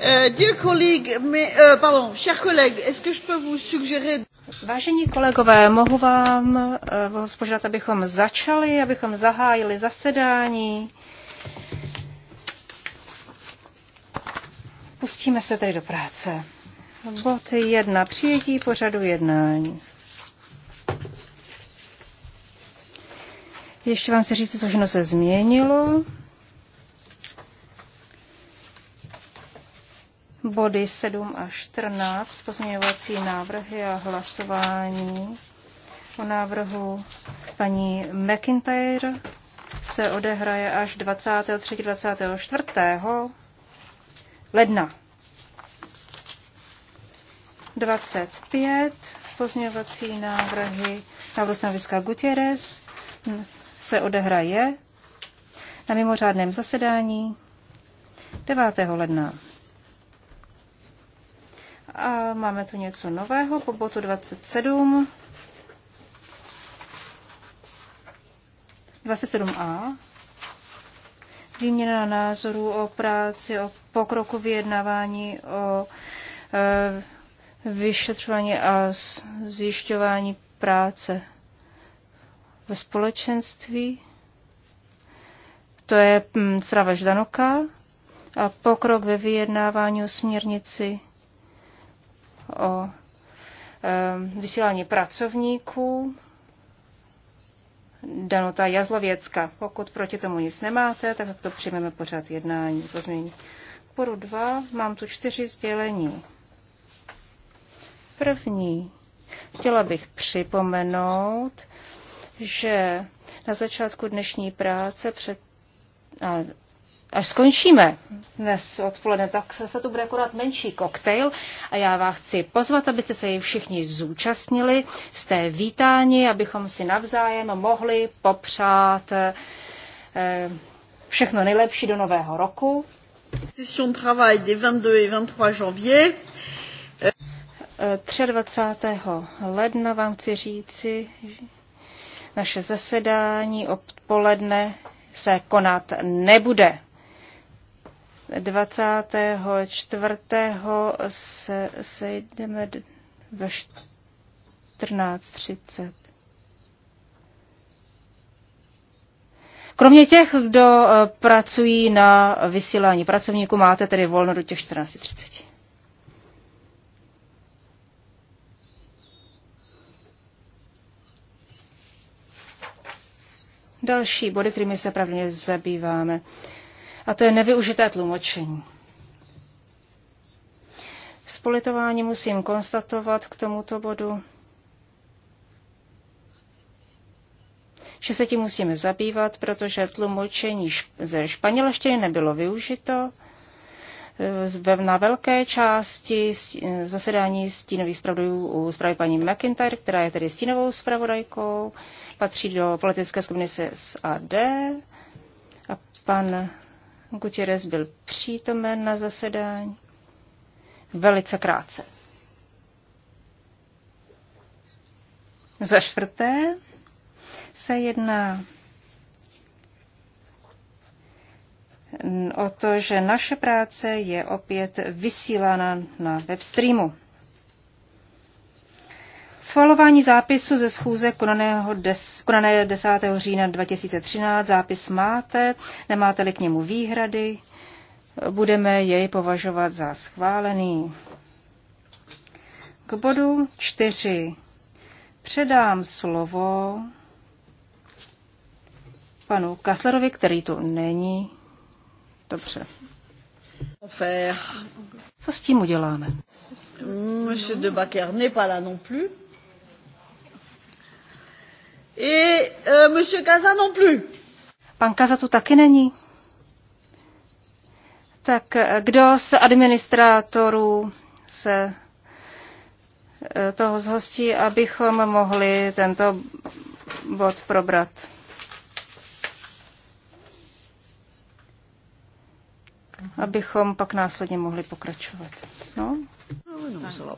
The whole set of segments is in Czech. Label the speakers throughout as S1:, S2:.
S1: Eh, eh, Vážení kolegové, mohu vám eh, požádat, abychom začali, abychom zahájili zasedání. Pustíme se tedy do práce. Bod jedna Přijetí pořadu jednání. Ještě vám se říct, co všechno se změnilo. body 7 a 14, pozměňovací návrhy a hlasování o návrhu paní McIntyre se odehraje až 23. 24. ledna. 25 pozměňovací návrhy návrhu stanoviska Gutierrez se odehraje na mimořádném zasedání 9. ledna. A máme tu něco nového po botu 27. 27a. Výměna názorů o práci, o pokroku vyjednávání, o e, vyšetřování a zjišťování práce ve společenství. To je Srava mm, Ždanoka a pokrok ve vyjednávání o směrnici o vysílání pracovníků. Danuta Jazlověcka. Pokud proti tomu nic nemáte, tak to přijmeme pořád jednání. Pozmění. Poru dva, mám tu čtyři sdělení. První. Chtěla bych připomenout, že na začátku dnešní práce před, a až skončíme dnes odpoledne, tak se tu bude akorát menší koktejl a já vás chci pozvat, abyste se jej všichni zúčastnili. Jste vítáni, abychom si navzájem mohli popřát eh, všechno nejlepší do nového roku. Session travail des 22 et 23 janvier. 23. Eh, ledna vám chci říci, naše zasedání odpoledne se konat nebude. 24. se sejdeme ve 14.30. Kromě těch, kdo eh, pracují na vysílání pracovníků, máte tedy volno do těch 14.30. Další body, kterými se pravděpodobně zabýváme a to je nevyužité tlumočení. S politováním musím konstatovat k tomuto bodu, že se tím musíme zabývat, protože tlumočení ze španělštiny nebylo využito. Eh, na velké části eh, zasedání stínových zpravodajů u zprávy paní McIntyre, která je tedy stínovou zpravodajkou, patří do politické skupiny SAD a pan Gutierrez byl přítomen na zasedání. Velice krátce. Za čtvrté se jedná o to, že naše práce je opět vysílána na webstreamu. Schvalování zápisu ze schůze konaného des, konané 10. října 2013. Zápis máte, nemáte-li k němu výhrady, budeme jej považovat za schválený. K bodu 4 předám slovo panu Kaslerovi, který tu není. Dobře. Co s tím uděláme?
S2: Monsieur de Baker n'est pas là non plus.
S1: Euh, Monsieur non plus. Pan Kaza tu taky není. Tak eh, kdo z administrátorů se eh, toho zhostí, abychom mohli tento bod probrat? Abychom pak následně mohli pokračovat. No? no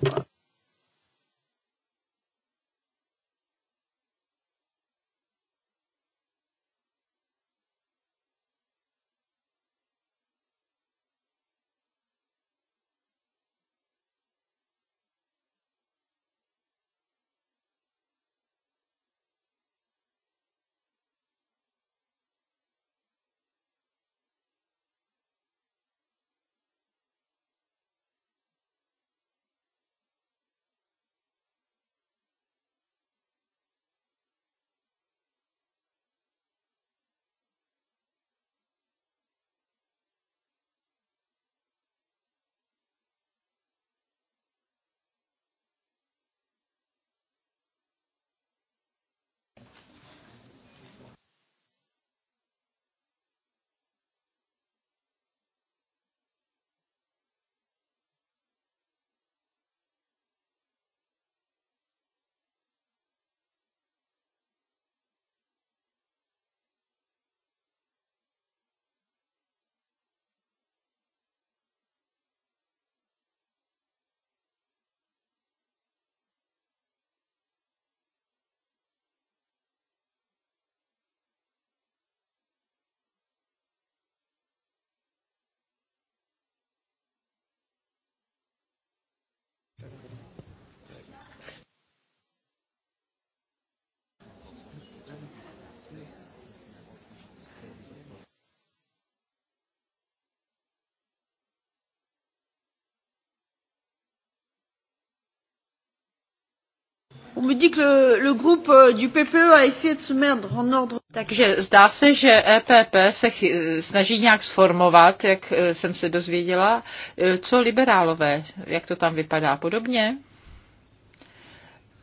S3: On me dit que le, le groupe euh, du PPE a essayé de se mettre en ordre. Takže zdá se, že EPP se ch- eh, snaží nějak sformovat, jak eh, jsem se dozvěděla. Eh, co liberálové, jak to tam vypadá podobně?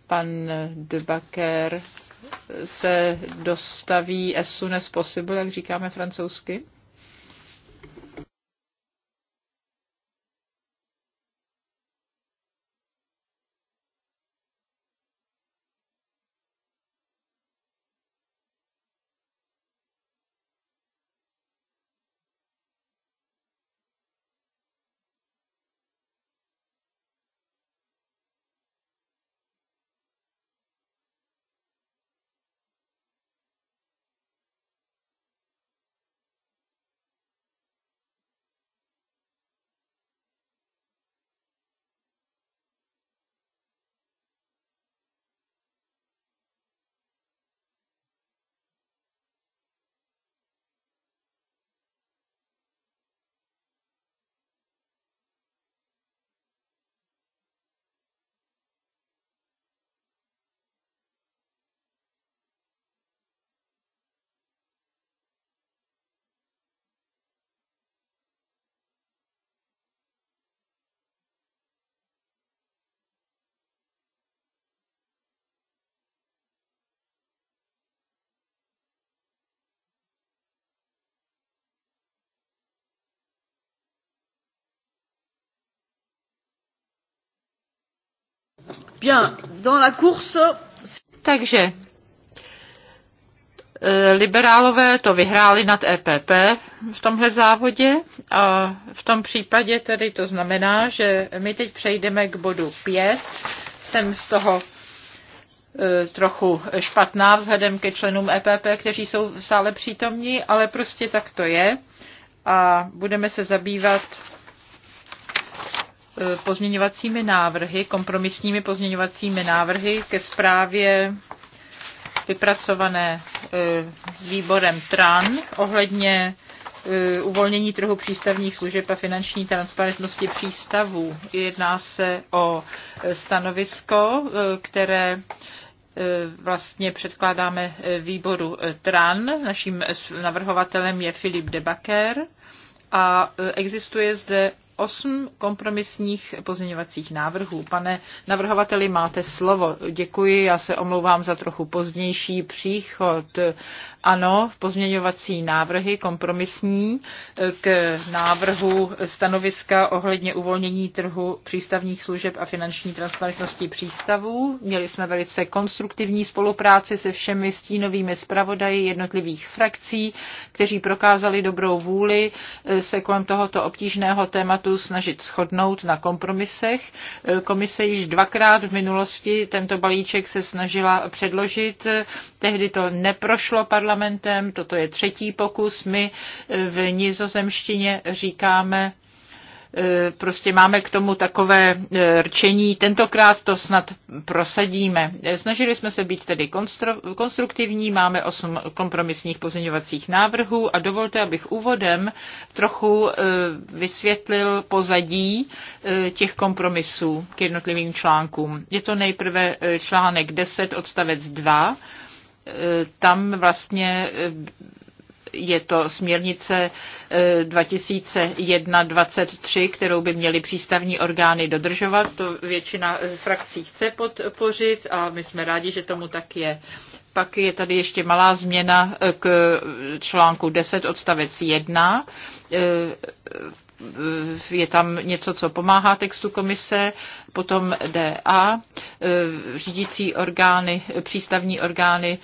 S3: Pan Debaker se dostaví as soon as possible, jak říkáme francouzsky. Takže eh, liberálové to vyhráli nad EPP v tomhle závodě a v tom případě tedy to znamená, že my teď přejdeme k bodu 5. Jsem z toho eh, trochu špatná vzhledem ke členům EPP, kteří jsou v sále přítomní, ale prostě tak to je. A budeme se zabývat Eh, pozměňovacími návrhy, kompromisními pozměňovacími návrhy ke zprávě vypracované eh, výborem TRAN ohledně eh, uvolnění trhu přístavních služeb a finanční transparentnosti přístavů. Jedná se o stanovisko, které vlastně předkládáme výboru TRAN. Naším navrhovatelem je Filip Debaker a existuje zde osm kompromisních pozměňovacích návrhů. Pane navrhovateli, máte slovo. Děkuji, já se omlouvám za trochu pozdější příchod. Ano, pozměňovací návrhy kompromisní eh, k návrhu stanoviska ohledně uvolnění trhu přístavních služeb a finanční transparentnosti přístavů. Měli jsme velice konstruktivní spolupráci se všemi stínovými zpravodaji jednotlivých frakcí, kteří prokázali dobrou vůli eh, se kolem tohoto obtížného tématu států snažit shodnout na kompromisech. Komise již dvakrát v minulosti tento balíček se snažila předložit. Tehdy to neprošlo parlamentem, toto je třetí pokus. My v nizozemštině říkáme E, prostě máme k tomu takové e, rčení, tentokrát to snad prosadíme. E, snažili jsme se být tedy konstruktivní, máme osm kompromisních pozměňovacích návrhů a dovolte, abych úvodem trochu vysvětlil pozadí těch kompromisů k jednotlivým článkům. Je to nejprve článek 10 odstavec 2, tam vlastně je to směrnice 2001-23, eh, kterou by měly přístavní orgány dodržovat. To většina eh, frakcí chce podpořit a my jsme rádi, že tomu tak je. Pak je tady ještě malá změna eh, k článku 10 odstavec 1 je tam něco, co pomáhá textu komise, potom DA, řídící orgány, přístavní orgány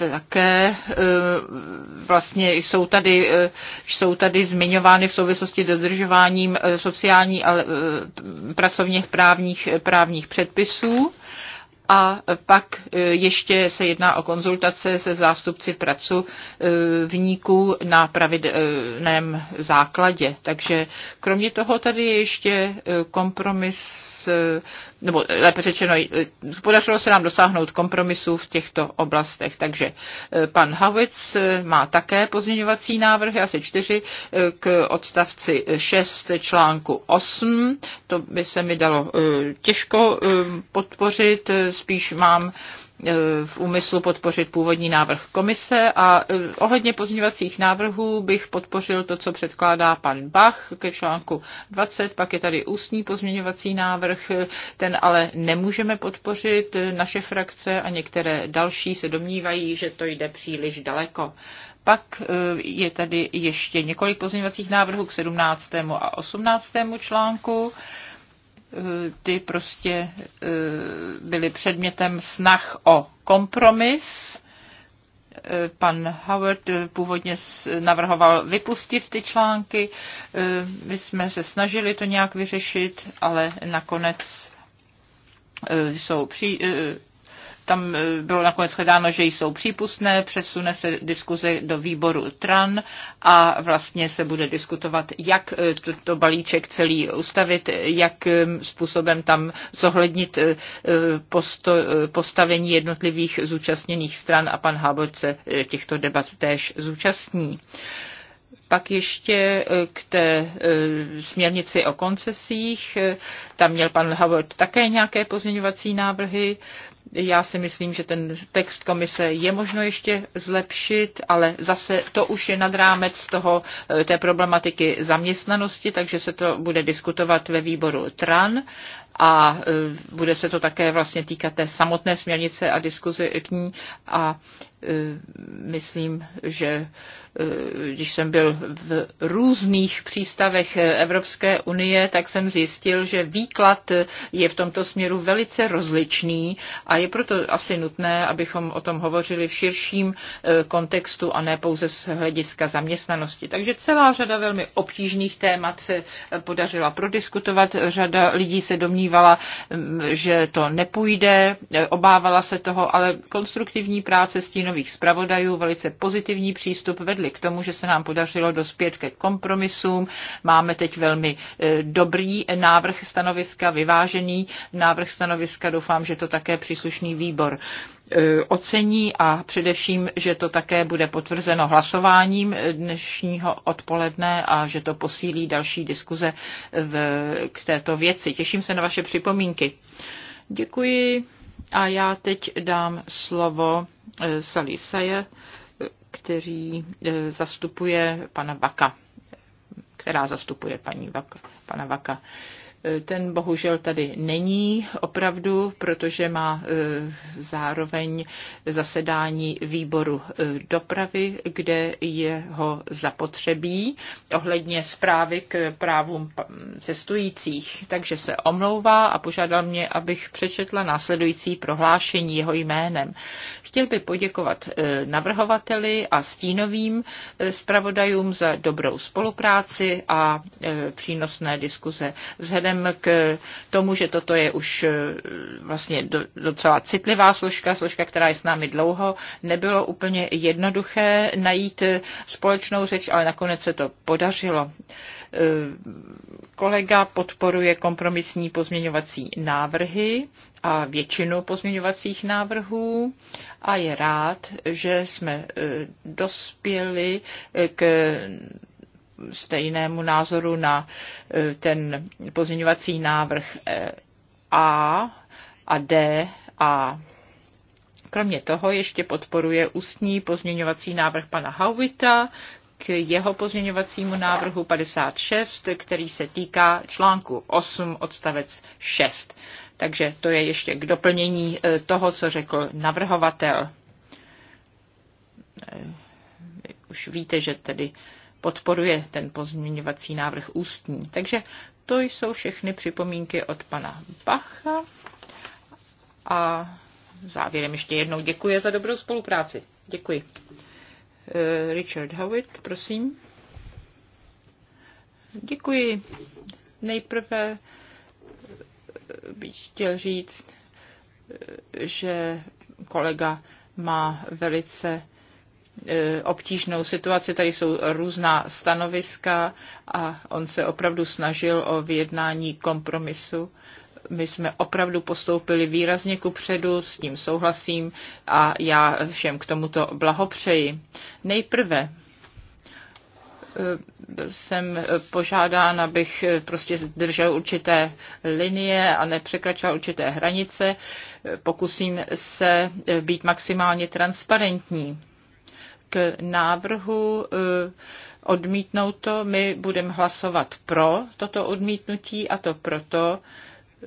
S3: E, také e, vlastně jsou tady, e, jsou tady zmiňovány v souvislosti dodržováním sociální a pracovních právních, právních předpisů. A pak ještě se jedná o konzultace se zástupci pracu vníků na pravidelném základě. Takže kromě toho tady je ještě kompromis nebo lépe řečeno, eh, podařilo se nám dosáhnout kompromisu v těchto oblastech. Takže eh, pan Havic eh, má také pozměňovací návrhy, asi čtyři, k odstavci 6 článku 8. To by se mi dalo těžko podpořit, spíš mám E, v úmyslu podpořit původní návrh komise a e, ohledně pozměňovacích návrhů bych podpořil to, co předkládá pan Bach ke článku 20, pak je tady ústní pozměňovací návrh, e, ten ale nemůžeme podpořit, naše frakce a některé další se domnívají, že to jde příliš daleko. Pak je tady ještě několik pozměňovacích návrhů k 17. a 18. článku ty prostě eh, byly předmětem snah o kompromis. Eh, pan Howard eh, původně navrhoval vypustit ty články. My jsme se snažili to nějak vyřešit, ale nakonec jsou při, tam eh, bylo nakonec hledáno, že jsou přípustné, přesune se diskuze do výboru TRAN a vlastně se bude diskutovat, jak eh, tento balíček celý ustavit, jak eh, způsobem tam zohlednit posto, postavení jednotlivých zúčastněných stran a pan Habot se těchto debat též zúčastní. Pak ještě eh, k té eh, směrnici o koncesích. Eh, tam měl pan Howard také nějaké pozměňovací návrhy. Já si myslím, že ten text komise je možno ještě zlepšit, ale zase to už je nad rámec toho, té problematiky zaměstnanosti, takže se to bude diskutovat ve výboru TRAN a e, bude se to také vlastně týkat té samotné směrnice a diskuzi k ní a e, myslím, že e, když jsem byl v různých přístavech Evropské unie, tak jsem zjistil, že výklad je v tomto směru velice rozličný a je proto asi nutné, abychom o tom hovořili v širším kontextu a ne pouze z hlediska zaměstnanosti. Takže celá řada velmi obtížných témat se podařila prodiskutovat. Řada lidí se domnívá, domnívala, že to nepůjde, obávala se toho, ale konstruktivní práce stínových zpravodajů, velice pozitivní přístup vedli k tomu, že se nám podařilo dospět ke kompromisům. Máme teď velmi e, dobrý návrh stanoviska, vyvážený návrh stanoviska. Doufám, že to také příslušný výbor E, ocení a především, že to také bude potvrzeno hlasováním dnešního odpoledne a že to posílí další diskuze v, k této věci. Těším se na vaše připomínky. Děkuji a já teď dám slovo e, Sally e, který zastupuje pana Vaka, která zastupuje paní Vaka, pana Vaka. Ten bohužel tady není opravdu, protože má e, zároveň zasedání výboru e, dopravy, kde jeho zapotřebí ohledně zprávy k právům cestujících. Takže se omlouvá a požádal mě, abych přečetla následující prohlášení jeho jménem. Chtěl by poděkovat e, navrhovateli a stínovým zpravodajům za dobrou spolupráci a přínosné diskuze. Vzhledem vzhledem k tomu, že toto je už eh, vlastně docela citlivá složka, složka, která je s námi dlouho, nebylo úplně jednoduché najít eh, společnou řeč, ale nakonec se to podařilo. Eh, kolega podporuje kompromisní pozměňovací návrhy a většinu pozměňovacích návrhů a je rád, že jsme dospěli k stejnému názoru na eh, ten pozměňovací návrh eh, A a D a Kromě toho ještě podporuje ústní pozměňovací návrh pana Howita k jeho pozměňovacímu návrhu 56, který se týká článku 8 odstavec 6. Takže to je ještě k doplnění eh, toho, co řekl navrhovatel. Už víte, že tedy podporuje ten pozměňovací návrh ústní. Takže to jsou všechny připomínky od pana Bacha a závěrem ještě jednou děkuji za dobrou spolupráci. Děkuji. E, Richard Howitt, prosím. Děkuji. Nejprve bych chtěl říct, e, že kolega má velice E, obtížnou situaci. Tady jsou různá stanoviska a on se opravdu snažil o vyjednání kompromisu. My jsme opravdu postoupili výrazně ku předu, s tím souhlasím a já všem k tomuto blahopřeji. Nejprve e, jsem požádán, abych prostě držel určité linie a nepřekračoval určité hranice. Pokusím se být maximálně transparentní k návrhu eh, odmítnout to. My budeme hlasovat pro toto odmítnutí a to proto,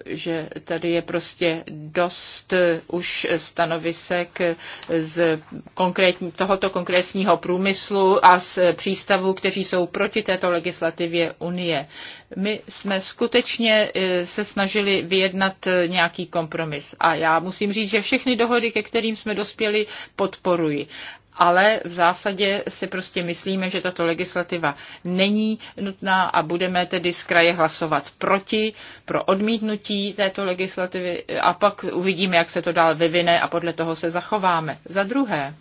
S3: že tady je prostě dost eh, už stanovisek eh, z konkrétní, tohoto konkrétního průmyslu a z přístavů, kteří jsou proti této legislativě Unie. My jsme skutečně se snažili vyjednat nějaký kompromis a já musím říct, že všechny dohody, ke kterým jsme dospěli, podporuji ale v zásadě si prostě myslíme, že tato legislativa není nutná a budeme tedy z kraje hlasovat proti, pro odmítnutí této legislativy a pak uvidíme, jak se to dál vyvine a podle toho se zachováme. Za druhé,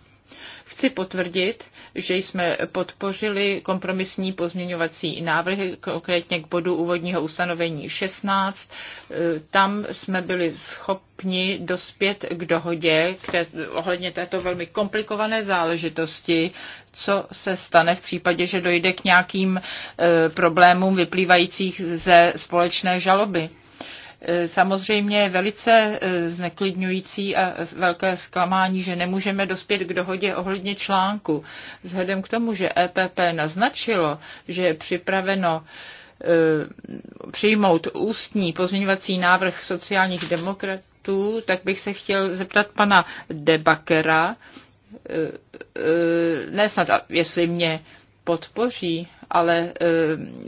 S3: chci potvrdit, že jsme podpořili kompromisní pozměňovací návrhy, konkrétně k bodu úvodního ustanovení 16. Tam jsme byli schopni dospět k dohodě které, ohledně této velmi komplikované záležitosti, co se stane v případě, že dojde k nějakým eh, problémům vyplývajících ze společné žaloby. Samozřejmě je velice eh, zneklidňující a velké zklamání, že nemůžeme dospět k dohodě ohledně článku. Vzhledem k tomu, že EPP naznačilo, že je připraveno eh, přijmout ústní pozměňovací návrh sociálních demokratů, tak bych se chtěl zeptat pana Debakera, eh, ne snad, jestli mě podpoří, ale eh,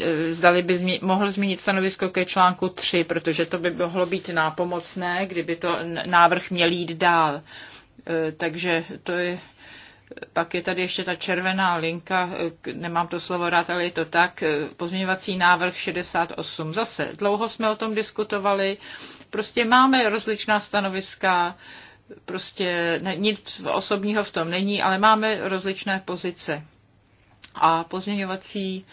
S3: eh, zdali by zmi- mohl zmínit stanovisko ke článku 3, protože to by mohlo být nápomocné, kdyby to návrh měl jít dál. Eh, takže to je pak je tady ještě ta červená linka, nemám to slovo rád, ale je to tak, pozměňovací návrh 68. Zase, dlouho jsme o tom diskutovali, prostě máme rozličná stanoviska, prostě nic osobního v tom není, ale máme rozličné pozice. A pozměňovací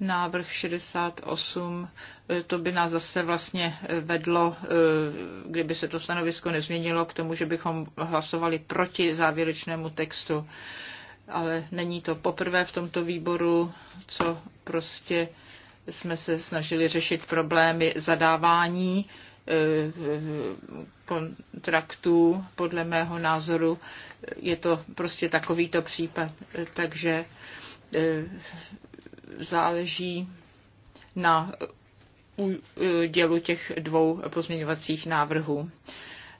S3: návrh 68, eh, to by nás zase vlastně eh, vedlo, eh, kdyby se to stanovisko nezměnilo, k tomu, že bychom hlasovali proti závěrečnému textu. Ale není to poprvé v tomto výboru, co prostě jsme se snažili řešit problémy zadávání kontraktů. Podle mého názoru je to prostě takovýto případ. Takže Eh, záleží na eh, dělu těch dvou pozměňovacích návrhů.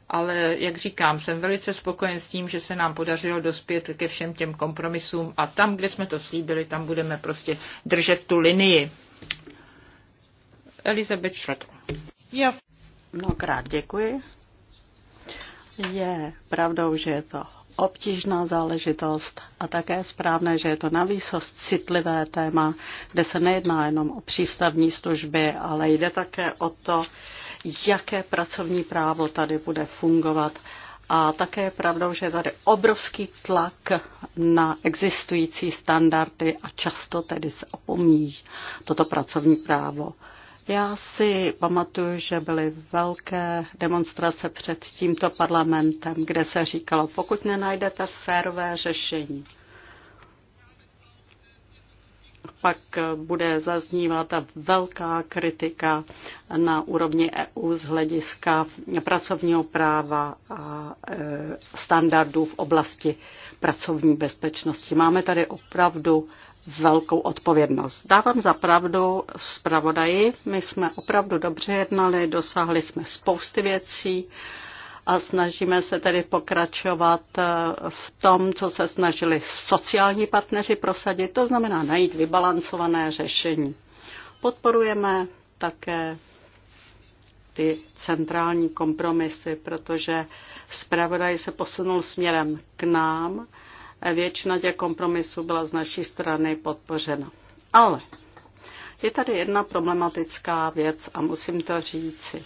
S3: Ale jak říkám, jsem velice spokojen s tím, že se nám podařilo dospět ke všem těm kompromisům a tam, kde jsme to slíbili, tam budeme prostě držet tu linii. Elizabeth Schroeder. Jo. Mnohokrát děkuji. Je pravdou,
S2: že je to obtížná záležitost a také správné, že je to navýsost citlivé téma, kde se nejedná jenom o přístavní služby, ale jde také o to, jaké pracovní právo tady bude fungovat. A také je pravdou, že je tady obrovský tlak na existující standardy a často tedy se opomíjí toto pracovní právo. Já si pamatuju, že byly velké demonstrace před tímto parlamentem, kde se říkalo, pokud nenajdete férové řešení, pak bude zaznívat ta velká kritika na úrovni EU z hlediska pracovního práva a e, standardů v oblasti pracovní bezpečnosti. Máme tady opravdu velkou odpovědnost. Dávám za pravdu zpravodaji, my jsme opravdu dobře jednali, dosáhli jsme spousty věcí a snažíme se tedy pokračovat eh, v tom, co se snažili sociální partneři prosadit, to znamená najít vybalancované řešení. Podporujeme také ty centrální kompromisy, protože zpravodaj se posunul směrem k nám. Většina těch kompromisů byla z naší strany podpořena. Ale je tady jedna problematická věc a musím to říci.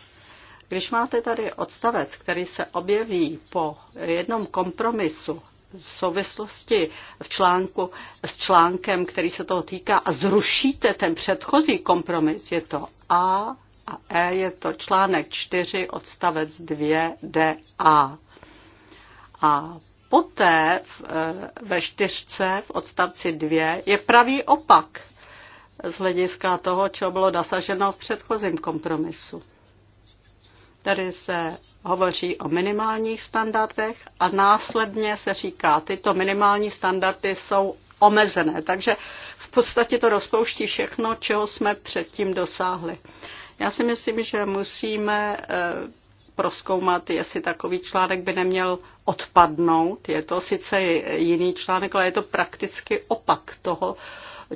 S2: Když máte tady odstavec, který se objeví po jednom kompromisu v souvislosti v článku, s článkem, který se toho týká a zrušíte ten předchozí kompromis, je to A, a E je to článek 4 odstavec 2DA. A poté v, e, ve čtyřce v odstavci 2 je pravý opak z hlediska toho, co bylo dosaženo v předchozím kompromisu. Tady se hovoří o minimálních standardech a následně se říká, tyto minimální standardy jsou omezené. Takže v podstatě to rozpouští všechno, čeho jsme předtím dosáhli. Já si myslím, že musíme eh, proskoumat, jestli takový článek by neměl odpadnout. Je to sice jiný článek, ale je to prakticky opak toho,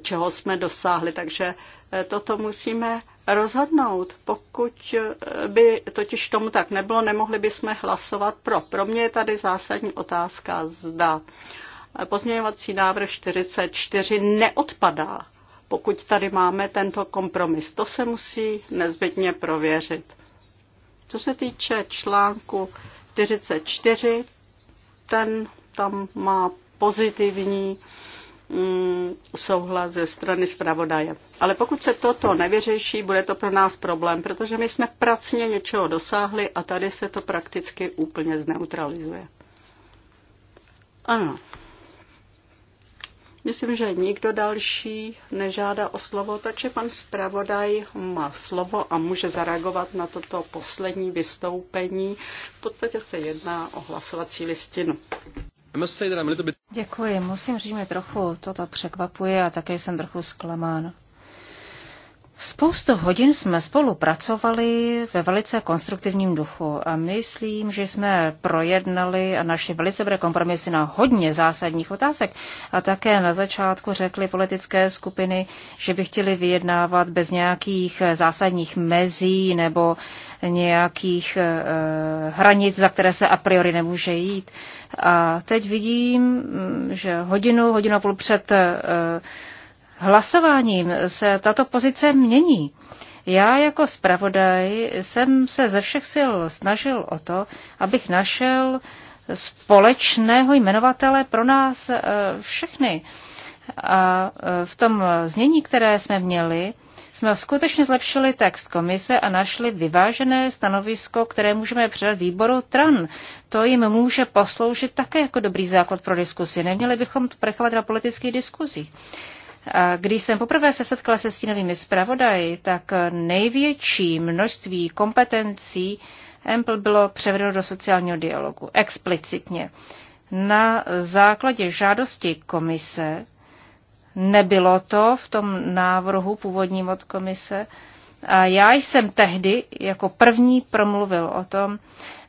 S2: čeho jsme dosáhli. Takže eh, toto musíme rozhodnout. Pokud eh, by totiž tomu tak nebylo, nemohli bychom hlasovat pro. Pro mě je tady zásadní otázka, zda pozměňovací návrh 44 neodpadá pokud tady máme tento kompromis. To se musí nezbytně prověřit. Co se týče článku 44, ten tam má pozitivní mm, souhlas ze strany zpravodaje. Ale pokud se toto nevyřeší, bude to pro nás problém, protože my jsme pracně něčeho dosáhli a tady se to prakticky úplně zneutralizuje. Ano, Myslím, že nikdo další nežádá o slovo, takže pan zpravodaj má slovo a může zareagovat na toto poslední vystoupení. V podstatě se jedná o hlasovací listinu.
S1: Děkuji, musím říct, mě trochu toto překvapuje a také jsem trochu zklamán. Spoustu hodin jsme spolupracovali ve velice konstruktivním duchu a myslím, že jsme projednali a naši velice dobré kompromisy na hodně zásadních otázek a také na začátku řekli politické skupiny, že by chtěli vyjednávat bez nějakých zásadních mezí nebo nějakých eh, hranic, za které se a priori nemůže jít. A teď vidím, mm, že hodinu, hodinu a půl před eh, hlasováním se tato pozice mění. Já jako zpravodaj jsem se ze všech sil snažil o to, abych našel společného jmenovatele pro nás eh, všechny. A eh, v tom znění, které jsme měli, jsme skutečně zlepšili text komise a našli vyvážené stanovisko, které můžeme předat výboru TRAN. To jim může posloužit také jako dobrý základ pro diskusi. Neměli bychom to prechovat na politických diskuzích když jsem poprvé se setkala se stínovými zpravodaji, tak největší množství kompetencí Ample bylo převedeno do sociálního dialogu explicitně. Na základě žádosti komise, nebylo to v tom návrhu původním od komise, a já jsem tehdy jako první promluvil o tom,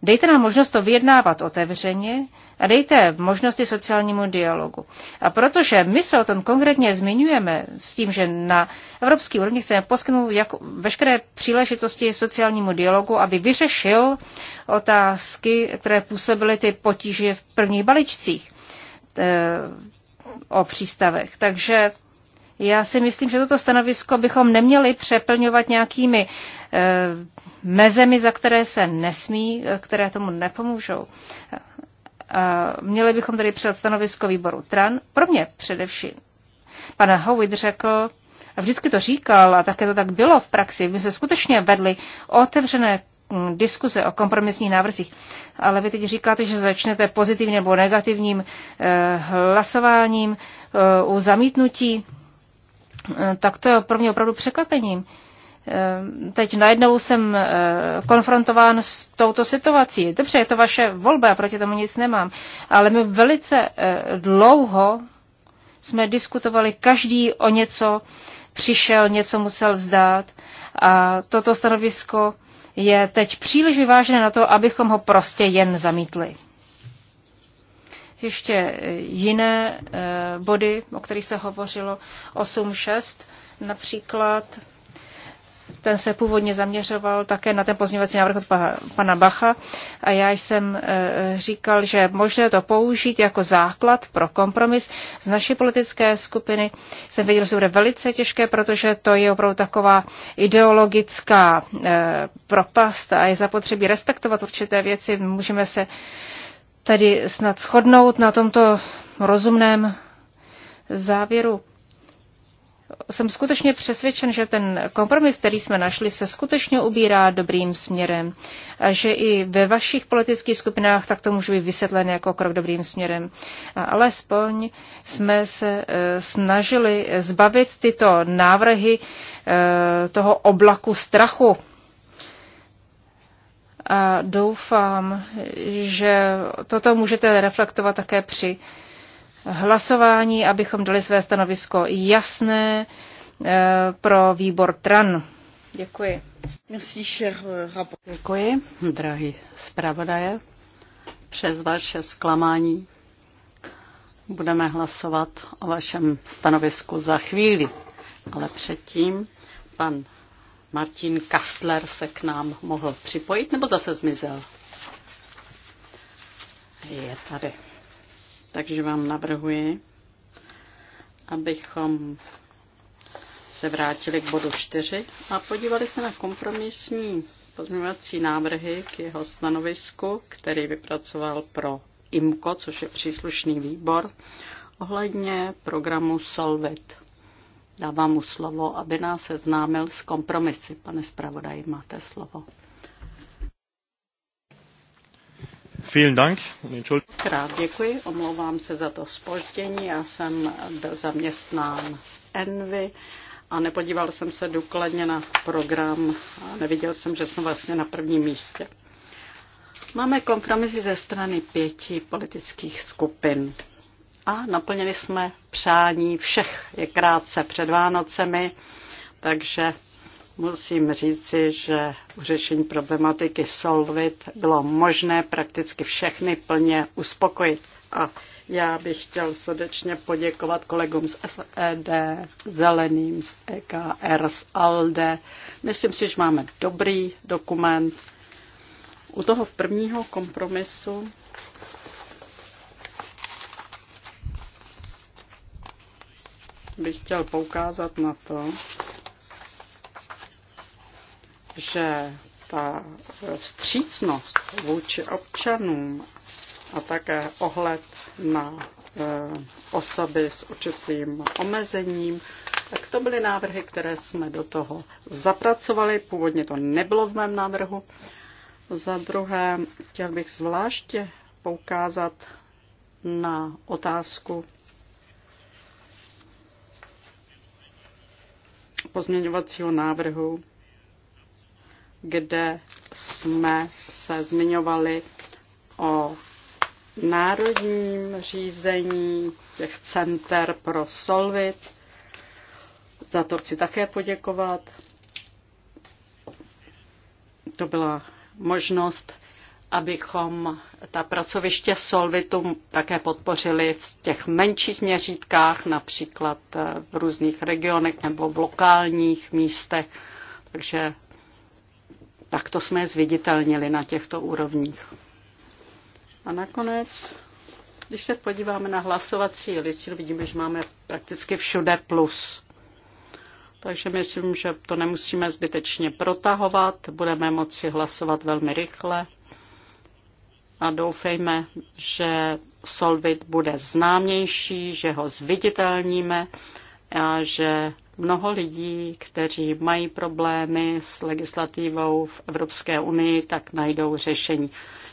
S1: dejte nám možnost to vyjednávat otevřeně a dejte možnosti sociálnímu dialogu. A protože my se o tom konkrétně zmiňujeme s tím, že na evropský úrovni chceme poskytnout jako veškeré příležitosti sociálnímu dialogu, aby vyřešil otázky, které působily ty potíže v prvních baličcích eh, o přístavech. Takže já si myslím, že toto stanovisko bychom neměli přeplňovat nějakými e, mezemi, za které se nesmí, eh, které tomu nepomůžou. E, měli bychom tedy předat stanovisko výboru TRAN. Pro mě především. Pan Howitt řekl, a vždycky to říkal, a také to tak bylo v praxi, my se skutečně vedli otevřené hm, diskuze o kompromisních návrzích. Ale vy teď říkáte, že začnete pozitivním nebo negativním eh, hlasováním eh, u zamítnutí tak to je pro mě opravdu překvapením. Ehm, teď najednou jsem eh, konfrontován s touto situací. Dobře, je to vaše volba, proti tomu nic nemám. Ale my velice eh, dlouho jsme diskutovali, každý o něco přišel, něco musel vzdát. A toto stanovisko je teď příliš vyvážené na to, abychom ho prostě jen zamítli ještě eh, jiné eh, body, o kterých se hovořilo 8.6 například. Ten se původně zaměřoval také na ten pozměňovací návrh od pana Bacha a já jsem eh, říkal, že možné to použít jako základ pro kompromis z naší politické skupiny. Jsem věděl, že to bude velice těžké, protože to je opravdu taková ideologická propast a je zapotřebí respektovat určité věci. Můžeme se tedy snad shodnout na tomto rozumném závěru. Jsem skutečně přesvědčen, že ten kompromis, který jsme našli, se skutečně ubírá dobrým směrem. A že i ve vašich politických skupinách tak to může být vysvětlen jako krok dobrým směrem. A alespoň jsme se e, snažili zbavit tyto návrhy e, toho oblaku strachu, a doufám, že toto můžete reflektovat také při hlasování, abychom dali své stanovisko jasné eh, pro výbor TRAN. Děkuji. Merci, cher eh, Děkuji, drahý zpravodaje. Přes vaše zklamání
S2: budeme hlasovat o vašem stanovisku za chvíli. Ale předtím pan Martin Kastler se k nám mohl připojit, nebo zase zmizel? Je tady. Takže vám navrhuji, abychom se vrátili k bodu 4 a podívali se na kompromisní pozměňovací návrhy k jeho stanovisku, který vypracoval pro IMCO, což je příslušný výbor, ohledně programu Solvit. Dávám mu slovo, aby nás seznámil s kompromisy. Pane zpravodaji, máte slovo. Vielen Dank. Krát děkuji, omlouvám se za to spoždění. Já jsem byl zaměstnán Envy a nepodíval jsem se důkladně na program a neviděl jsem, že jsem vlastně na prvním místě. Máme kompromisy ze strany pěti politických skupin a naplnili jsme přání všech. Je krátce před Vánocemi, takže musím říci, že u řešení problematiky Solvit bylo možné prakticky všechny plně uspokojit. A já bych chtěl srdečně poděkovat kolegům z SED, Zeleným, z EKR, z ALDE. Myslím si, že máme dobrý dokument. U toho prvního kompromisu bych chtěl poukázat na to, že ta vstřícnost vůči občanům a také ohled na eh, osoby s určitým omezením, tak to byly návrhy, které jsme do toho zapracovali. Původně to nebylo v mém návrhu. Za druhé, chtěl bych zvláště poukázat na otázku pozměňovacího návrhu, kde jsme se zmiňovali o národním řízení těch center pro Solvit. Za to chci také poděkovat. To byla možnost abychom ta pracoviště Solvitu také podpořili v těch menších měřítkách, například eh, v různých regionech nebo v lokálních místech. Takže takto jsme je zviditelnili na těchto úrovních. A nakonec, když se podíváme na hlasovací listinu, vidíme, že máme prakticky všude plus. Takže myslím, že to nemusíme zbytečně protahovat, budeme moci hlasovat velmi rychle a doufejme, že Solvit bude známější, že ho zviditelníme a že mnoho lidí, kteří mají problémy s legislativou v Evropské unii, tak najdou řešení.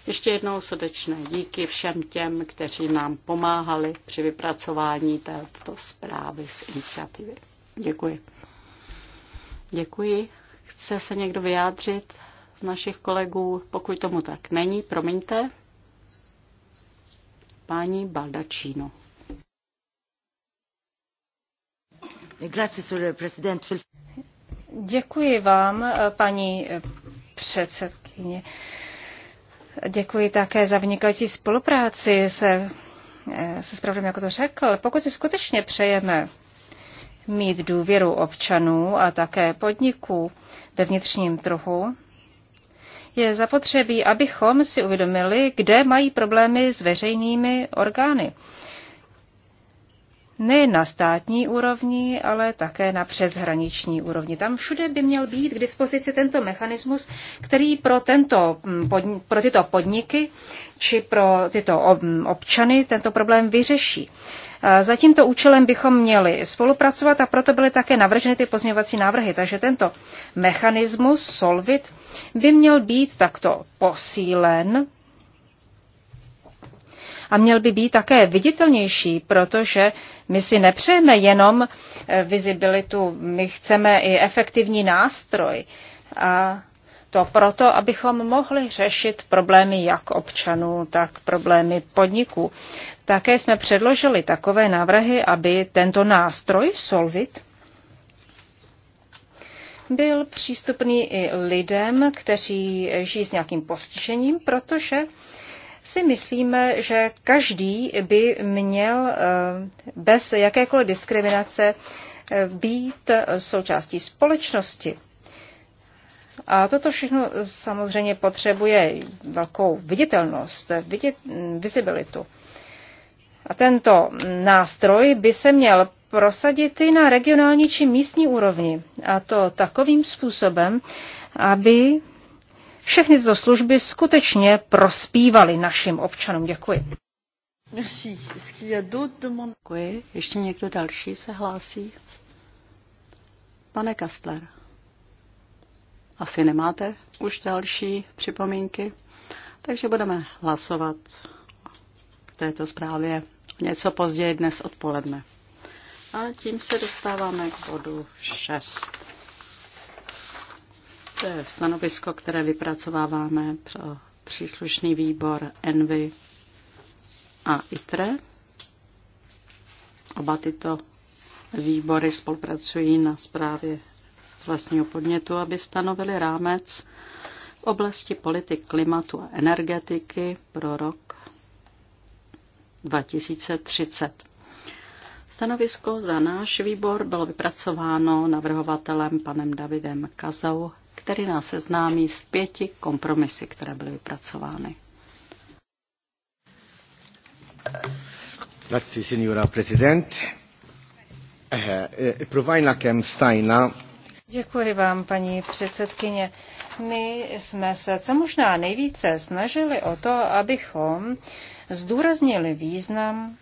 S2: Ještě jednou srdečné díky všem těm, kteří nám pomáhali při vypracování této zprávy z iniciativy. Děkuji. Děkuji. Chce se někdo vyjádřit? z našich kolegů? Pokud tomu tak není, promiňte. paní Baldačino.
S1: Děkuji vám, paní předsedkyně. Děkuji také za vynikající spolupráci se, se spravodem, jako to řekl. Pokud si skutečně přejeme mít důvěru občanů a také podniků ve vnitřním trhu, je zapotřebí, abychom si uvědomili, kde mají problémy s veřejnými orgány nejen na státní úrovni, ale také na přeshraniční úrovni. Tam všude by měl být k dispozici tento mechanismus, který pro, tento, mm, pro tyto podniky či pro tyto mm, občany tento problém vyřeší. Za tímto účelem bychom měli spolupracovat a proto byly také navrženy ty pozměňovací návrhy. Takže tento mechanismus Solvit by měl být takto posílen a měl by být také viditelnější, protože my si nepřejeme jenom eh, vizibilitu, my chceme i efektivní nástroj. A to proto, abychom mohli řešit problémy jak občanů, tak problémy podniků. Také jsme předložili takové návrhy, aby tento nástroj Solvit byl přístupný i lidem, kteří žijí s nějakým postižením, protože si myslíme, že každý by měl eh, bez jakékoliv diskriminace eh, být součástí společnosti. A toto všechno samozřejmě potřebuje velkou viditelnost, vidět, visibilitu. A tento nástroj by se měl prosadit i na regionální či místní úrovni. A to takovým způsobem, aby všechny tyto služby skutečně prospívaly našim občanům. Děkuji.
S2: Děkuji.
S1: Ještě někdo další se hlásí?
S2: Pane Kastler, asi nemáte už další připomínky, takže budeme hlasovat k této zprávě něco později dnes odpoledne. A tím se dostáváme k bodu 6. To je stanovisko, které vypracováváme pro příslušný výbor Envy a ITRE. Oba tyto výbory spolupracují na zprávě z vlastního podnětu, aby stanovili rámec v oblasti politik klimatu a energetiky pro rok 2030. Stanovisko za náš výbor bylo vypracováno navrhovatelem panem Davidem Kazau který nás seznámí s pěti kompromisy, které byly vypracovány. Grazie, signora Presidente. Eh, eh, Provajna kem stajna.
S1: Děkuji vám, paní předsedkyně. My jsme se co možná nejvíce snažili o to, abychom zdůraznili význam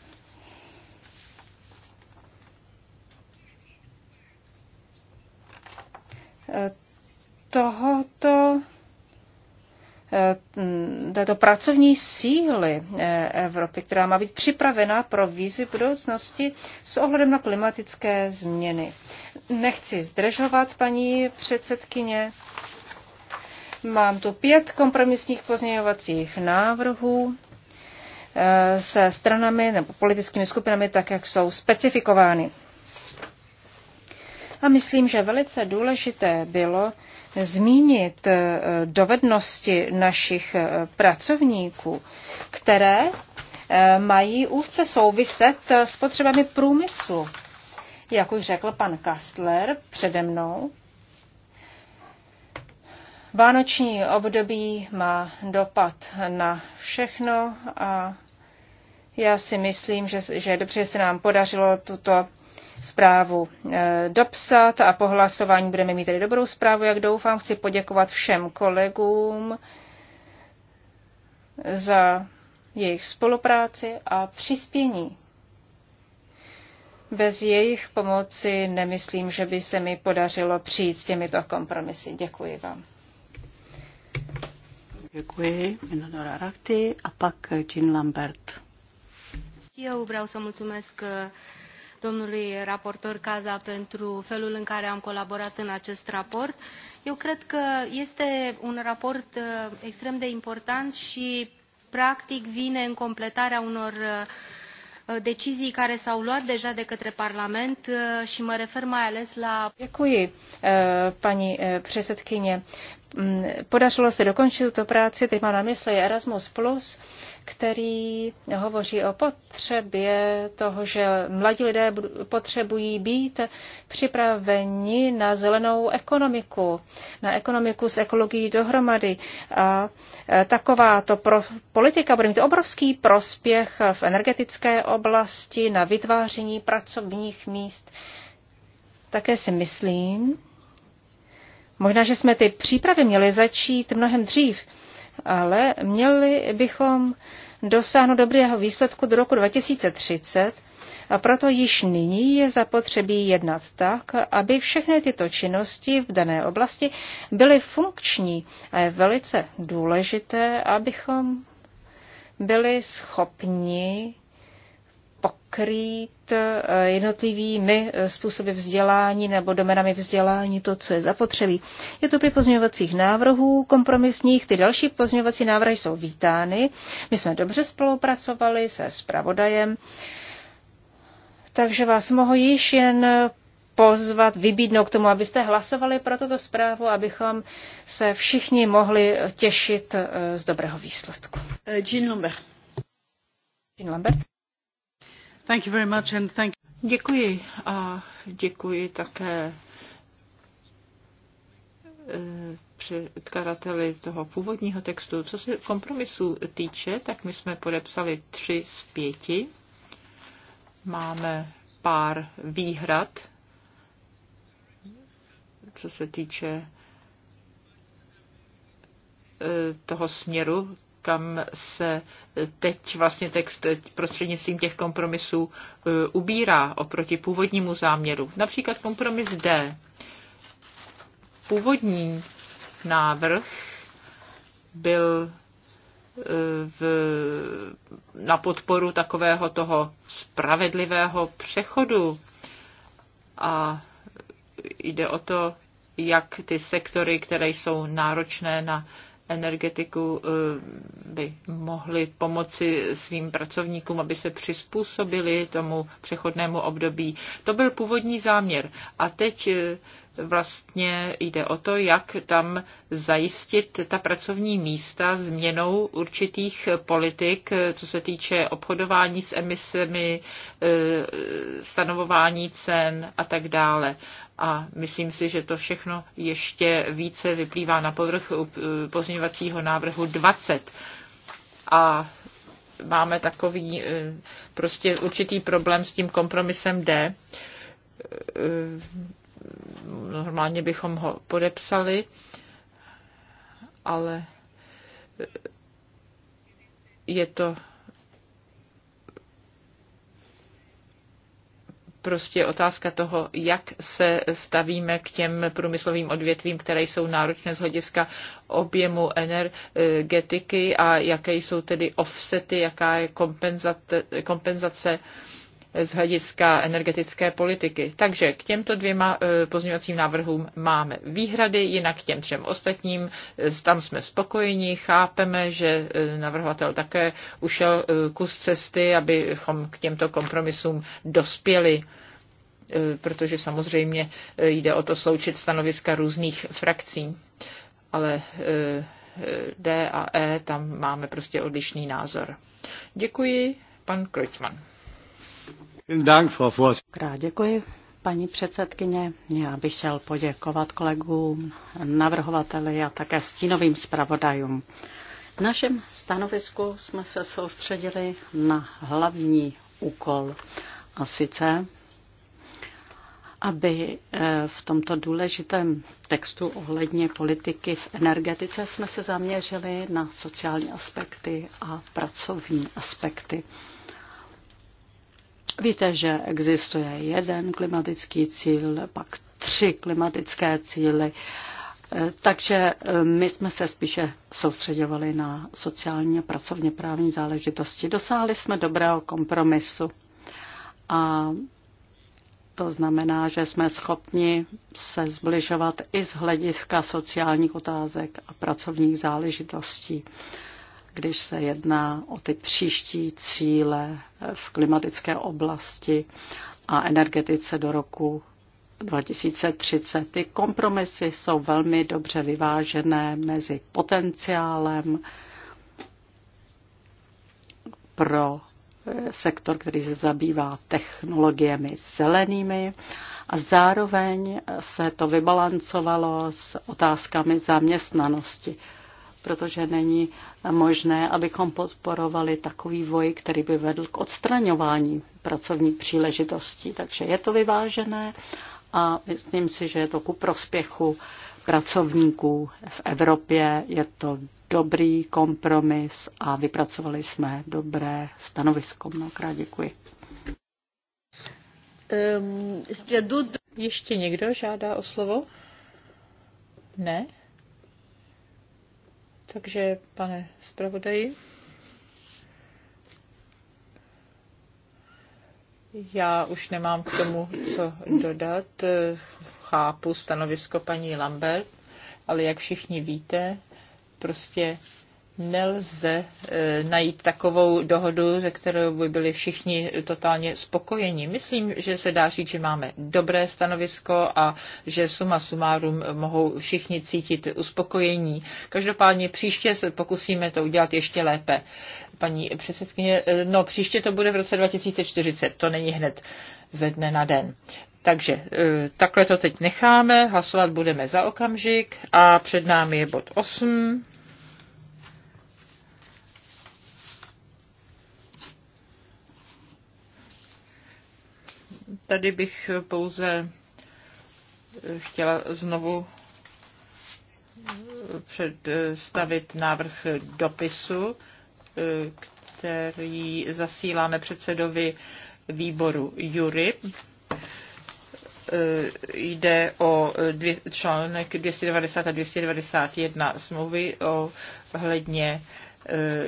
S1: tohoto eh, mm, této pracovní síly eh, Evropy, která má být připravena pro výzvy budoucnosti s ohledem na klimatické změny. Nechci zdržovat, paní předsedkyně. Mám tu pět kompromisních pozměňovacích návrhů eh, se stranami nebo politickými skupinami, tak jak jsou specifikovány. A myslím, že velice důležité bylo, zmínit eh, dovednosti našich eh, pracovníků, které eh, mají úzce souviset s potřebami průmyslu. Jak už řekl pan Kastler přede mnou, Vánoční období má dopad na všechno a já si myslím, že, že je dobře, že se nám podařilo tuto zprávu eh, dopsat a po hlasování budeme mít tedy dobrou zprávu, jak doufám. Chci poděkovat všem kolegům za jejich spolupráci a přispění. Bez jejich pomoci nemyslím, že by se mi podařilo přijít s těmito kompromisy. Děkuji vám.
S2: Děkuji, Minodora Rakti a pak Jean Lambert. Já ubral samozřejmě domnului raportor casa pentru felul în care am colaborat în acest raport. Eu cred că este un raport
S1: uh, extrem de important și practic vine în completarea unor uh, decizii care s-au luat deja de către Parlament uh, și mă refer mai ales la... Děkuji, paní předsedkyně. Mm, podařilo se dokončit tu práci, teď mám na mysli Erasmus+, který hovoří o potřebě toho, že mladí lidé potřebují být připraveni na zelenou ekonomiku, na ekonomiku s ekologií dohromady. A e, takováto pro, politika bude mít obrovský prospěch v energetické oblasti, na vytváření pracovních míst. Také si myslím, Možná, že jsme ty přípravy měli začít mnohem dřív, ale měli bychom dosáhnout dobrého výsledku do roku 2030 a proto již nyní je zapotřebí jednat tak, aby všechny tyto činnosti v dané oblasti byly funkční a je velice důležité, abychom byli schopni pokrýt eh, jednotlivými eh, způsoby vzdělání nebo domenami vzdělání to, co je zapotřebí. Je to pět pozměňovacích návrhů kompromisních, ty další pozměňovací návrhy jsou vítány. My jsme dobře spolupracovali se spravodajem, takže vás mohu již jen pozvat, vybídnout k tomu, abyste hlasovali pro tuto zprávu, abychom se všichni mohli těšit eh, z dobrého výsledku. Jean Lambert. Jean Lambert.
S3: Děkuji a děkuji také eh, předkladateli toho původního textu. Co se kompromisu týče, tak my jsme podepsali tři z pěti. Máme pár výhrad, co se týče eh, toho směru, kam se teď vlastně text prostřednictvím těch kompromisů eh, ubírá oproti původnímu záměru. Například kompromis D. Původní návrh byl eh, v, na podporu takového toho spravedlivého přechodu. A jde o to, jak ty sektory, které jsou náročné na energetiku eh, by mohli pomoci svým pracovníkům, aby se přizpůsobili tomu přechodnému období. To byl původní záměr. A teď eh, vlastně jde o to, jak tam zajistit ta pracovní místa změnou určitých politik, eh, co se týče obchodování s emisemi, stanovování cen a tak dále a myslím si, že to všechno ještě více vyplývá na povrch eh, pozměňovacího návrhu 20. A máme takový eh, prostě určitý problém s tím kompromisem D. Eh, normálně bychom ho podepsali, ale je to prostě otázka toho, jak se stavíme k těm průmyslovým odvětvím, které jsou náročné z hlediska objemu energetiky a jaké jsou tedy offsety, jaká je kompenzace, kompenzace z hlediska energetické politiky. Takže k těmto dvěma e, pozměňovacím návrhům máme výhrady, jinak k těm třem ostatním e, tam jsme spokojeni, chápeme, že e, navrhovatel také ušel kus cesty, abychom k těmto kompromisům dospěli protože samozřejmě jde o to sloučit stanoviska různých frakcí. Ale D a E, tam máme prostě odlišný názor. Děkuji, pan Kreutzmann. Krát děkuji, paní předsedkyně.
S2: Já bych chtěl poděkovat kolegům, navrhovateli a také stínovým zpravodajům. V našem stanovisku jsme se soustředili na hlavní úkol, a sice, aby eh, v tomto důležitém textu ohledně politiky v energetice jsme se zaměřili na sociální aspekty a pracovní aspekty. Víte, že existuje jeden klimatický cíl, pak tři klimatické cíly. Eh, takže eh, my jsme se spíše soustředovali na sociální, a pracovně právní záležitosti. Dosáhli jsme dobrého kompromisu a to znamená, že jsme schopni se zbližovat i z hlediska sociálních otázek a pracovních záležitostí když se jedná o ty příští cíle eh, v klimatické oblasti a energetice do roku 2030. Ty kompromisy jsou velmi dobře vyvážené mezi potenciálem pro eh, sektor, který se zabývá technologiemi zelenými a zároveň se to vybalancovalo s otázkami zaměstnanosti protože není možné, abychom podporovali takový voj, který by vedl k odstraňování pracovních příležitostí. Takže je to vyvážené a myslím si, že je to ku prospěchu pracovníků v Evropě. Je to dobrý kompromis a vypracovali jsme dobré stanovisko. Mnohokrát děkuji. Ehm, ještě někdo
S3: žádá o slovo? Ne? Takže, pane zpravodaji, já už nemám k tomu, co dodat. Chápu stanovisko paní Lambert, ale jak všichni víte, prostě nelze e, najít takovou dohodu, ze kterou by byli všichni totálně spokojeni. Myslím, že se dá říct, že máme dobré stanovisko a že suma sumárum mohou všichni cítit uspokojení. Každopádně příště se pokusíme to udělat ještě lépe. Paní předsedkyně, e, no příště to bude v roce 2040, to není hned ze dne na den. Takže e, takhle to teď necháme, hlasovat budeme za okamžik a před námi je bod 8. Tady bych pouze eh, chtěla znovu eh, představit návrh dopisu, eh, který zasíláme předsedovi výboru Jury. Jde o článek 290 a 291 smlouvy ohledně Eh,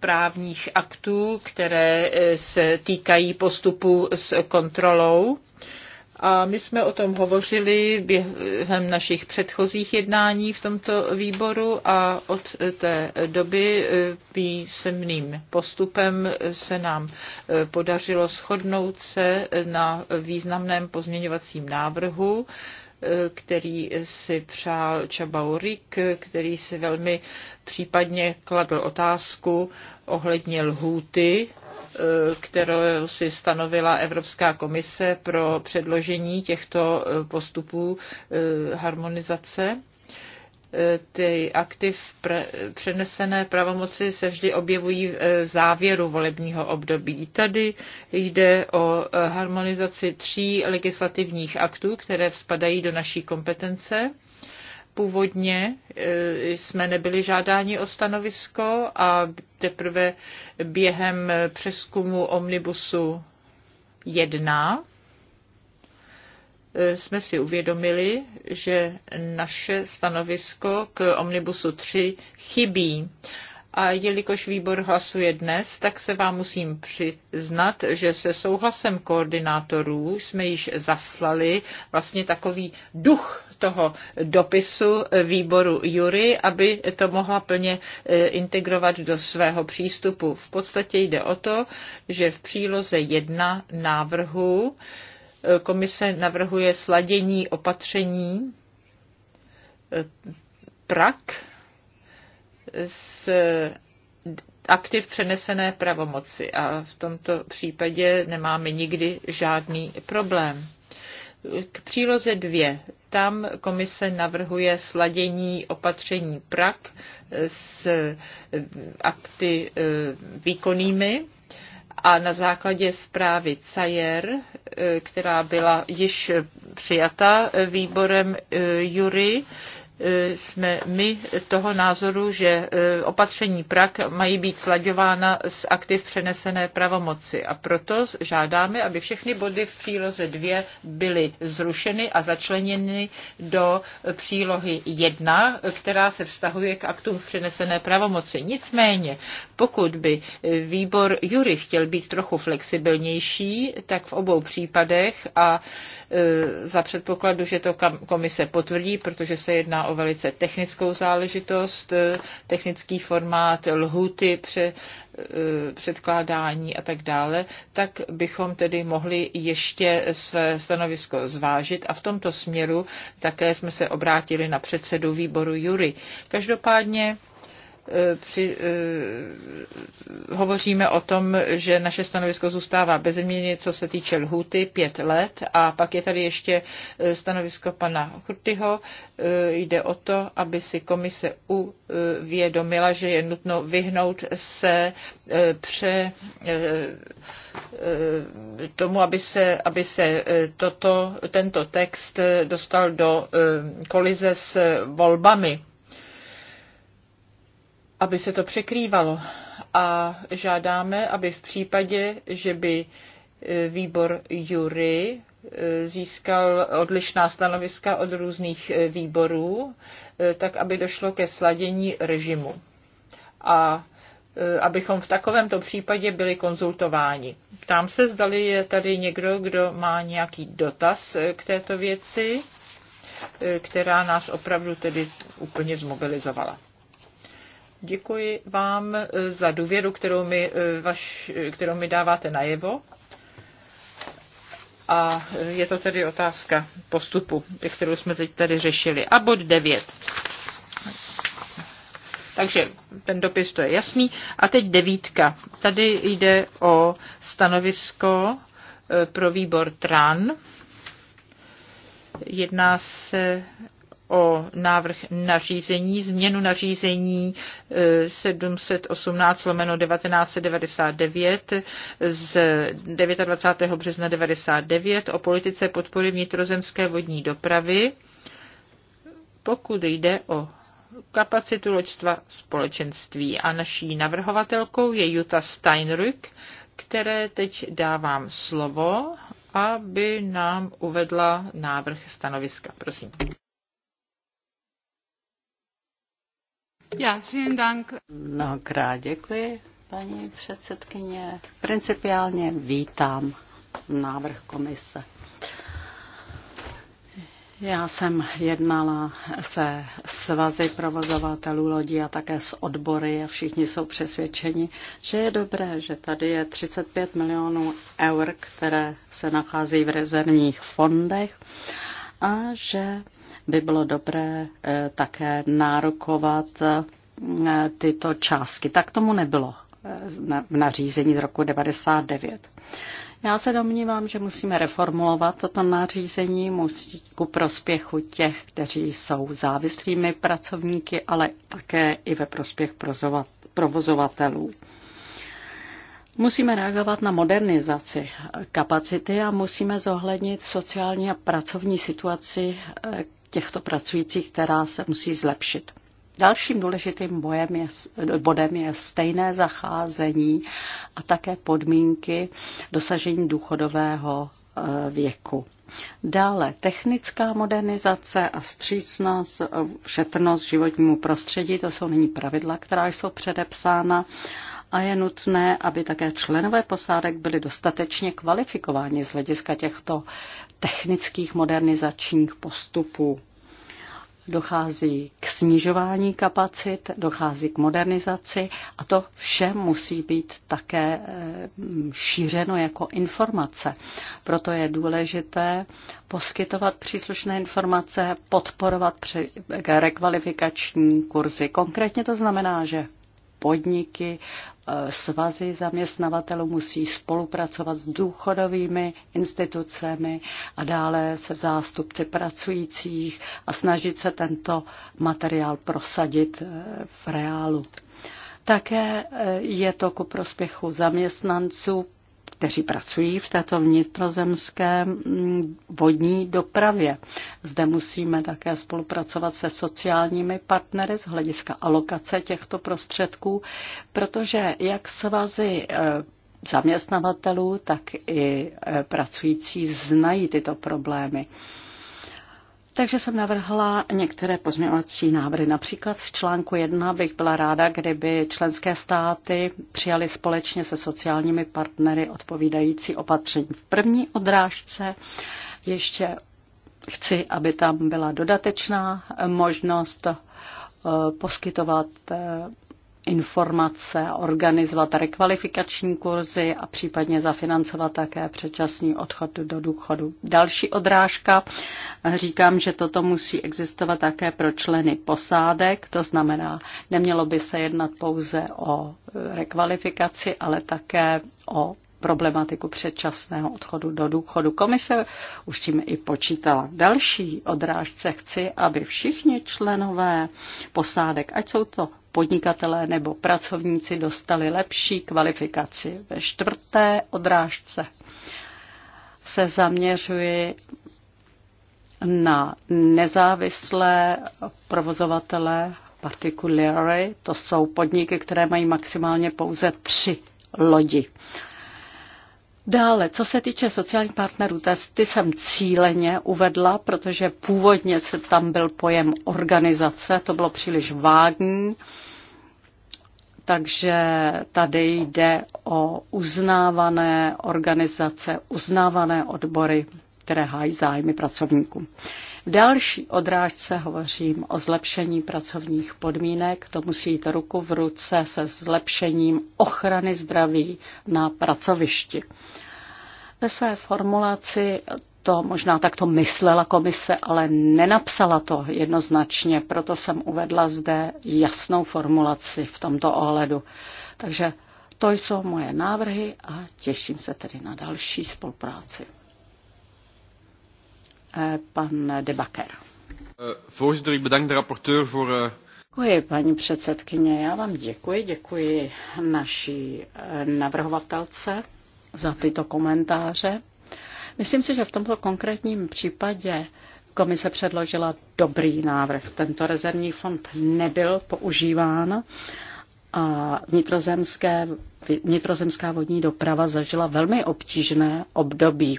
S3: právních aktů, které eh, se týkají postupu s kontrolou. A my jsme o tom hovořili během našich předchozích jednání v tomto výboru a od té doby eh, písemným postupem se nám podařilo shodnout se na významném pozměňovacím návrhu, který si přál Čabaurik, který si velmi případně kladl otázku ohledně lhůty, kterou si stanovila Evropská komise pro předložení těchto postupů eh, harmonizace ty aktiv přenesené pravomoci se vždy objevují v e, závěru volebního období. Tady jde o e, harmonizaci tří legislativních aktů, které spadají do naší kompetence. Původně e, jsme nebyli žádáni o stanovisko a teprve během přeskumu omnibusu 1 jsme si uvědomili, že naše stanovisko k Omnibusu 3 chybí. A jelikož výbor hlasuje dnes, tak se vám musím přiznat, že se souhlasem koordinátorů jsme již zaslali vlastně takový duch toho dopisu výboru Jury, aby to mohla plně e, integrovat do svého přístupu. V podstatě jde o to, že v příloze 1 návrhu Komise navrhuje sladění opatření e, prak s aktiv přenesené pravomoci a v tomto případě nemáme nikdy žádný problém. K příloze dvě Tam komise navrhuje sladění opatření PRAK s akty e, výkonnými a na základě zprávy Cajer, eh, která byla již přijata eh, výborem eh, Jury, E, jsme my toho názoru, že e, opatření PRAK mají být slaďována s aktiv přenesené pravomoci. A proto žádáme, aby všechny body v příloze 2 byly zrušeny a začleněny do přílohy 1, která se vztahuje k aktům přenesené pravomoci. Nicméně, pokud by e, výbor Jury chtěl být trochu flexibilnější, tak v obou případech a za předpokladu, že to komise potvrdí, protože se jedná o o velice technickou záležitost, eh, technický formát, lhuty pře, eh, předkládání a tak dále, tak bychom tedy mohli ještě své stanovisko zvážit a v tomto směru také jsme se obrátili na předsedu výboru Jury. Každopádně E, při, uh, hovoříme o tom, že naše stanovisko zůstává bez změny, co se týče lhuty, pět let. A pak je tady ještě e, stanovisko pana Krutyho. Uh, jde o to, aby si komise uvědomila, že je nutno vyhnout se uh, pře uh, tomu, aby se, aby se toto, tento text dostal do kolize s volbami aby se to překrývalo. A žádáme, aby v případě, že by e, výbor jury e, získal odlišná stanoviska od různých e, výborů, tak aby došlo ke sladění režimu. A abychom v takovémto případě byli konzultováni. Ptám se, zdali je tady někdo, kdo má nějaký dotaz k této věci, která nás opravdu tedy úplně zmobilizovala. Děkuji vám eh, za důvěru, kterou mi, eh, vaš, eh, kterou mi dáváte najevo. A je to tedy otázka postupu, kterou jsme teď tady řešili. A bod 9. Takže ten dopis to je jasný. A teď devítka. Tady jde o stanovisko pro výbor TRAN. Jedná se o návrh nařízení, změnu nařízení 718 eh, lomeno 1999 z 29. března 99 o politice podpory vnitrozemské vodní dopravy, pokud jde o kapacitu loďstva společenství. A naší navrhovatelkou je Jutta Steinrück, které teď dávám slovo, aby nám uvedla návrh stanoviska. Prosím. Já, vielen
S2: Dank. Mnohokrát děkuji, paní předsedkyně. Principiálně vítám návrh komise. Já jsem jednala se svazy provozovatelů lodí a také s odbory a všichni jsou přesvědčeni, že je dobré, že tady je 35 milionů eur, které se nachází v rezervních fondech a že by bylo dobré eh, také nárokovat eh, tyto částky. Tak tomu nebylo eh, v nařízení z roku 99. Já se domnívám, že musíme reformulovat toto nařízení musí ku prospěchu těch, kteří jsou závislými pracovníky, ale také i ve prospěch provozovatelů. Musíme reagovat na modernizaci kapacity a musíme zohlednit sociální a pracovní situaci těchto pracujících, která se musí zlepšit. Dalším důležitým je, bodem je stejné zacházení a také podmínky dosažení důchodového eh, věku. Dále technická modernizace a vstřícnost, eh, šetrnost životnímu prostředí, to jsou nyní pravidla, která jsou předepsána a je nutné, aby také členové posádek byly dostatečně kvalifikováni z hlediska těchto technických modernizačních postupů. Dochází k snižování kapacit, dochází k modernizaci a to vše musí být také eh, šířeno jako informace. Proto je důležité poskytovat příslušné informace, podporovat eh, rekvalifikační kurzy. Konkrétně to znamená, že podniky svazy zaměstnavatelů musí spolupracovat s důchodovými institucemi a dále se zástupci pracujících a snažit se tento materiál prosadit eh, v reálu. Také eh, je to ku prospěchu zaměstnanců, kteří pracují v této vnitrozemské mm, vodní dopravě. Zde musíme také spolupracovat se sociálními partnery z hlediska alokace těchto prostředků, protože jak svazy eh, zaměstnavatelů, tak i eh, pracující znají tyto problémy. Takže jsem navrhla některé pozměňovací návrhy. Například v článku 1 bych byla ráda, kdyby členské státy přijaly společně se sociálními partnery odpovídající opatření v první odrážce. Ještě chci, aby tam byla dodatečná možnost eh, poskytovat eh, informace, organizovat rekvalifikační kurzy a případně zafinancovat také předčasný odchod do důchodu. Další odrážka, říkám, že toto musí existovat také pro členy posádek, to znamená, nemělo by se jednat pouze o rekvalifikaci, ale také o problematiku předčasného odchodu do důchodu. Komise už tím i počítala. Další odrážce chci, aby všichni členové posádek, ať jsou to podnikatelé nebo pracovníci, dostali lepší kvalifikaci. Ve čtvrté odrážce se zaměřuji na nezávislé provozovatele particulary, to jsou podniky, které mají maximálně pouze tři lodi. Dále, co se týče sociálních partnerů, ty jsem cíleně uvedla, protože původně se tam byl pojem organizace, to bylo příliš vágní, takže tady jde o uznávané organizace, uznávané odbory, které hájí zájmy pracovníků. V další odrážce hovořím o zlepšení pracovních podmínek. To musí jít ruku v ruce se zlepšením ochrany zdraví na pracovišti. Ve své formulaci to možná takto myslela komise, ale nenapsala to jednoznačně, proto jsem uvedla zde jasnou formulaci v tomto ohledu. Takže to jsou moje návrhy a těším se tedy na další spolupráci pan Debaker.
S3: Voorzitter, ik bedank de rapporteur voor eh,
S2: Děkuji, paní předsedkyně. Já vám děkuji. Děkuji naší eh, navrhovatelce za tyto komentáře. Myslím si, že v tomto konkrétním případě komise předložila dobrý návrh. Tento rezervní fond nebyl používán a vnitrozemské, vnitrozemská vodní doprava zažila velmi obtížné období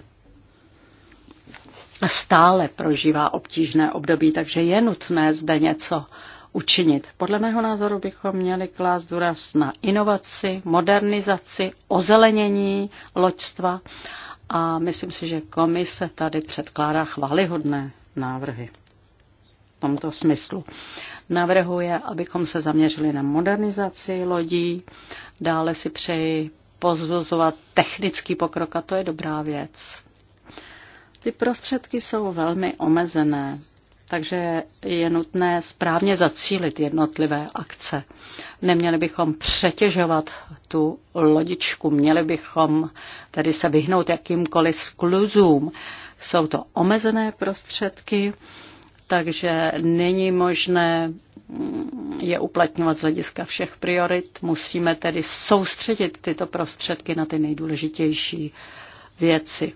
S2: stále prožívá obtížné období, takže je nutné zde něco učinit. Podle mého názoru bychom měli klást důraz na inovaci, modernizaci, ozelenění loďstva a myslím si, že komise tady předkládá chválihodné návrhy v tomto smyslu. Navrhuje, abychom se zaměřili na modernizaci lodí, dále si přeji pozvozovat technický pokrok a to je dobrá věc. Ty prostředky jsou velmi omezené, takže je nutné správně zacílit jednotlivé akce. Neměli bychom přetěžovat tu lodičku, měli bychom tedy se vyhnout jakýmkoliv skluzům. Jsou to omezené prostředky, takže není možné je uplatňovat z hlediska všech priorit. Musíme tedy soustředit tyto prostředky na ty nejdůležitější věci.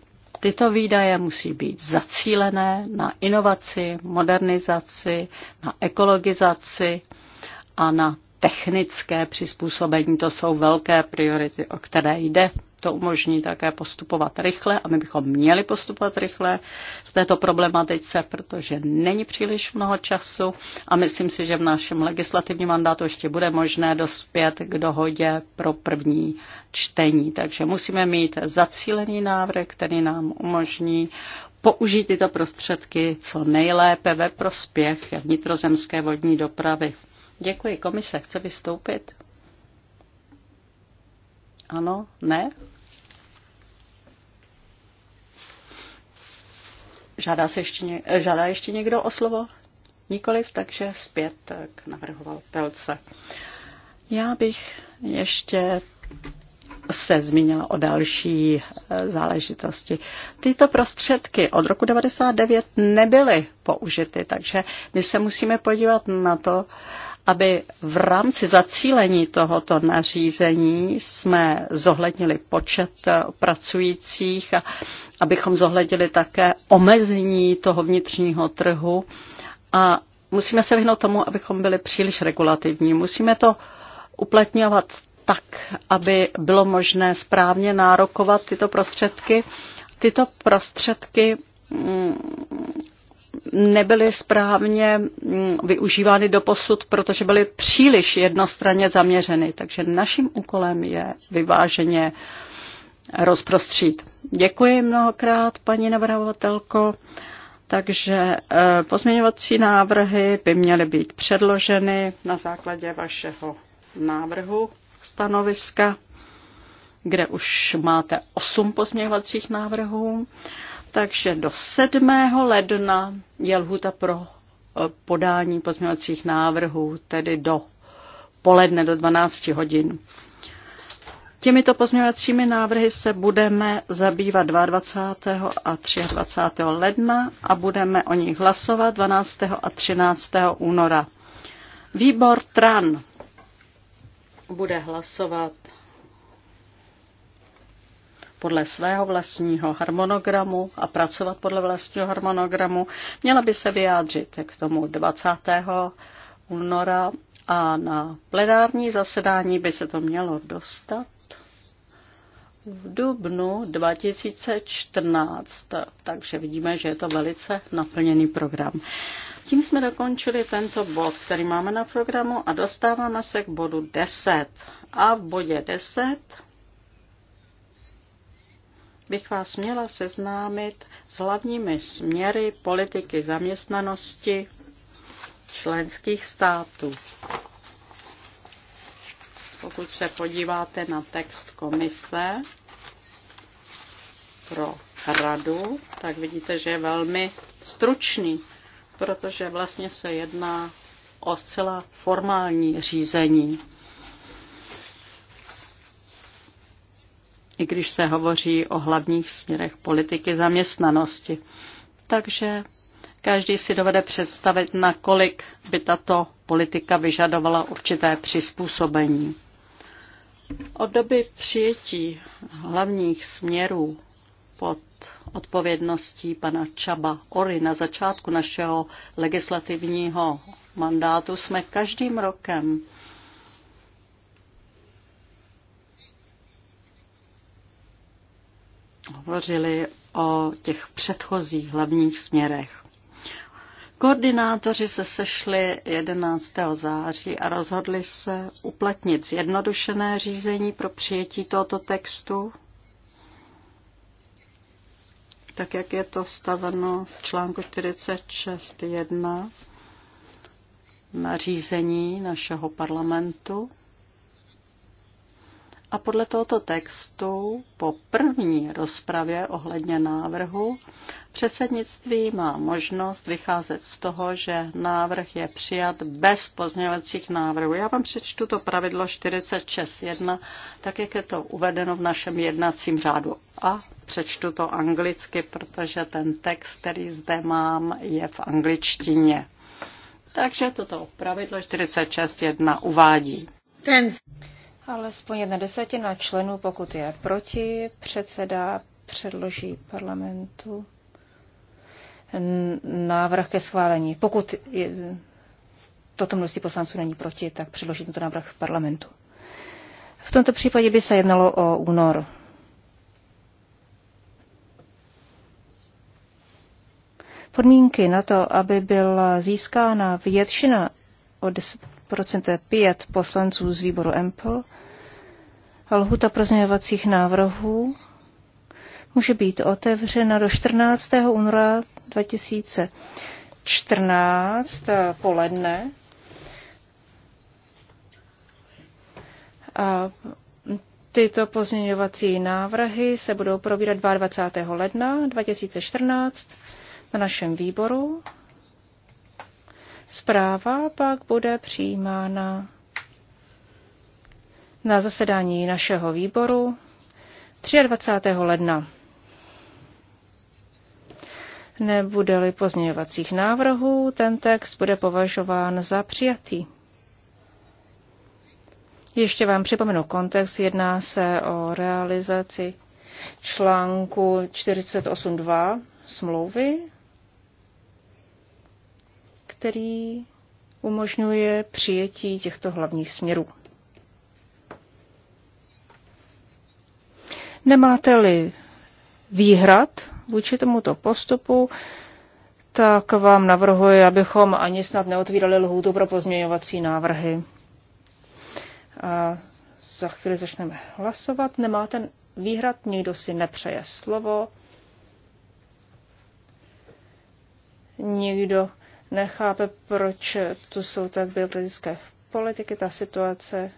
S2: Tyto výdaje musí být zacílené na inovaci, modernizaci, na ekologizaci a na technické přizpůsobení. To jsou velké priority, o které jde to umožní také postupovat rychle a my bychom měli postupovat rychle v této problematice, protože není příliš mnoho času a myslím si, že v našem legislativním mandátu ještě bude možné dospět k dohodě pro první čtení. Takže musíme mít zacílený návrh, který nám umožní použít tyto prostředky co nejlépe ve prospěch vnitrozemské vodní dopravy. Děkuji. Komise chce vystoupit? Ano? Ne? Žádá, se ještě, žádá ještě někdo o slovo? Nikoliv, takže zpět k navrhoval Pelce. Já bych ještě se zmínila o další eh, záležitosti. Tyto prostředky od roku 99 nebyly použity, takže my se musíme podívat na to, aby v rámci zacílení tohoto nařízení jsme zohlednili počet eh, pracujících a abychom zohlednili také omezení toho vnitřního trhu a musíme se vyhnout tomu, abychom byli příliš regulativní. Musíme to uplatňovat tak, aby bylo možné správně nárokovat tyto prostředky. Tyto prostředky mm, nebyly správně mm, využívány do posud, protože byly příliš jednostranně zaměřeny. Takže naším úkolem je vyváženě rozprostřít. Děkuji mnohokrát, paní navrhovatelko. Takže eh, pozměňovací návrhy by měly být předloženy na základě vašeho návrhu stanoviska, kde už máte osm pozměňovacích návrhů. Takže do 7. ledna je lhuta pro eh, podání pozměňovacích návrhů, tedy do poledne do 12 hodin. Těmito pozměňovacími návrhy se budeme zabývat 22. a 23. ledna a budeme o nich hlasovat 12. a 13. února. Výbor TRAN bude hlasovat podle svého vlastního harmonogramu a pracovat podle vlastního harmonogramu. Měla by se vyjádřit k tomu 20. února a na plenární zasedání by se to mělo dostat v dubnu 2014. Takže vidíme, že je to velice naplněný program. Tím jsme dokončili tento bod, který máme na programu a dostáváme se k bodu 10. A v bodě 10 bych vás měla seznámit s hlavními směry politiky zaměstnanosti členských států. Pokud se podíváte na text komise pro radu, tak vidíte, že je velmi stručný, protože vlastně se jedná o zcela formální řízení. i když se hovoří o hlavních směrech politiky zaměstnanosti. Takže každý si dovede představit, nakolik by tato politika vyžadovala určité přizpůsobení. Od doby přijetí hlavních směrů pod odpovědností pana Čaba Ory na začátku našeho legislativního mandátu jsme každým rokem hovořili o těch předchozích hlavních směrech. Koordinátoři se sešli 11. září a rozhodli se uplatnit zjednodušené řízení pro přijetí tohoto textu, tak jak je to staveno v článku 46.1 na řízení našeho parlamentu a podle tohoto textu po první rozpravě ohledně návrhu předsednictví má možnost vycházet z toho, že návrh je přijat bez pozměňovacích návrhů. Já vám přečtu to pravidlo 46.1, tak jak je to uvedeno v našem jednacím řádu. A přečtu to anglicky, protože ten text, který zde mám, je v angličtině.
S1: Takže toto pravidlo
S2: 46.1 uvádí.
S1: Ten alespoň jedna desetina členů, pokud je proti, předseda předloží parlamentu návrh ke schválení. Pokud je, toto množství poslanců není proti, tak předloží tento návrh parlamentu. V tomto případě by se jednalo o únor. Podmínky na to, aby byla získána většina od 10 pět poslanců z výboru EMPL. Lhuta prozněvacích návrhů může být otevřena do 14. února 2014 eh, poledne. A tyto pozměňovací návrhy se budou probírat 22. ledna 2014 na našem výboru Zpráva pak bude přijímána na zasedání našeho výboru 23. ledna. Nebude-li pozměňovacích návrhů, ten text bude považován za přijatý. Ještě vám připomenu kontext, jedná se o realizaci článku 48.2 smlouvy který umožňuje přijetí těchto hlavních směrů. Nemáte-li výhrad vůči tomuto postupu, tak vám navrhuji, abychom ani snad neotvírali lhůtu pro pozměňovací návrhy. A za chvíli začneme hlasovat. Nemáte výhrad, nikdo si nepřeje slovo. Nikdo nechápe, proč tu jsou tak byrokratické politiky, ta situace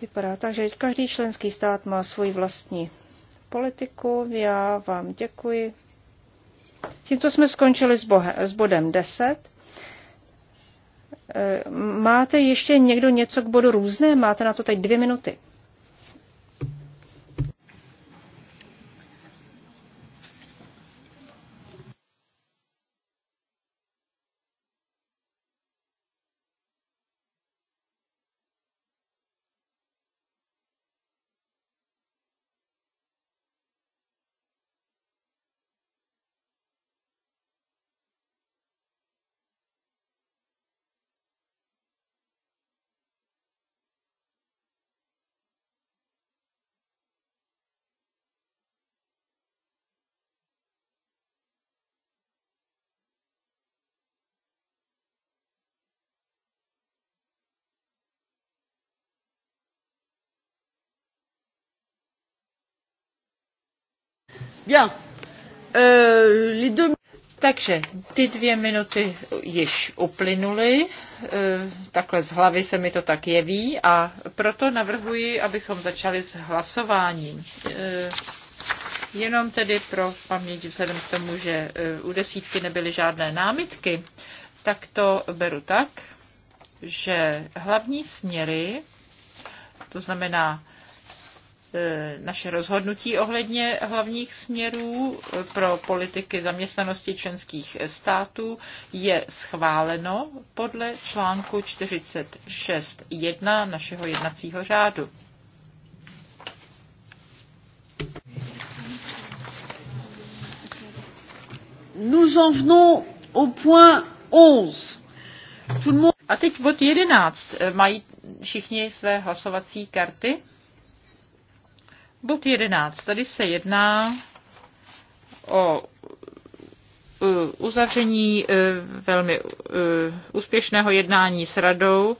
S1: vypadá tak, že každý členský stát má svoji vlastní politiku. Já vám děkuji. Tímto jsme skončili s, bohem, s bodem 10. E, máte ještě někdo něco k bodu různé? Máte na to teď dvě minuty.
S3: Euh, Takže ty dvě minuty již uplynuly, eh, takhle z hlavy se mi to tak jeví a proto navrhuji, abychom začali s hlasováním. Eh, jenom tedy pro paměť, vzhledem k tomu, že eh, u desítky nebyly žádné námitky, tak to beru tak, že hlavní směry, to znamená E, naše rozhodnutí ohledně hlavních směrů pro politiky zaměstnanosti členských států je schváleno podle článku 46.1 našeho jednacího řádu. Nous en venons au point 11. A teď bod 11. Mají všichni své hlasovací karty? Bod 11. Tady se jedná o e, uzavření e, velmi e, úspěšného jednání s radou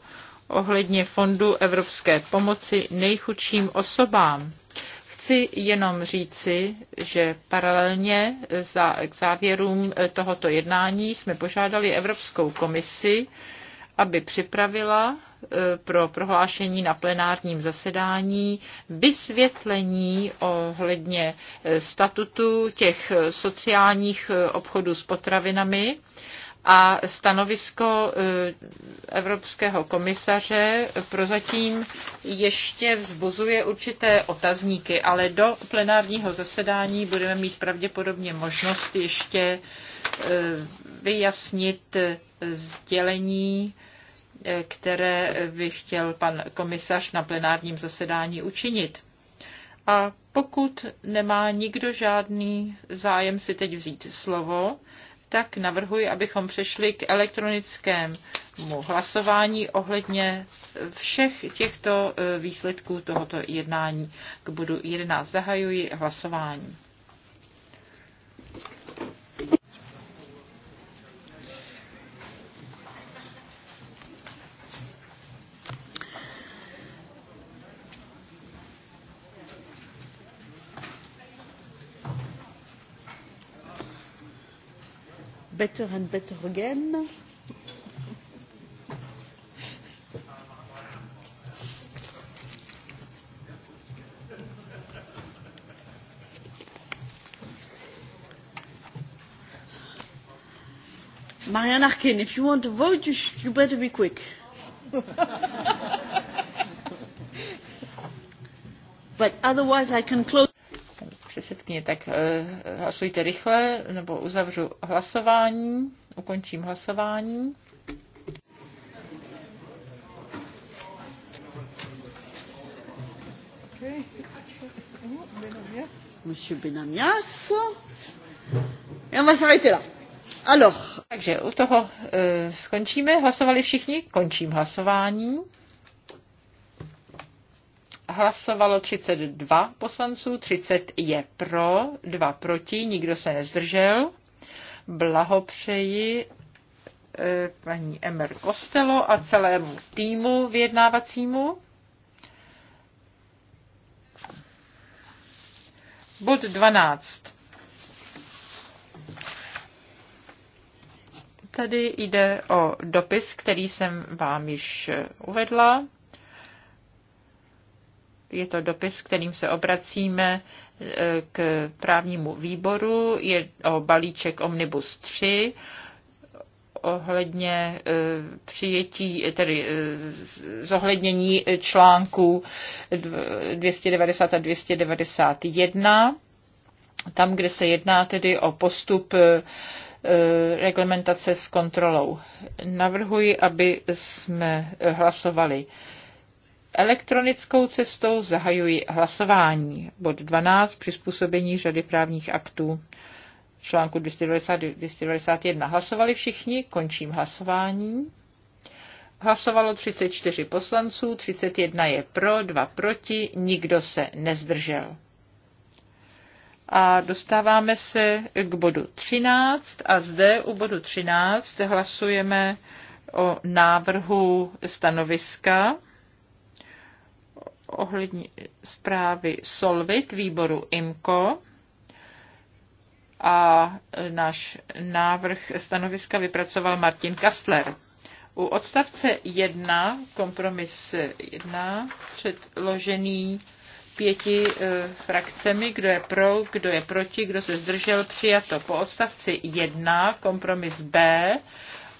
S3: ohledně fondu evropské pomoci nejchudším osobám. Chci jenom říci, že paralelně za, k závěrům tohoto jednání jsme požádali Evropskou komisi, aby připravila e, pro prohlášení na plenárním zasedání vysvětlení ohledně e, statutu těch sociálních e, obchodů s potravinami a stanovisko Evropského komisaře prozatím ještě vzbuzuje určité otazníky, ale do plenárního zasedání budeme mít pravděpodobně možnost ještě vyjasnit sdělení, které by chtěl pan komisař na plenárním zasedání učinit. A pokud nemá nikdo žádný zájem si teď vzít slovo, tak navrhuji, abychom přešli k elektronickému hlasování ohledně všech těchto eh, výsledků tohoto jednání. K bodu 11 zahajuji hlasování.
S2: better and better again. Marianne Arkin, if you want to vote, you, sh- you better be quick. but
S3: otherwise, I can close předsedkyně, tak eh, hlasujte rychle, nebo uzavřu hlasování, ukončím hlasování. Monsieur Benamias. Takže u toho e, skončíme. Hlasovali všichni? Končím hlasování hlasovalo 32 poslanců, 30 je pro, 2 proti, nikdo se nezdržel. Blahopřeji eh, paní Emer Kostelo a celému týmu vyjednávacímu. Bod 12. Tady jde o dopis, který jsem vám již uvedla. Je to dopis, kterým se obracíme e, k právnímu výboru. Je o balíček Omnibus 3 ohledně e, přijetí, tedy e, zohlednění článků 290 a 291, tam, kde se jedná tedy o postup reglementace s kontrolou. Navrhuji, aby jsme hlasovali elektronickou cestou zahajuji hlasování. Bod 12. Přizpůsobení řady právních aktů článku 290, 291. Hlasovali všichni, končím hlasování. Hlasovalo 34 poslanců, 31 je pro, 2 proti, nikdo se nezdržel. A dostáváme se k bodu 13 a zde u bodu 13 hlasujeme o návrhu stanoviska ohledně zprávy Solvit výboru IMCO a náš návrh stanoviska vypracoval Martin Kastler. U odstavce 1, kompromis 1, předložený pěti e, frakcemi, kdo je pro, kdo je proti, kdo se zdržel, přijato. Po odstavci 1, kompromis B,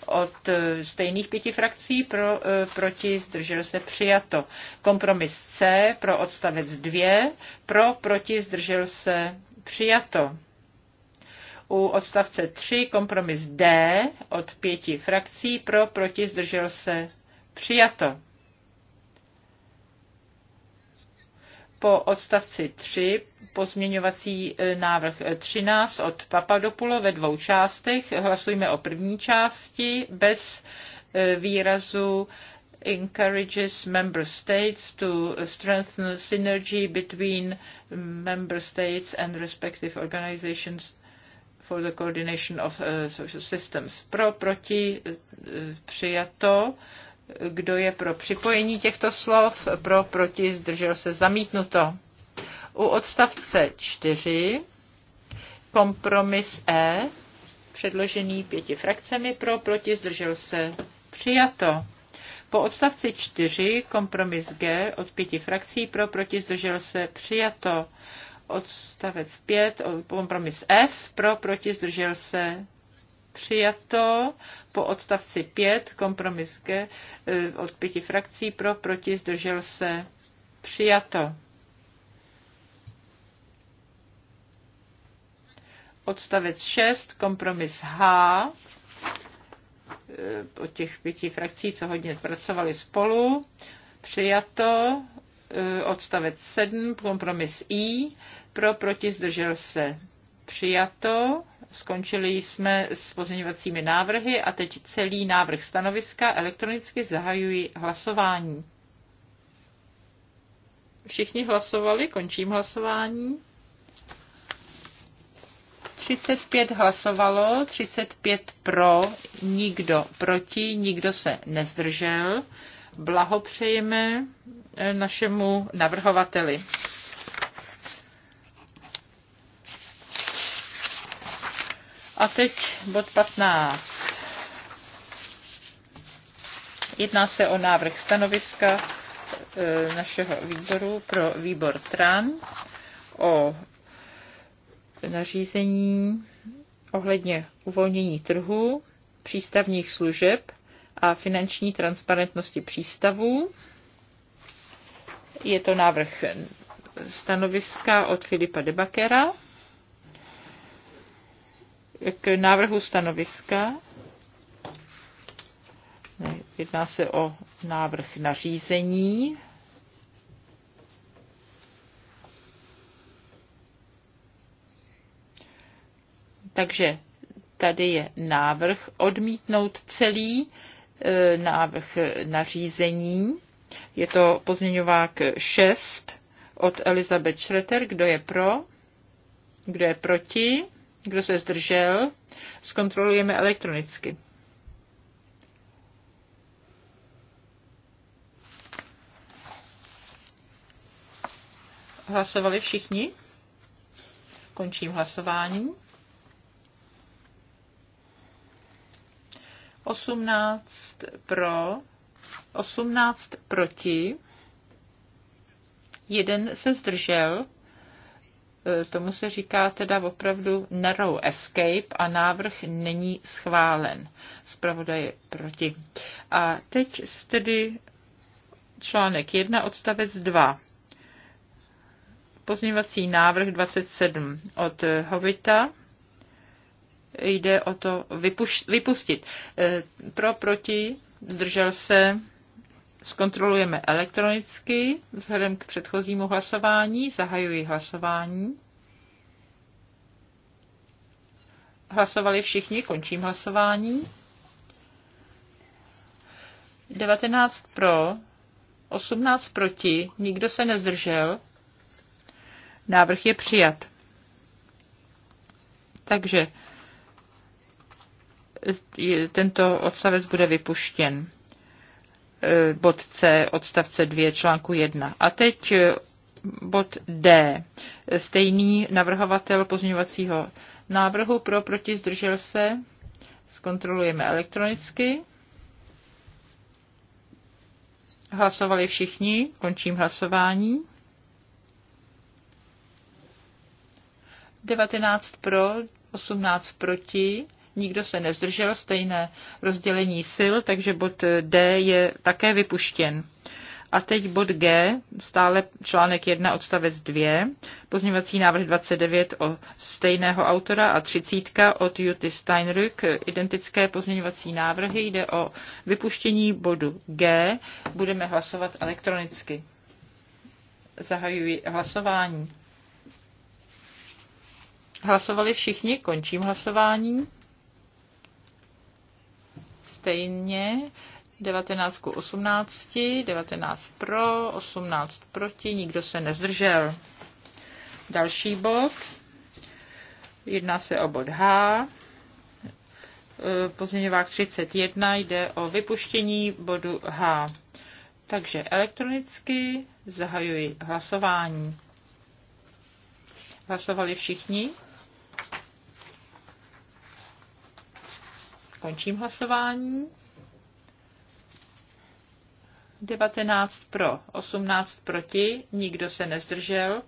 S3: od eh, stejných pěti frakcí, pro, eh, proti zdržel se přijato. Kompromis C pro odstavec 2, pro, proti zdržel se přijato. U odstavce 3 kompromis D od pěti frakcí, pro, proti zdržel se přijato. po odstavci 3 pozměňovací e, návrh 13 e, od Papadopulo ve dvou částech. Hlasujeme o první části bez e, výrazu encourages member states to strengthen synergy between member states and respective organizations for the coordination of social systems. Pro, proti, přijato. Kdo je pro připojení těchto slov? Pro, proti, zdržel se, zamítnuto. U odstavce 4 kompromis E, předložený pěti frakcemi, pro, proti, zdržel se, přijato. Po odstavci 4 kompromis G od pěti frakcí pro proti zdržel se přijato. Odstavec 5 kompromis F pro proti zdržel se přijato po odstavci 5, kompromis G eh, od pěti frakcí pro, proti, zdržel se, přijato. Odstavec 6, kompromis H eh, od těch pěti frakcí, co hodně pracovali spolu, přijato eh, odstavec 7, kompromis I, pro, proti, zdržel se, přijato Skončili jsme s pozměňovacími návrhy a teď celý návrh stanoviska elektronicky zahajuji hlasování. Všichni hlasovali, končím hlasování. 35 hlasovalo, 35 pro, nikdo proti, nikdo se nezdržel. Blahopřejeme eh, našemu navrhovateli. A teď bod 15. Jedná se o návrh stanoviska e, našeho výboru pro výbor TRAN o nařízení ohledně uvolnění trhu, přístavních služeb a finanční transparentnosti přístavů. Je to návrh stanoviska od Filipa Debakera k návrhu stanoviska. Jedná se o návrh nařízení. Takže tady je návrh odmítnout celý e, návrh nařízení. Je to pozměňovák 6 od Elizabeth Schreter. Kdo je pro? Kdo je proti? Kdo se zdržel? Zkontrolujeme elektronicky. Hlasovali všichni? Končím hlasování. 18 pro, 18 proti, jeden se zdržel. Eh, tomu se říká teda opravdu narrow escape a návrh není schválen. Zpravodaj je proti. A teď tedy článek 1, odstavec 2. Pozměňovací návrh 27 od Hovita jde o to vypuš- vypustit. Eh, pro, proti, zdržel se, Zkontrolujeme elektronicky vzhledem k předchozímu hlasování. Zahajuji hlasování. Hlasovali všichni, končím hlasování. 19 pro, 18 proti, nikdo se nezdržel. Návrh je přijat. Takže tento odstavec bude vypuštěn. Eh, bod C odstavce 2 článku 1. A teď eh, bod D. Stejný navrhovatel pozměňovacího návrhu pro proti zdržel se. Zkontrolujeme elektronicky. Hlasovali všichni, končím hlasování. 19 pro, 18 proti, nikdo se nezdržel, stejné rozdělení sil, takže bod D je také vypuštěn. A teď bod G, stále článek 1 odstavec 2, pozněvací návrh 29 o stejného autora a 30 od Juty Steinrück, identické pozměňovací návrhy, jde o vypuštění bodu G, budeme hlasovat elektronicky. Zahajuji hlasování. Hlasovali všichni, končím hlasování stejně 19 k 18, 19 pro, 18 proti, nikdo se nezdržel. Další bod. Jedná se o bod H. E, pozměňovák 31 jde o vypuštění bodu H. Takže elektronicky zahajuji hlasování. Hlasovali všichni? Končím hlasování. 19 pro, 18 proti, nikdo se nezdržel.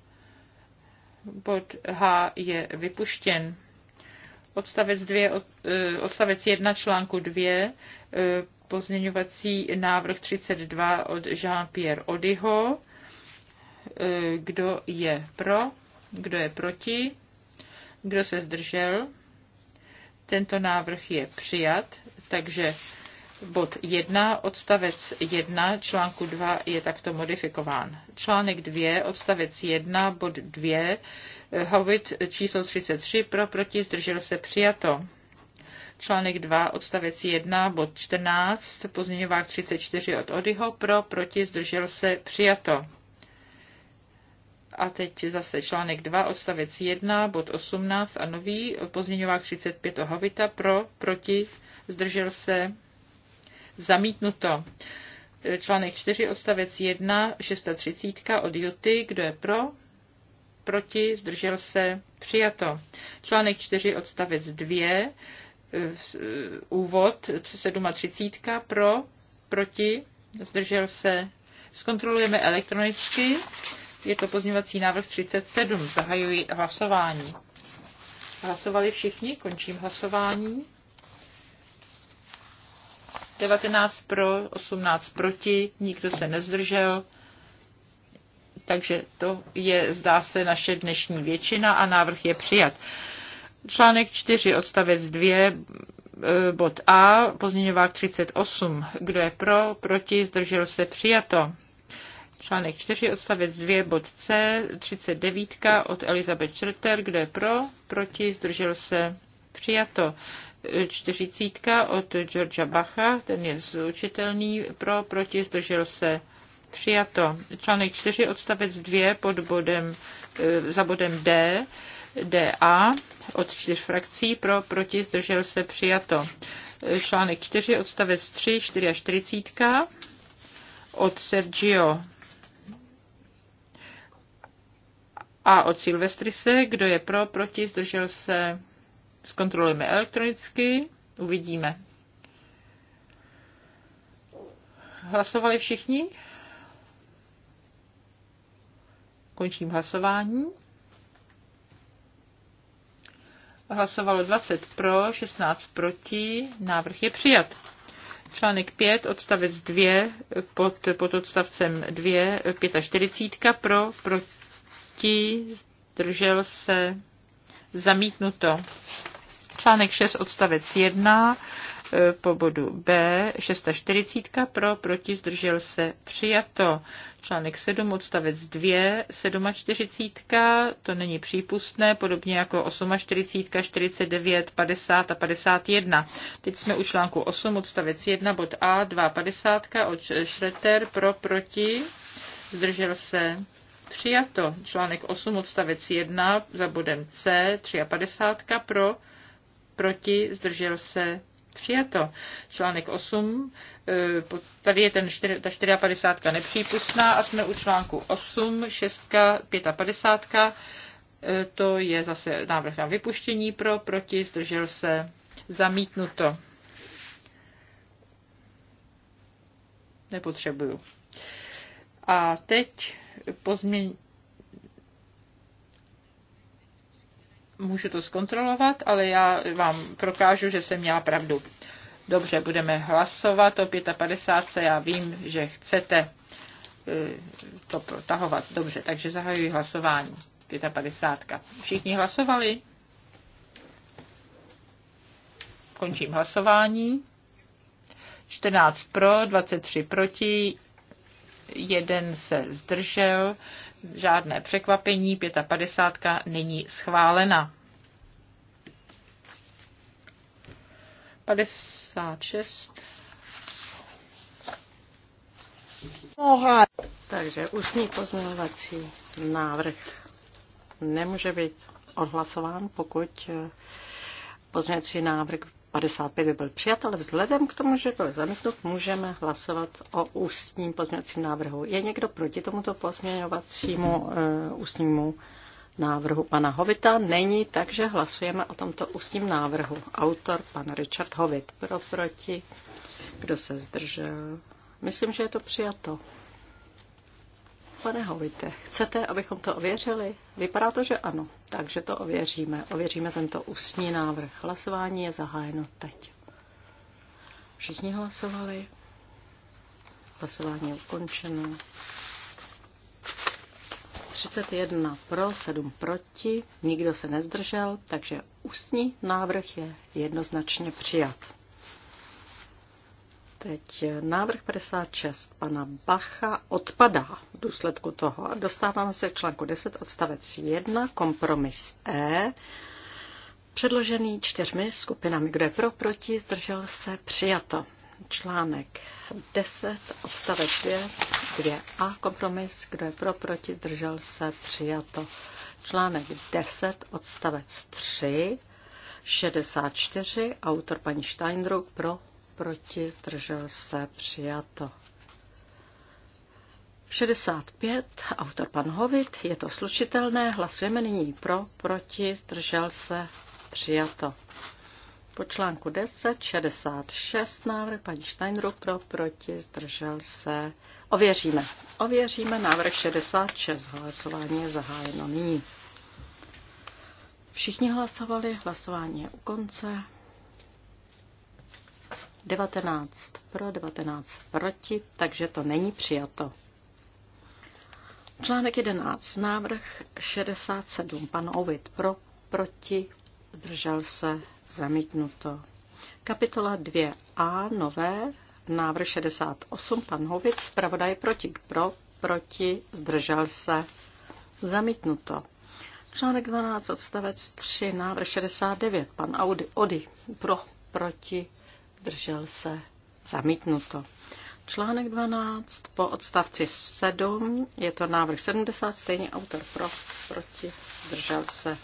S3: Bod H je vypuštěn. Odstavec, 2, eh, odstavec 1 článku 2, eh, pozměňovací návrh 32 od Jean-Pierre Odyho. Eh, kdo je pro, kdo je proti, kdo se zdržel, tento návrh je přijat, takže bod 1, odstavec 1, článku 2 je takto modifikován. Článek 2, odstavec 1, bod 2, hovit číslo 33, pro, proti, zdržel se, přijato. Článek 2, odstavec 1, bod 14, pozměňovák 34 od Odyho, pro, proti, zdržel se, přijato a teď zase článek 2, odstavec 1, bod 18 a nový, pozměňovák 35 Hovita pro, proti, zdržel se, zamítnuto. Článek 4, odstavec 1, 630 od Juty, kdo je pro, proti, zdržel se, přijato. Článek 4, odstavec 2, uh, úvod 37 pro, proti, zdržel se, zkontrolujeme elektronicky. Je to pozměňovací návrh 37. Zahajuji hlasování. Hlasovali všichni, končím hlasování. 19 pro, 18 proti, nikdo se nezdržel. Takže to je, zdá se, naše dnešní většina a návrh je přijat. Článek 4, odstavec 2, e, bod A, pozměňovák 38. Kdo je pro, proti, zdržel se, přijato. Článek 4, odstavec 2, bod C, 39 od Elizabeth Schroeter, kdo je pro, proti, zdržel se, přijato. 40 od Georgia Bacha, ten je zúčitelný, pro, proti, zdržel se, přijato. Článek 4, odstavec 2, pod bodem, eh, za bodem D, DA od čtyř frakcí, pro, proti, zdržel se, přijato. Eh, článek 4, odstavec 3, 44 od Sergio A od se, kdo je pro, proti, zdržel se, zkontrolujeme elektronicky, uvidíme. Hlasovali všichni? Končím hlasování. Hlasovalo 20 pro, 16 proti, návrh je přijat. Článek 5, odstavec 2, pod, pod odstavcem 2, 45 pro, proti proti, zdržel se, zamítnuto. Článek 6 odstavec 1 e, po bodu B 640 pro, proti, zdržel se, přijato. Článek 7 odstavec 2 47 to není přípustné, podobně jako 48, 49, 50 a 51. Teď jsme u článku 8 odstavec 1 bod A 250 od Schreter pro, proti, zdržel se, Přijato článek 8 odstavec 1 za bodem C 53 pro, proti, zdržel se přijato. Článek 8, eh, tady je ten 4, ta 54 nepřípustná a jsme u článku 8, 6, 55, to je zase návrh na vypuštění pro, proti, zdržel se, zamítnuto. Nepotřebuju. A teď pozměň... Můžu to zkontrolovat, ale já vám prokážu, že jsem měla pravdu. Dobře, budeme hlasovat o 55. Já vím, že chcete eh, to protahovat. Dobře, takže zahajuji hlasování. 55. Všichni hlasovali? Končím hlasování. 14 pro, 23 proti, jeden se zdržel, žádné překvapení, 55 není schválena. 56.
S2: Takže ústní pozměňovací návrh nemůže být odhlasován, pokud pozměňovací návrh 55 by byl přijat, ale vzhledem k tomu, že byl zamítnut, můžeme hlasovat o ústním pozměňovacím návrhu. Je někdo proti tomuto pozměňovacímu uh, ústnímu návrhu pana Hovita? Není, takže hlasujeme o tomto ústním návrhu. Autor pan Richard Hovit. Pro, proti. Kdo se zdržel? Myslím, že je to přijato. Pane Hovite, chcete, abychom to ověřili? Vypadá to, že ano. Takže to ověříme. Ověříme tento ústní návrh. Hlasování je zahájeno teď. Všichni hlasovali. Hlasování je ukončeno. 31 pro, 7 proti, nikdo se nezdržel, takže ústní návrh je jednoznačně přijat. Teď návrh 56 pana Bacha odpadá v důsledku toho. Dostáváme se k článku 10 odstavec 1, kompromis E, předložený čtyřmi skupinami. Kdo je pro, proti, zdržel se, přijato. Článek 10 odstavec 2, 2a, kompromis, kdo je pro, proti, zdržel se, přijato. Článek 10 odstavec 3, 64, autor paní Steindruck, pro, proti, zdržel se, přijato. 65, autor pan Hovit, je to slučitelné, hlasujeme nyní pro, proti, zdržel se, přijato. Po článku 10, 66, návrh paní Steinru pro, proti, zdržel se, ověříme. Ověříme návrh 66, hlasování je zahájeno nyní. Všichni hlasovali, hlasování je u konce. 19 pro, 19 proti, takže to není přijato. Článek 11. Návrh 67. Pan Ovid pro, proti, zdržel se, zamítnuto. Kapitola 2a. Nové. Návrh 68. Pan Hovic. Zpravodaj proti. Pro, proti, zdržel se, zamítnuto.
S1: Článek 12.
S2: Odstavec 3. Návrh 69. Pan Audi. Odi Pro, proti, držel se, zamítnuto. Článek 12, po odstavci 7, je to návrh 70, stejně autor pro, proti, zdržel se,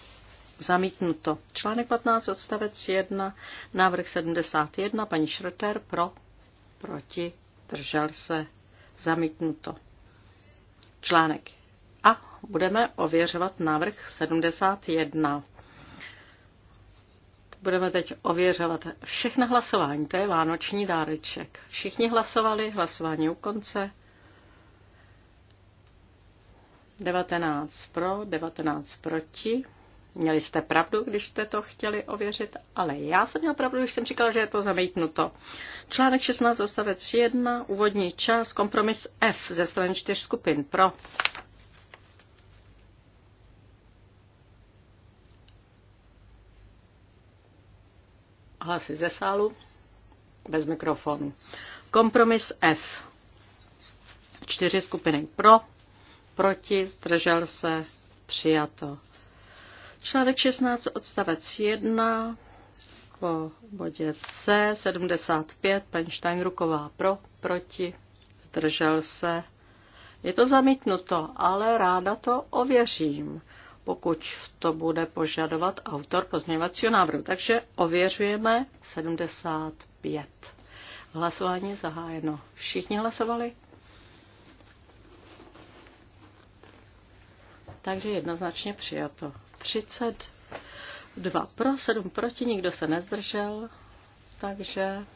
S2: zamítnuto. Článek 15, odstavec 1, návrh 71, paní Šrter pro, proti, držel se, zamítnuto. Článek. A budeme ověřovat návrh 71. Budeme teď ověřovat všechna hlasování. To je vánoční dáreček. Všichni hlasovali, hlasování u konce. 19 pro, 19 proti. Měli jste pravdu, když jste to chtěli ověřit, ale já jsem měl pravdu, když jsem říkal, že je to zamítnuto. Článek 16, odstavec 1, úvodní čas, kompromis F ze strany čtyř skupin pro, hlasy ze sálu. Bez mikrofonu. Kompromis F. Čtyři skupiny pro, proti, zdržel se, přijato. Článek 16, odstavec 1, po bodě C, 75, paní Steinruková pro, proti, zdržel se. Je to zamítnuto, ale ráda to ověřím pokud to bude požadovat autor pozměňovacího návrhu. Takže ověřujeme 75. Hlasování je zahájeno. Všichni hlasovali? Takže jednoznačně přijato. 32 pro, 7 proti, nikdo se nezdržel, takže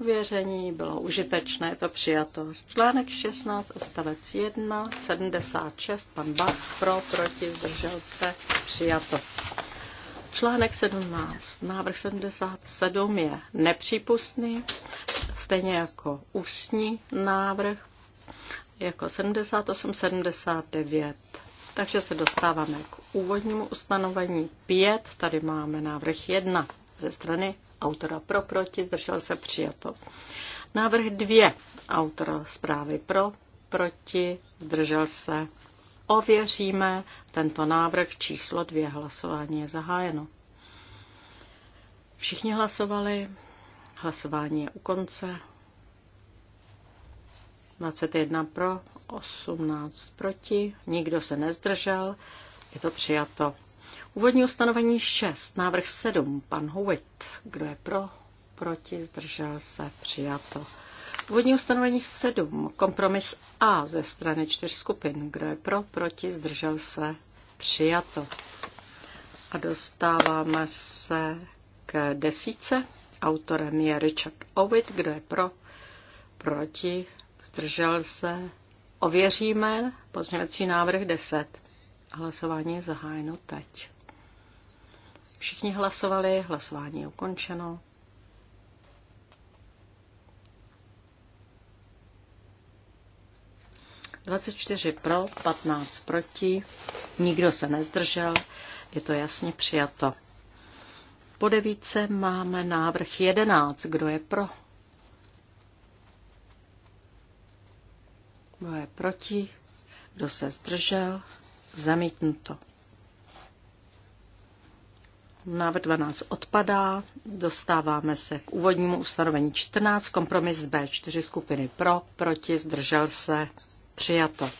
S2: Věření bylo užitečné, to přijato. Článek 16, odstavec 1, 76, pan Bach pro, proti, zdržel se, přijato. Článek 17, návrh 77 je nepřípustný, stejně jako ústní návrh, jako 78, 79. Takže se dostáváme k úvodnímu ustanovení 5. Tady máme návrh 1 ze strany autora pro, proti, zdržel se přijato. Návrh dvě autora zprávy pro, proti, zdržel se. Ověříme tento návrh číslo dvě Hlasování je zahájeno. Všichni hlasovali, hlasování je u konce. 21 pro, 18 proti, nikdo se nezdržel, je to přijato. Úvodní ustanovení 6, návrh 7, pan Howitt. Kdo je pro? Proti? Zdržel se? Přijato. Úvodní ustanovení 7, kompromis A ze strany čtyř skupin. Kdo je pro? Proti? Zdržel se? Přijato. A dostáváme se k desíce. Autorem je Richard Ovid. Kdo je pro? Proti? Zdržel se? Ověříme pozměňovací návrh 10. Hlasování je zahájeno teď. Všichni hlasovali, hlasování je ukončeno. Dvacet čtyři pro, patnáct proti, nikdo se nezdržel, je to jasně přijato. Po devíce máme návrh jedenáct, kdo je pro? Kdo je proti? Kdo se zdržel? Zamítnuto. Návrh 12 odpadá. Dostáváme se k úvodnímu ustanovení 14. Kompromis B. 4 skupiny pro, proti, zdržel se, přijato.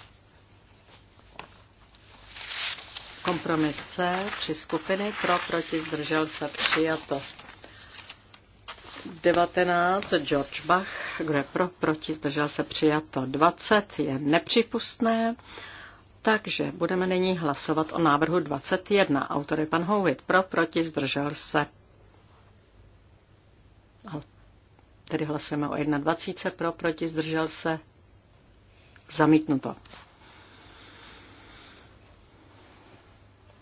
S2: Kompromis C. 3 skupiny pro, proti, zdržel se, přijato. 19. George Bach. Kdo je pro, proti, zdržel se, přijato. 20 je nepřípustné. Takže budeme nyní hlasovat o návrhu 21. Autor je pan Houvit. Pro, proti, zdržel se. Tedy hlasujeme o 21. Pro, proti, zdržel se. Zamítnuto.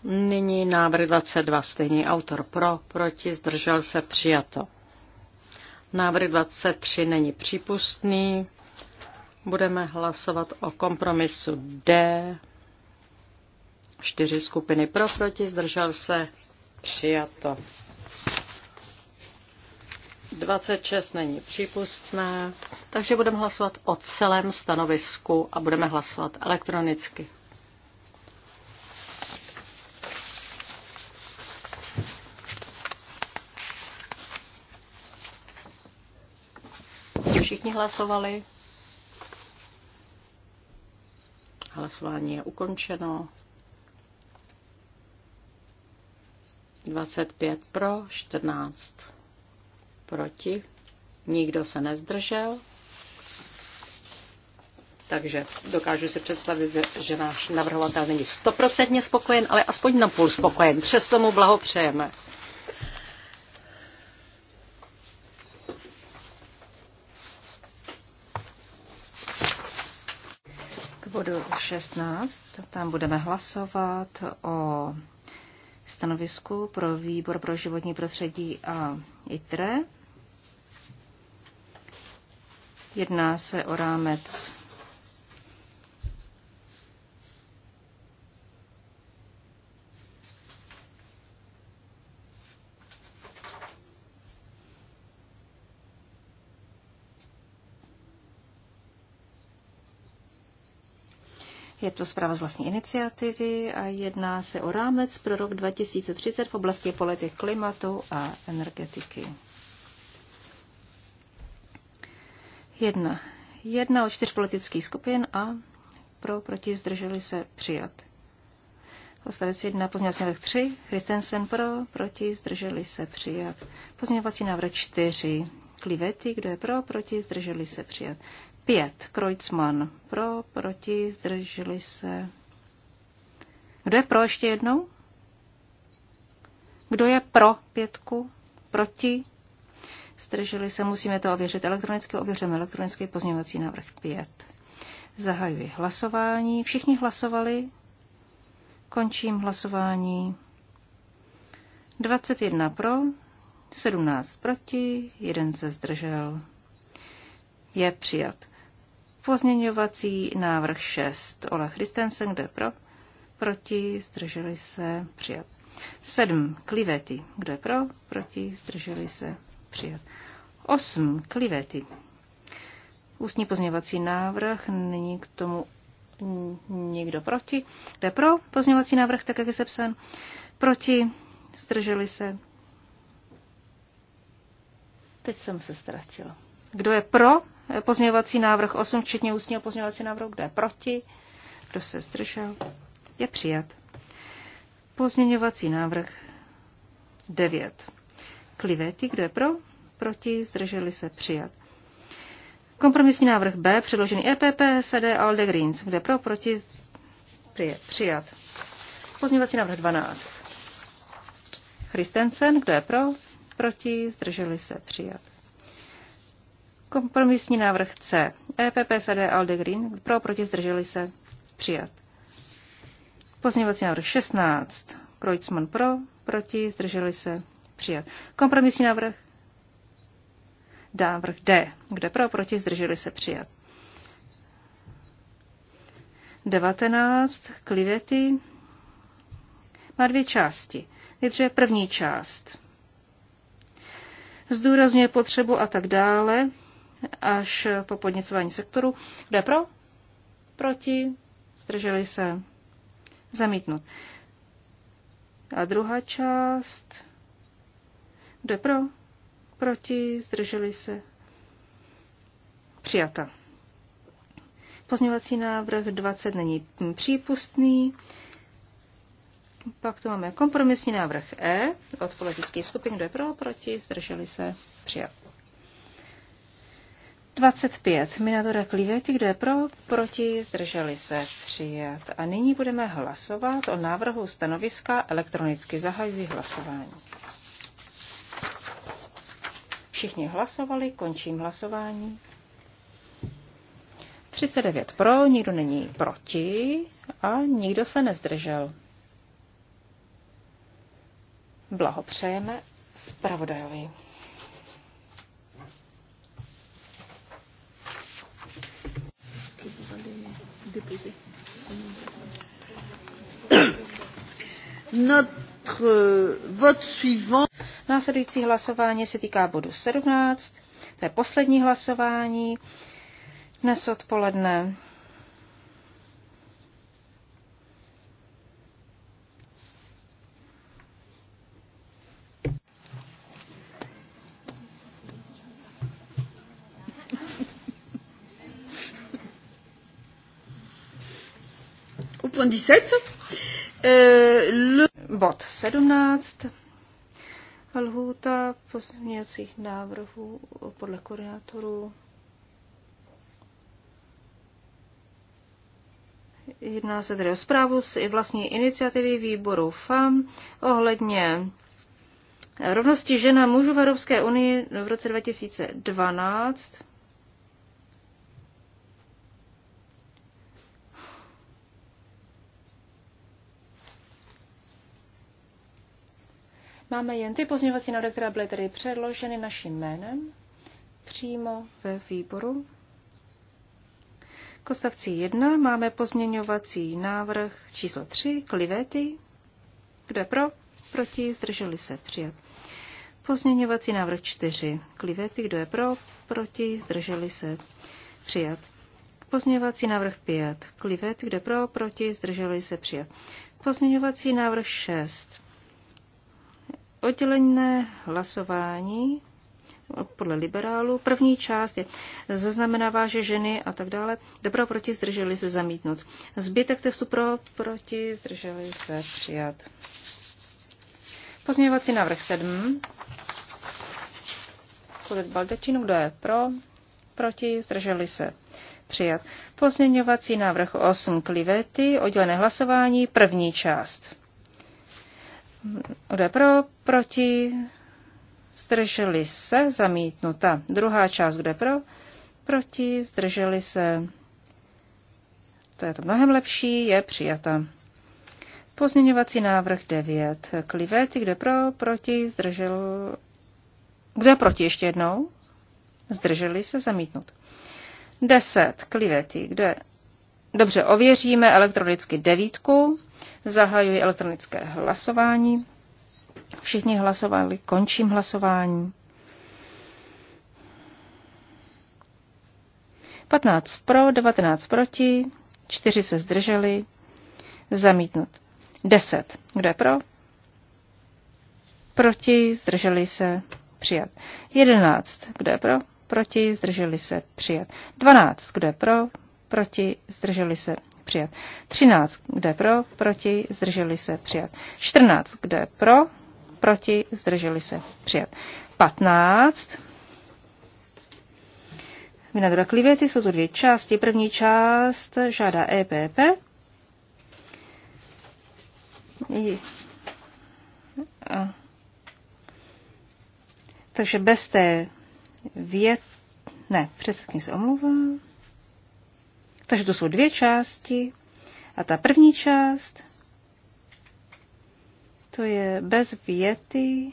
S2: Nyní návrh 22. Stejný autor. Pro, proti, zdržel se. Přijato. Návrh 23 není přípustný. Budeme hlasovat o kompromisu D Čtyři skupiny pro, proti, zdržel se, přijato. 26 není přípustné, takže budeme hlasovat o celém stanovisku a budeme hlasovat elektronicky. Všichni hlasovali. Hlasování je ukončeno. 25 pro, 14 proti. Nikdo se nezdržel. Takže dokážu si představit, že náš navrhovatel není stoprocentně spokojen, ale aspoň na půl spokojen. Přesto mu blahopřejeme.
S1: K bodu 16, tam budeme hlasovat o stanovisku pro výbor pro životní prostředí a ITRE. Jedná se o rámec Je to zpráva z vlastní iniciativy a jedná se o rámec pro rok 2030 v oblasti politik klimatu a energetiky. Jedna. Jedna o čtyř politických skupin a pro, proti, zdrželi se přijat. Postavec 1, pozměňovací návrh 3, Christensen pro, proti, zdrželi se přijat. Pozměňovací návrh 4, Klivety, kdo je pro, proti, zdrželi se přijat. 5. Kreuzmann. Pro, proti, zdrželi se. Kdo je pro ještě jednou? Kdo je pro pětku? Proti? Zdrželi se, musíme to ověřit elektronicky. Ověříme elektronický pozměňovací návrh 5. Zahajuji hlasování. Všichni hlasovali. Končím hlasování. 21 pro, 17 proti, 1 se zdržel. Je přijat. Pozměňovací návrh 6. Ola Christensen, kde pro? Proti, zdrželi se, přijat. 7. Klivety, kdo je pro? Proti, zdrželi se, přijat. 8. Klivety. Ústní pozměňovací návrh, není k tomu nikdo proti. Kde pro? Pozměňovací návrh, tak jak je sepsan. Proti, zdrželi se. Teď jsem se ztratila. Kdo je pro pozměňovací návrh 8, včetně ústního pozměňovací návrhu, kdo je proti, kdo se zdržel, je přijat. Pozměňovací návrh 9. Klivety, kdo je pro, proti, zdrželi se, přijat. Kompromisní návrh B, předložený EPP, SD, ALDE, Greens, kde pro, proti, přijat. Pozměňovací návrh 12. Christensen, kdo je pro, proti, zdrželi se, přijat. Kompromisní návrh C. EPP, SD, ALDE, Green. Pro, proti, zdrželi se. Přijat. Pozměňovací návrh 16. Kreuzmann pro, proti, zdrželi se. Přijat. Kompromisní návrh návrh D. Kde pro, proti, zdrželi se. Přijat. 19. Klivety. Má dvě části. Nejdříve první část zdůrazňuje potřebu a tak dále až po podněcování sektoru. Kde pro? Proti? Zdrželi se? Zamítnut. A druhá část. Kde pro? Proti? Zdrželi se? Přijata. Pozměňovací návrh 20 není přípustný. Pak tu máme kompromisní návrh E od politických skupin, kdo je pro, proti, zdrželi se, přijat. 25. Minadora Klivety, kdo je pro, proti, zdrželi se, přijet. A nyní budeme hlasovat o návrhu stanoviska elektronicky zahajují hlasování. Všichni hlasovali, končím hlasování. 39 pro, nikdo není proti a nikdo se nezdržel. Blahopřejeme zpravodajovi. déposé. Notre euh, vote suivant. Následující hlasování se týká bodu 17. To je poslední hlasování dnes odpoledne. 17. Eh, le... Bod 17. Lhůta pozměňovacích návrhů podle koordinátorů. Jedná se tedy o zprávu z vlastní iniciativy výboru FAM ohledně rovnosti žena mužů v Evropské unii v roce 2012. Máme jen ty pozměňovací návrhy, které byly tedy předloženy naším jménem přímo ve výboru. K ostavci 1 máme pozměňovací návrh číslo 3, klivety. Kde pro? Proti, zdrželi se, přijat. Pozměňovací návrh 4, klivety. Kdo je pro? Proti, zdrželi se, přijat. Pozměňovací návrh 5, Klivety, Kde pro? Proti, zdrželi se, přijat. Pozměňovací návrh 6, Oddělené hlasování podle liberálů. První část je zaznamenává, že ženy a tak dále. Dobro proti zdrželi se zamítnout. Zbytek testu pro proti zdrželi se přijat. Pozměňovací návrh 7. Kolik Baldečinu, kdo je pro? Proti zdrželi se přijat. Pozměňovací návrh 8 klivety, oddělené hlasování, první část. Kdo je pro, proti, zdrželi se, zamítnuta. Druhá část, kde pro, proti, zdrželi se. To je to mnohem lepší, je přijata. Pozměňovací návrh 9. Klivety, kde pro, proti, zdržel... Kde proti ještě jednou? Zdrželi se, zamítnut. 10. Klivety, kde... Dobře, ověříme elektronicky devítku. Zahajuji elektronické hlasování. Všichni hlasovali, končím hlasování. 15 pro, 19 proti, 4 se zdrželi, zamítnut. 10. Kdo je pro? Proti, zdrželi se, přijat. 11. Kdo je pro? Proti, zdrželi se, přijat. 12. Kdo je pro? Proti, zdrželi se, přijat. 13, Kde pro, proti, zdrželi se, přijat. 14, Kde pro, proti, zdrželi se, přijat. 15, Vinadora Klivety jsou to dvě části. První část žádá EPP. Takže bez té vět... Ne, přesně se omluvám. Takže to jsou dvě části. A ta první část, to je bez věty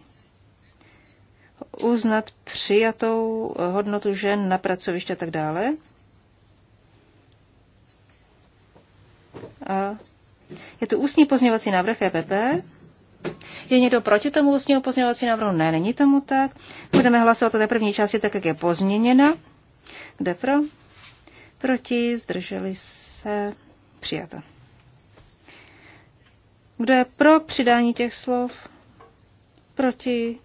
S1: uznat přijatou hodnotu žen na pracoviště a tak dále. A je tu ústní pozměňovací návrh EPP. Je někdo proti tomu ústní pozměňovací návrhu? Ne, není tomu tak. Budeme hlasovat o té první části tak, jak je pozměněna. Kde pro? Proti? Zdrželi se? Přijato. Kdo je pro přidání těch slov? Proti?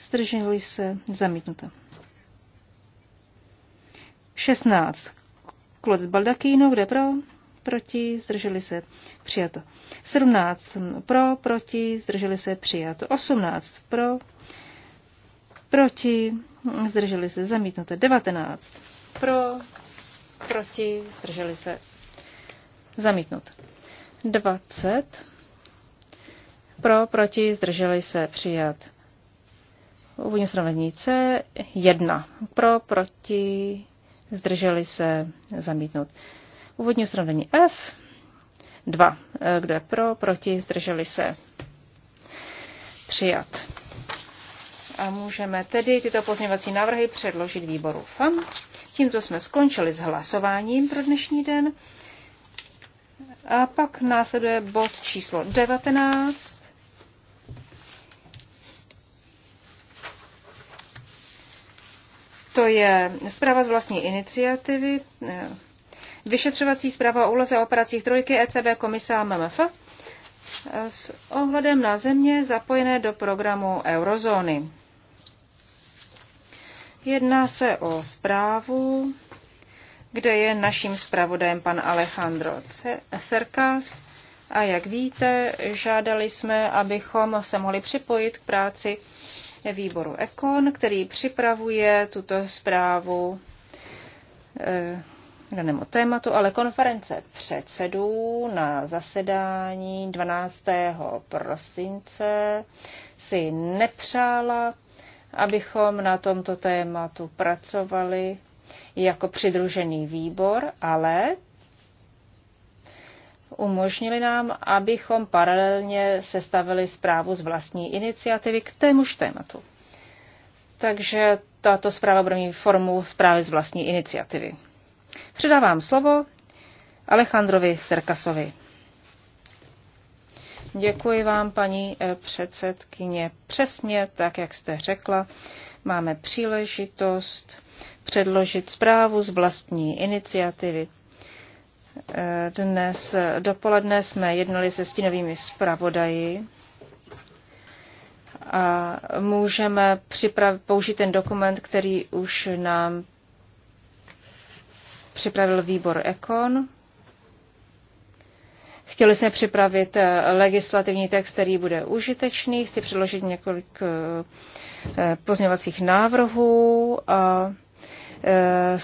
S1: Zdrželi se? Zamítnuto. 16. Klotec Baldakino, kde pro? Proti, zdrželi se, přijato. 17. Pro, proti, zdrželi se, přijato. 18. Pro, proti, zdrželi se, zamítnuto. 19. Pro, proti, zdrželi se zamítnut. 20 pro, proti, zdrželi se přijat. Úvodní stanovení C 1 pro, proti, zdrželi se zamítnut. Úvodní ustanovení F 2. Eh, kdo je pro, proti, zdrželi se přijat. A můžeme tedy tyto pozměňovací návrhy předložit výboru FAM. Tímto jsme skončili s hlasováním pro dnešní den. A pak následuje bod číslo 19. To je zpráva z vlastní iniciativy, eh, vyšetřovací zpráva o úloze operacích trojky ECB komise a MMF eh, s ohledem na země zapojené do programu eurozóny. Jedná se o zprávu, kde je naším zpravodajem pan Alejandro Serkas. A jak víte, žádali jsme, abychom se mohli připojit k práci výboru Ekon, který připravuje tuto zprávu k eh, danému tématu, ale konference předsedů na zasedání 12. prosince si nepřála abychom na tomto tématu pracovali jako přidružený výbor, ale umožnili nám, abychom paralelně sestavili zprávu z vlastní iniciativy k témuž tématu. Takže tato zpráva bude mít formu zprávy z vlastní iniciativy. Předávám slovo Alejandrovi Serkasovi. Děkuji vám, paní eh, předsedkyně. Přesně tak, jak jste řekla, máme příležitost předložit zprávu z vlastní iniciativy. Eh, dnes eh, dopoledne jsme jednali se stínovými zpravodaji a můžeme připravit, použít ten dokument, který už nám připravil výbor Ekon Chtěli jsme připravit eh, legislativní text, který bude užitečný. Chci předložit několik eh, eh, pozměvacích návrhů a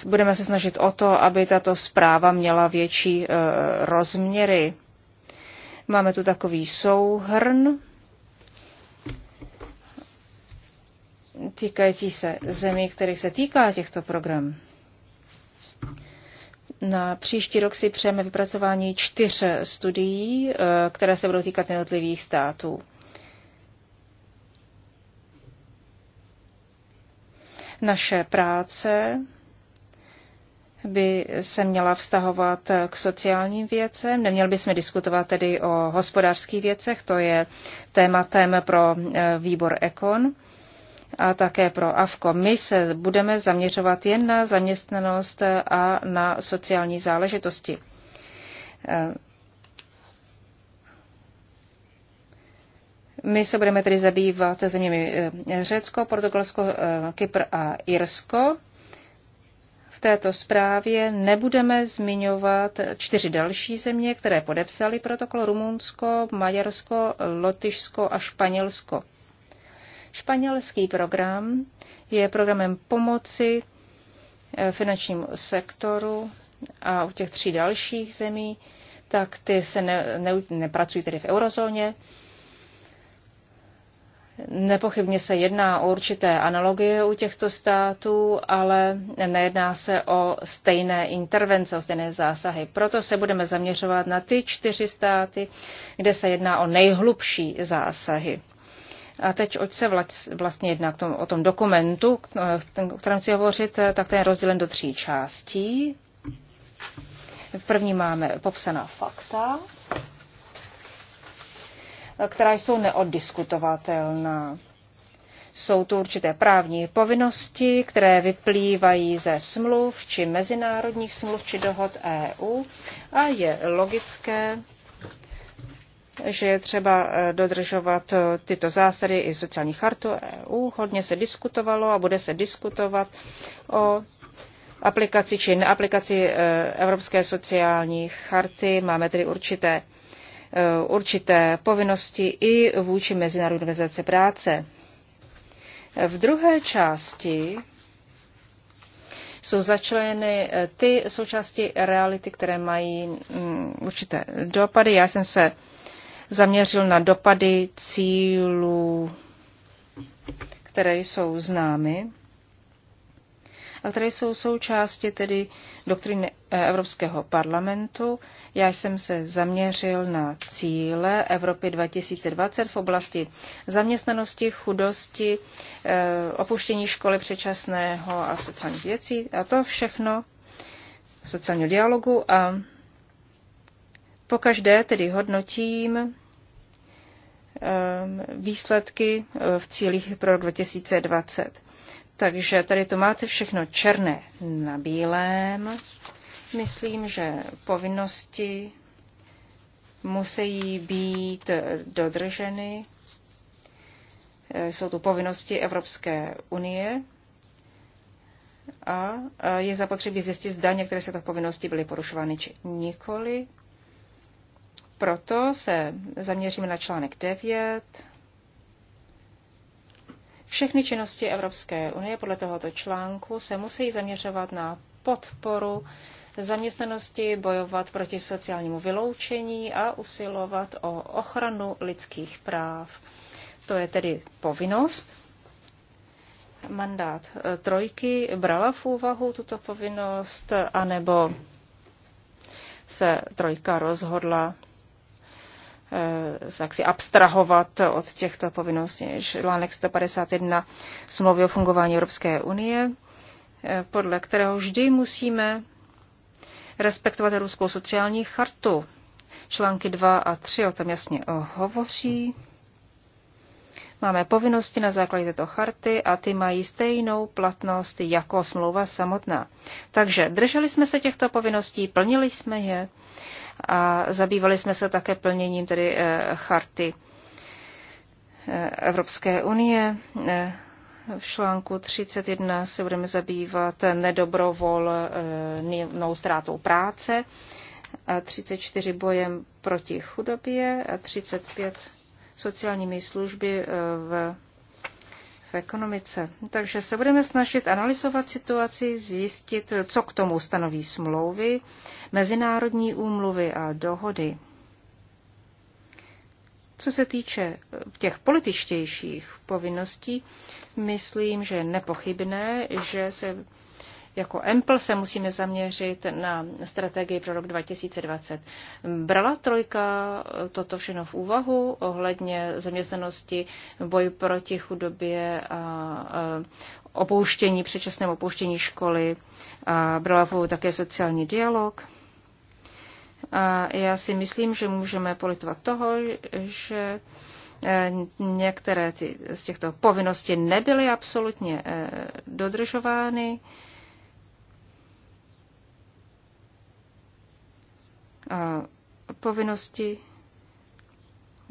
S1: budeme se snažit o to, aby tato zpráva měla větší rozměry. Máme tu takový souhrn týkající se zemí, kterých se týká těchto programů. Na příští rok si přejeme vypracování čtyř studií, eh, které se budou týkat jednotlivých států. Naše práce by se měla vztahovat k sociálním věcem. Neměli bychom diskutovat tedy o hospodářských věcech, to je tématem pro eh, výbor Ekon a také pro AFKO. My se budeme zaměřovat jen na zaměstnanost a na sociální záležitosti. Eh, my se budeme tedy zabývat zeměmi eh, Řecko, Portugalsko, eh, Kypr a Irsko. V této zprávě nebudeme zmiňovat čtyři další země, které podepsaly protokol Rumunsko, Maďarsko, Lotyšsko a Španělsko. Španělský program je programem pomoci eh, finančnímu sektoru a u těch tří dalších zemí, tak ty se ne, ne, nepracují tedy v eurozóně. Nepochybně se jedná o určité analogie u těchto států, ale nejedná se o stejné intervence, o stejné zásahy. Proto se budeme zaměřovat na ty čtyři státy, kde se jedná o nejhlubší zásahy. A teď, oč se vlastně jedná tom, o tom dokumentu, o kterém chci hovořit, tak ten je rozdělen do tří částí. V první máme popsaná fakta, která jsou neoddiskutovatelná. Jsou tu určité právní povinnosti, které vyplývají ze smluv či mezinárodních smluv či dohod EU a je logické, že je třeba eh, dodržovat eh, tyto zásady i sociální chartu EU. Hodně se diskutovalo a bude se diskutovat o aplikaci či neaplikaci eh, Evropské sociální charty. Máme tedy určité, určité povinnosti i vůči Mezinárodní organizace práce. V druhé části jsou začleny ty součásti reality, které mají mm, určité dopady. Já jsem se zaměřil na dopady cílů, které jsou známy a které jsou součástí tedy doktriny eh, Evropského parlamentu. Já jsem se zaměřil na cíle Evropy 2020 v oblasti zaměstnanosti, chudosti, eh, opuštění školy předčasného a sociálních věcí a to všechno sociálního dialogu a Pokaždé tedy hodnotím ehm, výsledky eh, v cílích pro rok 2020. Takže tady to máte všechno černé na bílém. Myslím, že povinnosti musí být dodrženy. Eh, jsou tu povinnosti Evropské unie a eh, je zapotřebí zjistit, zda některé se to povinnosti byly porušovány či nikoli. Proto se zaměříme na článek 9. Všechny činnosti Evropské unie podle tohoto článku se musí zaměřovat na podporu zaměstnanosti, bojovat proti sociálnímu vyloučení a usilovat o ochranu lidských práv. To je tedy povinnost. Mandát eh, trojky brala v úvahu tuto povinnost, anebo se trojka rozhodla Eh, jaksi abstrahovat od těchto povinností. Článek 151 smlouvy o fungování Evropské unie, eh, podle kterého vždy musíme respektovat Ruskou sociální chartu. Články 2 a 3 o tom jasně hovoří. Máme povinnosti na základě této charty a ty mají stejnou platnost jako smlouva samotná. Takže drželi jsme se těchto povinností, plnili jsme je a zabývali jsme se také plněním tedy eh, charty eh, Evropské unie. Eh, v článku 31 se budeme zabývat nedobrovolnou ztrátou práce, 34 bojem proti chudobě, 35 sociálními služby v v ekonomice. Takže se budeme snažit analyzovat situaci, zjistit, co k tomu stanoví smlouvy, mezinárodní úmluvy a dohody. Co se týče těch političtějších povinností, myslím, že je nepochybné, že se jako EMPL se musíme zaměřit na strategii pro rok 2020. Brala trojka eh, toto všechno v úvahu ohledně zaměstnanosti, boji proti chudobě a eh, opouštění, předčasném opouštění školy. A brala v úvahu také sociální dialog. A já si myslím, že můžeme politovat toho, že eh, některé ty, z těchto povinností nebyly absolutně dodržovány. povinnosti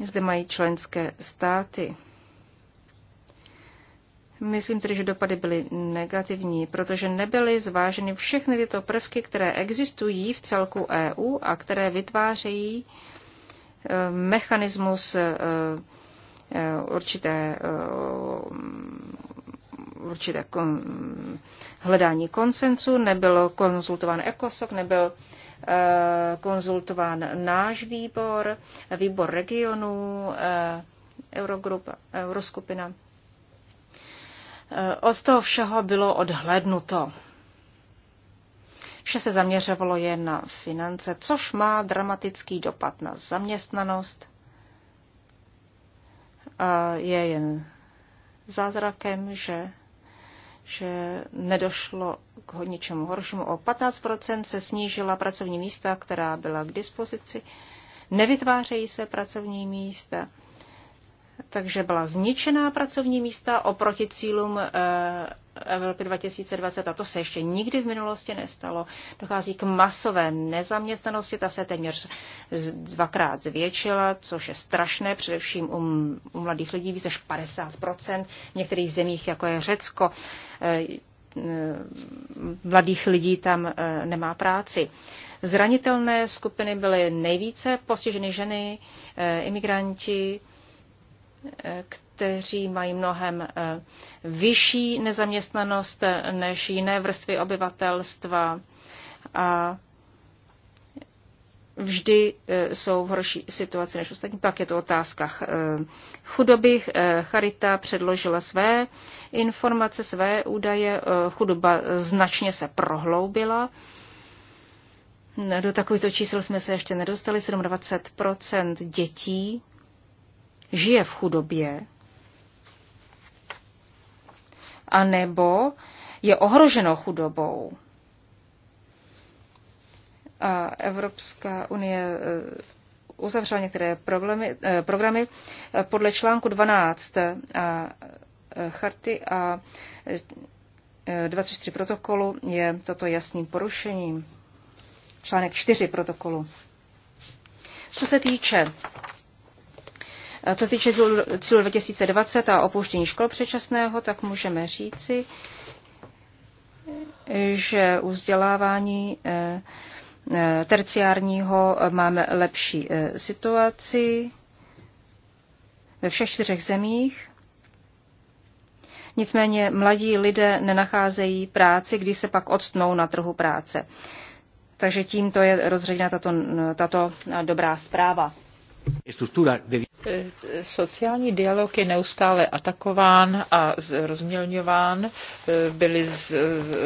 S1: zde mají členské státy. Myslím tedy, že dopady byly negativní, protože nebyly zváženy všechny tyto prvky, které existují v celku EU a které vytvářejí e, mechanismus e, e, určité, určité hledání konsenzu. nebylo konzultován ECOSOC, nebyl Eh, konzultován náš výbor, výbor regionů, eh, Eurogrupa, Euroskupina. Eh, od toho všeho bylo odhlednuto. Vše se zaměřovalo jen na finance, což má dramatický dopad na zaměstnanost. A je jen zázrakem, že že nedošlo k ničemu horšímu. O 15% se snížila pracovní místa, která byla k dispozici. Nevytvářejí se pracovní místa takže byla zničená pracovní místa oproti cílům eh, Evropy 2020 a to se ještě nikdy v minulosti nestalo. Dochází k masové nezaměstnanosti, ta se téměř dvakrát zvětšila, což je strašné, především u, u mladých lidí více než 50%, v některých zemích, jako je Řecko, eh, eh, mladých lidí tam nemá práci. Zranitelné skupiny byly nejvíce postiženy ženy, imigranti, kteří mají mnohem eh, vyšší nezaměstnanost než jiné vrstvy obyvatelstva a vždy eh, jsou v horší situaci než ostatní. Pak je to otázka eh, chudoby. Charita předložila své informace, své údaje. Chudoba značně se prohloubila. No, do takovýchto čísel jsme se ještě nedostali. 27 dětí žije v chudobě, anebo je ohroženo chudobou. A Evropská unie eh, uzavřela některé problémy, eh, programy eh, podle článku 12 a charty a 24 protokolu je toto jasným porušením. Článek 4 protokolu. Co se týče co se týče cílu 2020 a opouštění škol předčasného, tak můžeme říci, že u vzdělávání eh, eh, terciárního máme lepší eh, situaci ve všech čtyřech zemích. Nicméně mladí lidé nenacházejí práci, když se pak odstnou na trhu práce. Takže tímto je rozředěna tato,
S3: tato dobrá zpráva.
S1: Struktura de
S3: Eh, sociální dialog je neustále atakován a rozmělňován. Eh, byly eh,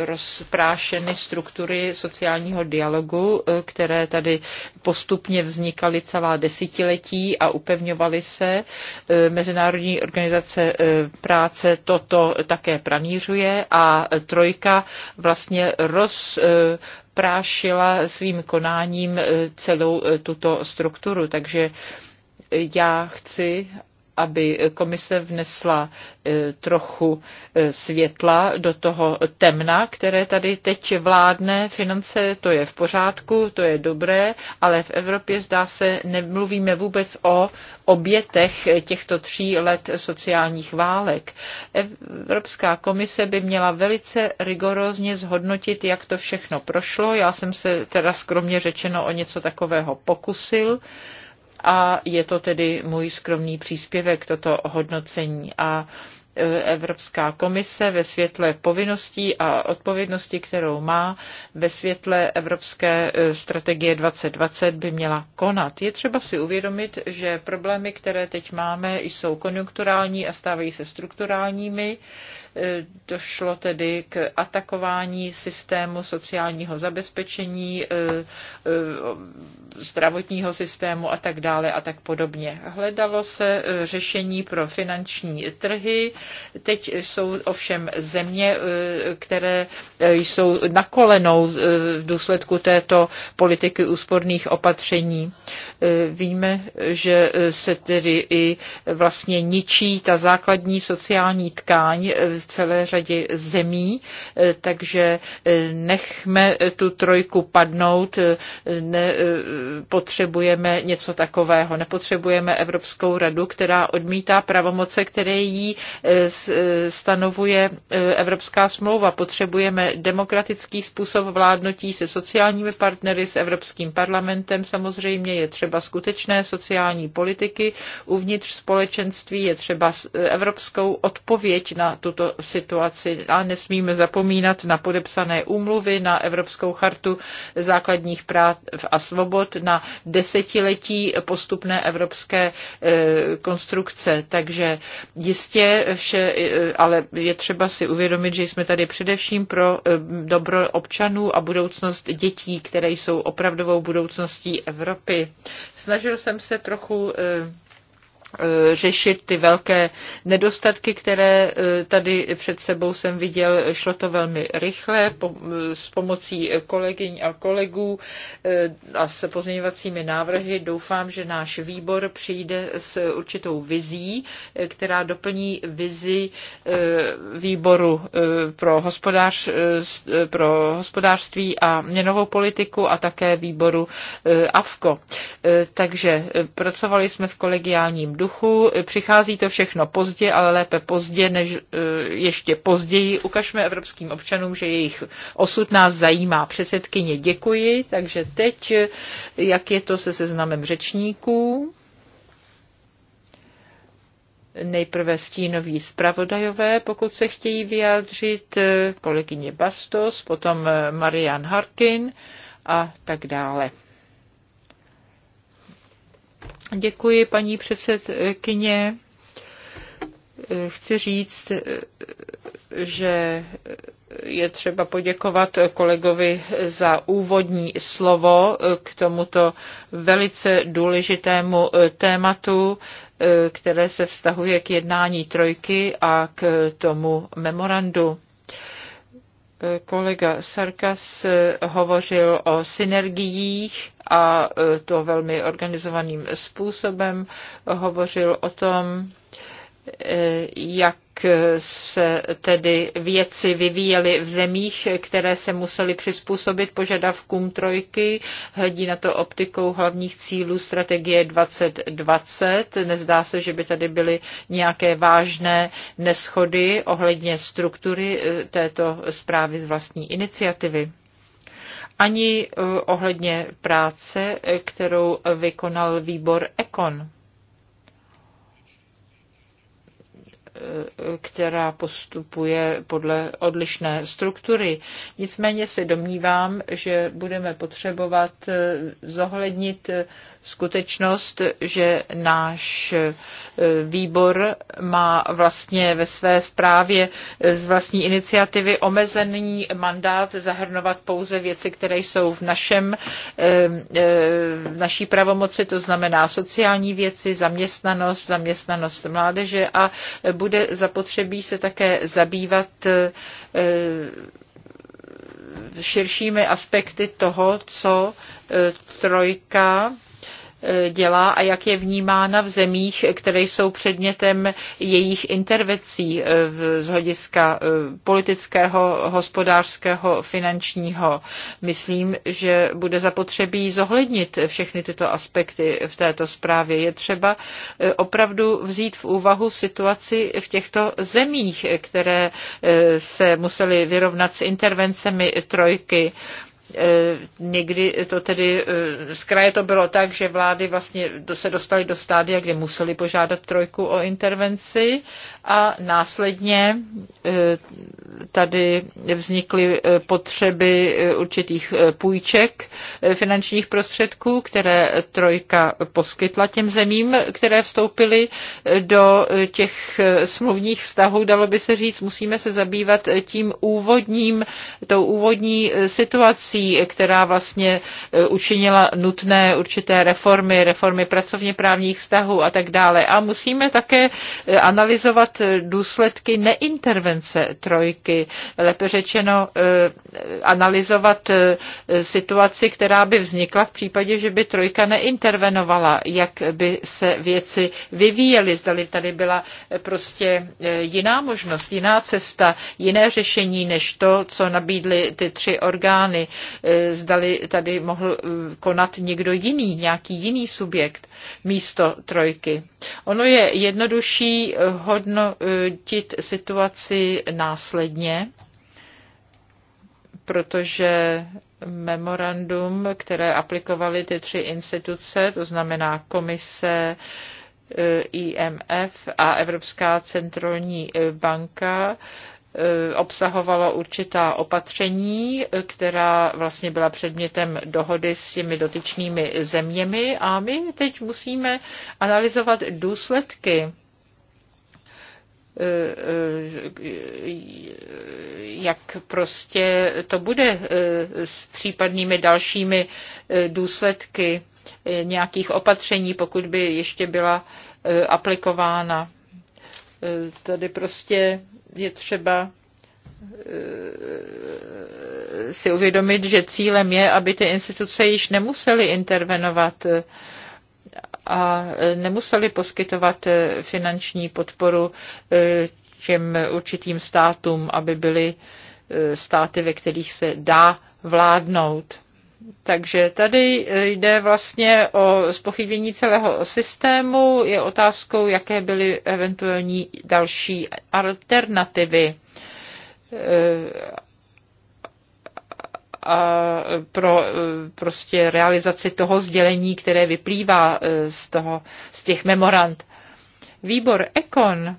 S3: rozprášeny struktury sociálního dialogu, které tady postupně vznikaly celá desetiletí a upevňovaly se. Mezinárodní organizace práce toto také pranířuje a trojka vlastně roz prášila svým konáním celou tuto strukturu. Takže já chci, aby komise vnesla eh, trochu eh, světla do toho temna, které tady teď vládne. Finance, to je v pořádku, to je dobré, ale v Evropě zdá se, nemluvíme vůbec o obětech těchto tří let sociálních válek. Evropská komise by měla velice rigorózně zhodnotit, jak to všechno prošlo. Já jsem se teda skromně řečeno o něco takového pokusil a je to tedy můj skromný příspěvek, toto hodnocení. A e, Evropská komise ve světle povinností a odpovědnosti, kterou má ve světle Evropské e, strategie 2020 by měla konat. Je třeba si uvědomit, že problémy, které teď máme, jsou konjunkturální a stávají se strukturálními. E, došlo tedy k atakování systému sociálního zabezpečení, e, e, zdravotního systému a tak dále a tak podobně. Hledalo se řešení pro finanční trhy. Teď jsou ovšem země, které jsou nakolenou v důsledku této politiky úsporných opatření. Víme, že se tedy i vlastně ničí ta základní sociální tkáň celé řadě zemí, eh, takže eh, nechme eh, tu trojku padnout, ne, potřebujeme něco takového, nepotřebujeme Evropskou radu, která odmítá pravomoce, které jí stanovuje Evropská smlouva. Potřebujeme demokratický způsob vládnutí se sociálními partnery, s Evropským parlamentem samozřejmě, je třeba skutečné sociální politiky uvnitř společenství, je třeba evropskou odpověď na tuto situaci a nesmíme zapomínat na podepsané úmluvy, na Evropskou chartu základních práv a svobod, na desetiletí postupné evropské e, konstrukce. Takže jistě vše, e, ale je třeba si uvědomit, že jsme tady především pro e, dobro občanů a budoucnost dětí, které jsou opravdovou budoucností Evropy. Snažil jsem se trochu Eh, řešit ty velké nedostatky, které eh, tady před sebou jsem viděl. Šlo to velmi rychle po, eh, s pomocí kolegyň a kolegů a s pozměňovacími návrhy. Doufám, že náš výbor přijde s určitou vizí, která doplní vizi výboru pro, hospodář, pro hospodářství a měnovou politiku a také výboru AFKO. Takže pracovali jsme v kolegiálním duchu. Přichází to všechno pozdě, ale lépe pozdě než e, ještě později. Ukažme evropským občanům, že jejich osud nás zajímá. Předsedkyně, děkuji. Takže teď, e, jak je to se seznamem řečníků? Nejprve stínoví zpravodajové, pokud se chtějí vyjádřit, e, kolegyně Bastos, potom Marian Harkin a tak dále. Děkuji, paní předsedkyně. Chci říct, že je třeba poděkovat kolegovi za úvodní slovo k tomuto velice důležitému tématu, které se vztahuje k jednání trojky a k tomu memorandu kolega Sarkas eh, hovořil o synergiích a eh, to velmi organizovaným způsobem. Hovořil o tom, jak se tedy věci vyvíjely v zemích, které se musely přizpůsobit požadavkům trojky. Hledí na to optikou hlavních cílů strategie 2020. Nezdá se, že by tady byly nějaké vážné neschody ohledně struktury eh, této zprávy z vlastní iniciativy ani eh, ohledně práce, eh, kterou vykonal výbor Ekon. která postupuje podle odlišné struktury. Nicméně se domnívám, že budeme potřebovat eh, zohlednit eh, skutečnost, že náš eh, výbor má vlastně ve své zprávě z vlastní iniciativy omezený mandát zahrnovat pouze věci, které jsou v, našem, v naší pravomoci, to znamená sociální věci, zaměstnanost, zaměstnanost mládeže a bude zapotřebí se také zabývat e, e, širšími aspekty toho, co e, trojka Eh, dělá a jak je vnímána v zemích, které jsou předmětem jejich intervencí eh, z hlediska eh, politického, hospodářského, finančního. Myslím, že bude zapotřebí zohlednit všechny tyto aspekty v této zprávě. Je třeba opravdu vzít v úvahu situaci v těchto zemích, které se musely vyrovnat s intervencemi trojky E, někdy to tedy, e, z kraje to bylo tak, že vlády vlastně se dostaly do stádia, kde museli požádat trojku o intervenci a následně e, tady vznikly potřeby určitých půjček finančních prostředků, které trojka poskytla těm zemím, které vstoupily do těch smluvních vztahů, dalo by se říct, musíme se zabývat tím úvodním, tou úvodní situací, prací, která vlastně e, učinila nutné určité reformy, reformy pracovně právních vztahů a tak dále. A musíme také e, analyzovat e, důsledky neintervence trojky, lépe řečeno analyzovat situaci, která by vznikla v případě, že by trojka neintervenovala, jak by se věci vyvíjely, zdali tady byla prostě jiná možnost, jiná cesta, jiné řešení než to, co nabídly ty tři orgány. Eh, zdali tady mohl eh, konat někdo jiný, nějaký jiný subjekt místo trojky. Ono je jednodušší eh, hodnotit situaci následně, protože memorandum, které aplikovaly ty tři instituce, to znamená komise, IMF a Evropská centrální banka, Eh, obsahovalo určitá opatření, která vlastně byla předmětem dohody s těmi dotyčnými zeměmi a my teď musíme analyzovat důsledky eh, eh, jak prostě to bude s případnými dalšími důsledky nějakých opatření, pokud by ještě byla aplikována. Eh, tady prostě je třeba eh, si uvědomit, že cílem je, aby ty instituce již nemusely intervenovat eh, a nemuseli poskytovat finanční podporu těm určitým státům, aby byly státy, ve kterých se dá vládnout. Takže tady jde vlastně o spochybnění celého systému. Je otázkou, jaké byly eventuální další alternativy a pro prostě realizaci toho sdělení, které vyplývá z, toho, z těch memorand. Výbor Ekon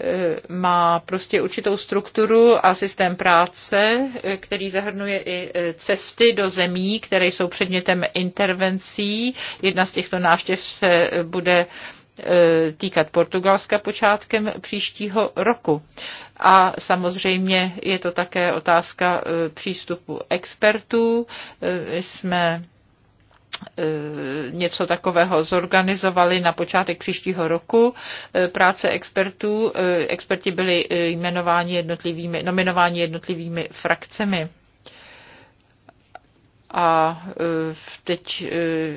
S3: E, má prostě určitou strukturu a systém práce, e, který zahrnuje i e, cesty do zemí, které jsou předmětem intervencí. Jedna z těchto návštěv se bude týkat Portugalska počátkem příštího roku. A samozřejmě je to také otázka přístupu expertů. My jsme Eh, něco takového zorganizovali na počátek příštího roku. Eh, práce expertů, eh, experti byli jmenováni jednotlivými, nominováni jednotlivými frakcemi. A e, teď e,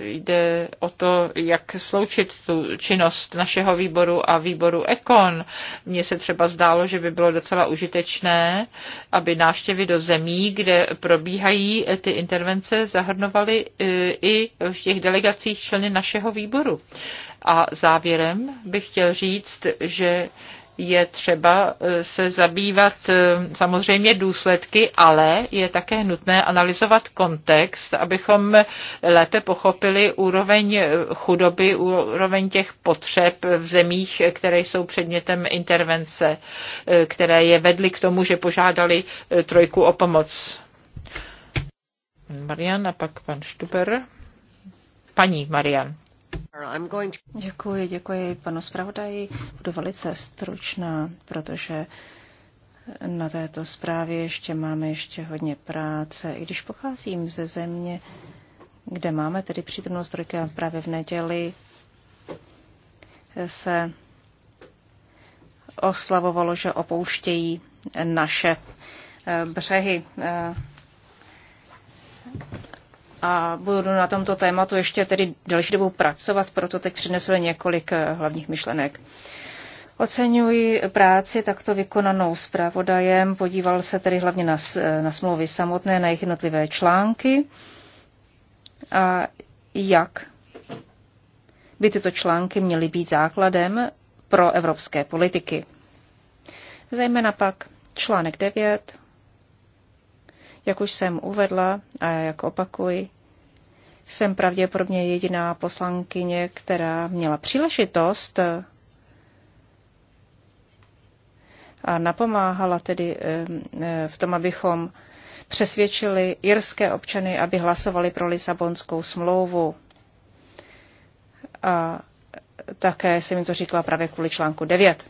S3: jde o to, jak sloučit tu činnost našeho výboru a výboru Ekon. Mně se třeba zdálo, že by bylo docela užitečné, aby návštěvy do zemí, kde probíhají e, ty intervence, zahrnovaly i v těch delegacích členy našeho výboru. A závěrem bych chtěl říct, že je třeba eh, se zabývat eh, samozřejmě důsledky, ale je také nutné analyzovat kontext, abychom lépe pochopili úroveň eh, chudoby, úroveň těch potřeb v zemích, které jsou předmětem intervence, které je vedly k tomu, že požádali trojku o pomoc. Marian a pak pan Štuber. Paní Marian.
S1: Děkuji, děkuji panu zpravodaji. Budu velice stručná, protože na této zprávě ještě máme ještě hodně práce. I když pocházím ze země, kde máme tedy přítomnost roky a právě v neděli se oslavovalo, že opouštějí naše eh, břehy. Eh, a budu na tomto tématu ještě tedy další dobu pracovat, proto teď přinesu několik eh, hlavních myšlenek. Oceňuji práci takto vykonanou s pravodajem, podíval se tedy hlavně na, eh, na smlouvy samotné, na jejich jednotlivé články a jak by tyto články měly být základem pro evropské politiky. Zejména pak článek 9, jak už jsem uvedla a jak opakuji, jsem pravděpodobně jediná poslankyně, která měla příležitost a napomáhala tedy v tom, abychom přesvědčili jirské občany, aby hlasovali pro Lisabonskou smlouvu. A také jsem jim to říkala právě kvůli článku 9.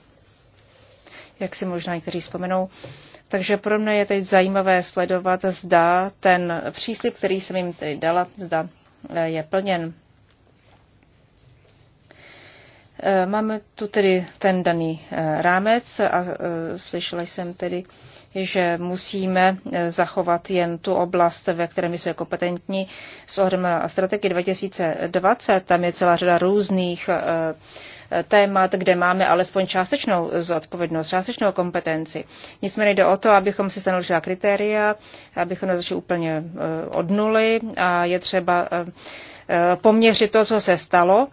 S1: Jak si možná někteří vzpomenou, takže pro mě je teď zajímavé sledovat, zda ten příslip, který jsem jim tedy dala, zda eh, je plněn. Eh, máme tu tedy ten daný eh, rámec a slyšela jsem tedy, že musíme zachovat jen tu oblast, ve které my jsme kompetentní s ohledem na strategii 2020. Tam je celá řada různých témat, kde máme alespoň částečnou zodpovědnost, částečnou kompetenci. Nicméně jde o to, abychom si stanovili kritéria, abychom začali úplně eh, od nuly a je třeba eh, eh, poměřit to, co se stalo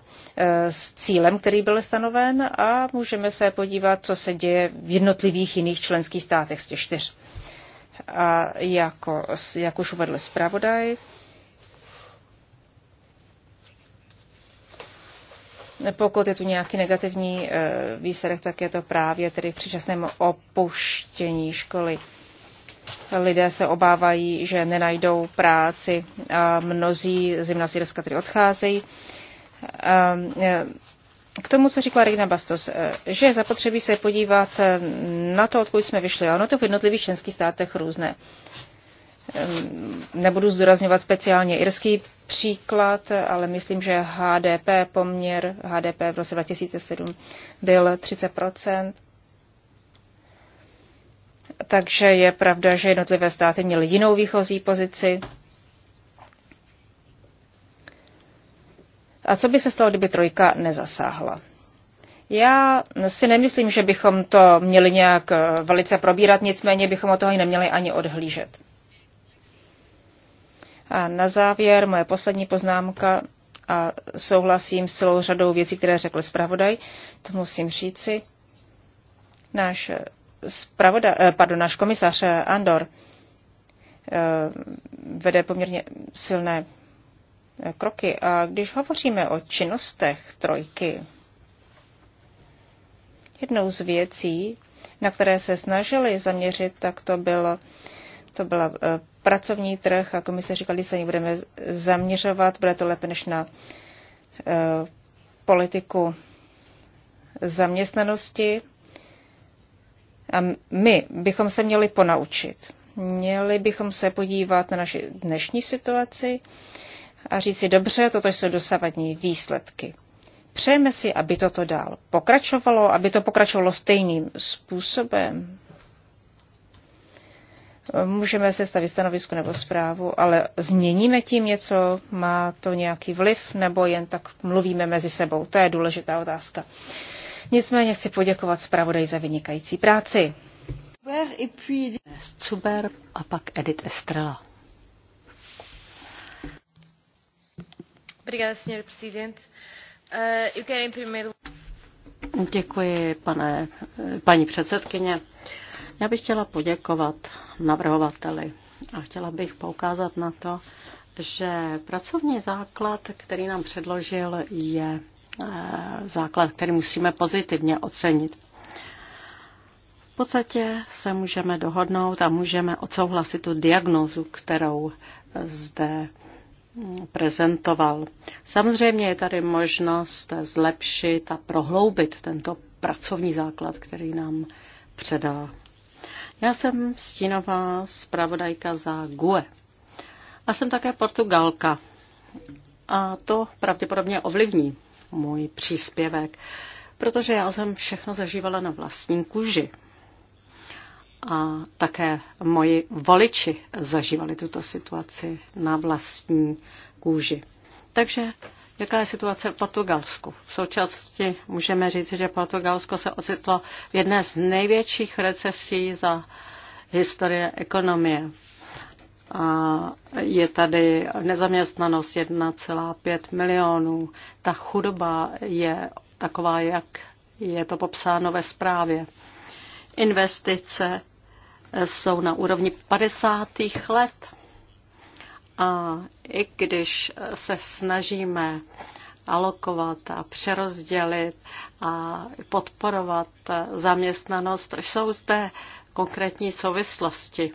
S1: s cílem, který byl stanoven a můžeme se podívat, co se děje v jednotlivých jiných členských státech z těch čtyř. A jako, jak už uvedl zpravodaj, Pokud je tu nějaký negativní eh, výsledek, tak je to právě tedy v předčasném opuštění školy. Lidé se obávají, že nenajdou práci. A mnozí z gymnazierska tedy odcházejí. Ehm, eh, k tomu, co říkala Regina Bastos, eh, že je zapotřebí se podívat na to, odkud jsme vyšli. Ono to v jednotlivých členských státech různé. Nebudu zdůrazňovat speciálně irský příklad, ale myslím, že HDP poměr HDP v roce 2007 byl 30 takže je pravda, že jednotlivé státy měly jinou výchozí pozici. A co by se stalo, kdyby trojka nezasáhla? Já si nemyslím, že bychom to měli nějak eh, velice probírat, nicméně bychom o toho neměli ani odhlížet. A na závěr moje poslední poznámka a souhlasím s celou řadou věcí, které řekl zpravodaj, to musím říci. Náš, eh, zpravoda, eh, pardon, náš komisař eh, Andor vede poměrně silné kroky. A když hovoříme o činnostech trojky, jednou z věcí, na které se snažili zaměřit, tak to, bylo, to byla pracovní trh a komise říkali, že se ní budeme zaměřovat, bude to lépe než na eh, politiku zaměstnanosti. A my bychom se měli ponaučit. Měli bychom se podívat na naši dnešní situaci a říct si, dobře, toto jsou dosavadní výsledky. Přejeme si, aby toto dál pokračovalo, aby to pokračovalo stejným způsobem. Můžeme se stavit stanovisko nebo zprávu, ale změníme tím něco? Má to nějaký vliv nebo jen tak mluvíme mezi sebou? To je důležitá otázka. Nicméně chci poděkovat zpravodaj za vynikající práci. Cuber a pak Edit Estrela.
S2: Eh, Děkuji, pane, eh, paní předsedkyně. Já bych chtěla poděkovat navrhovateli a chtěla bych poukázat na to, že pracovní základ, který nám předložil, je eh, základ, který musíme pozitivně ocenit. V podstatě se můžeme dohodnout a můžeme odsouhlasit tu diagnózu, kterou eh, zde mm, prezentoval. Samozřejmě je tady možnost zlepšit a prohloubit tento pracovní základ, který nám předal já jsem stínová zpravodajka za GUE a jsem také Portugalka. A to pravděpodobně ovlivní můj příspěvek, protože já jsem všechno zažívala na vlastní kůži. A také moji voliči zažívali tuto situaci na vlastní kůži. Takže Jaká je situace v Portugalsku? V současnosti můžeme říct, že Portugalsko se ocitlo v jedné z největších recesí za historie ekonomie. A je tady nezaměstnanost 1,5 milionů. Ta chudoba je taková, jak je to popsáno ve zprávě. Investice jsou na úrovni 50. let a i když se snažíme alokovat a přerozdělit a podporovat zaměstnanost, jsou zde konkrétní souvislosti.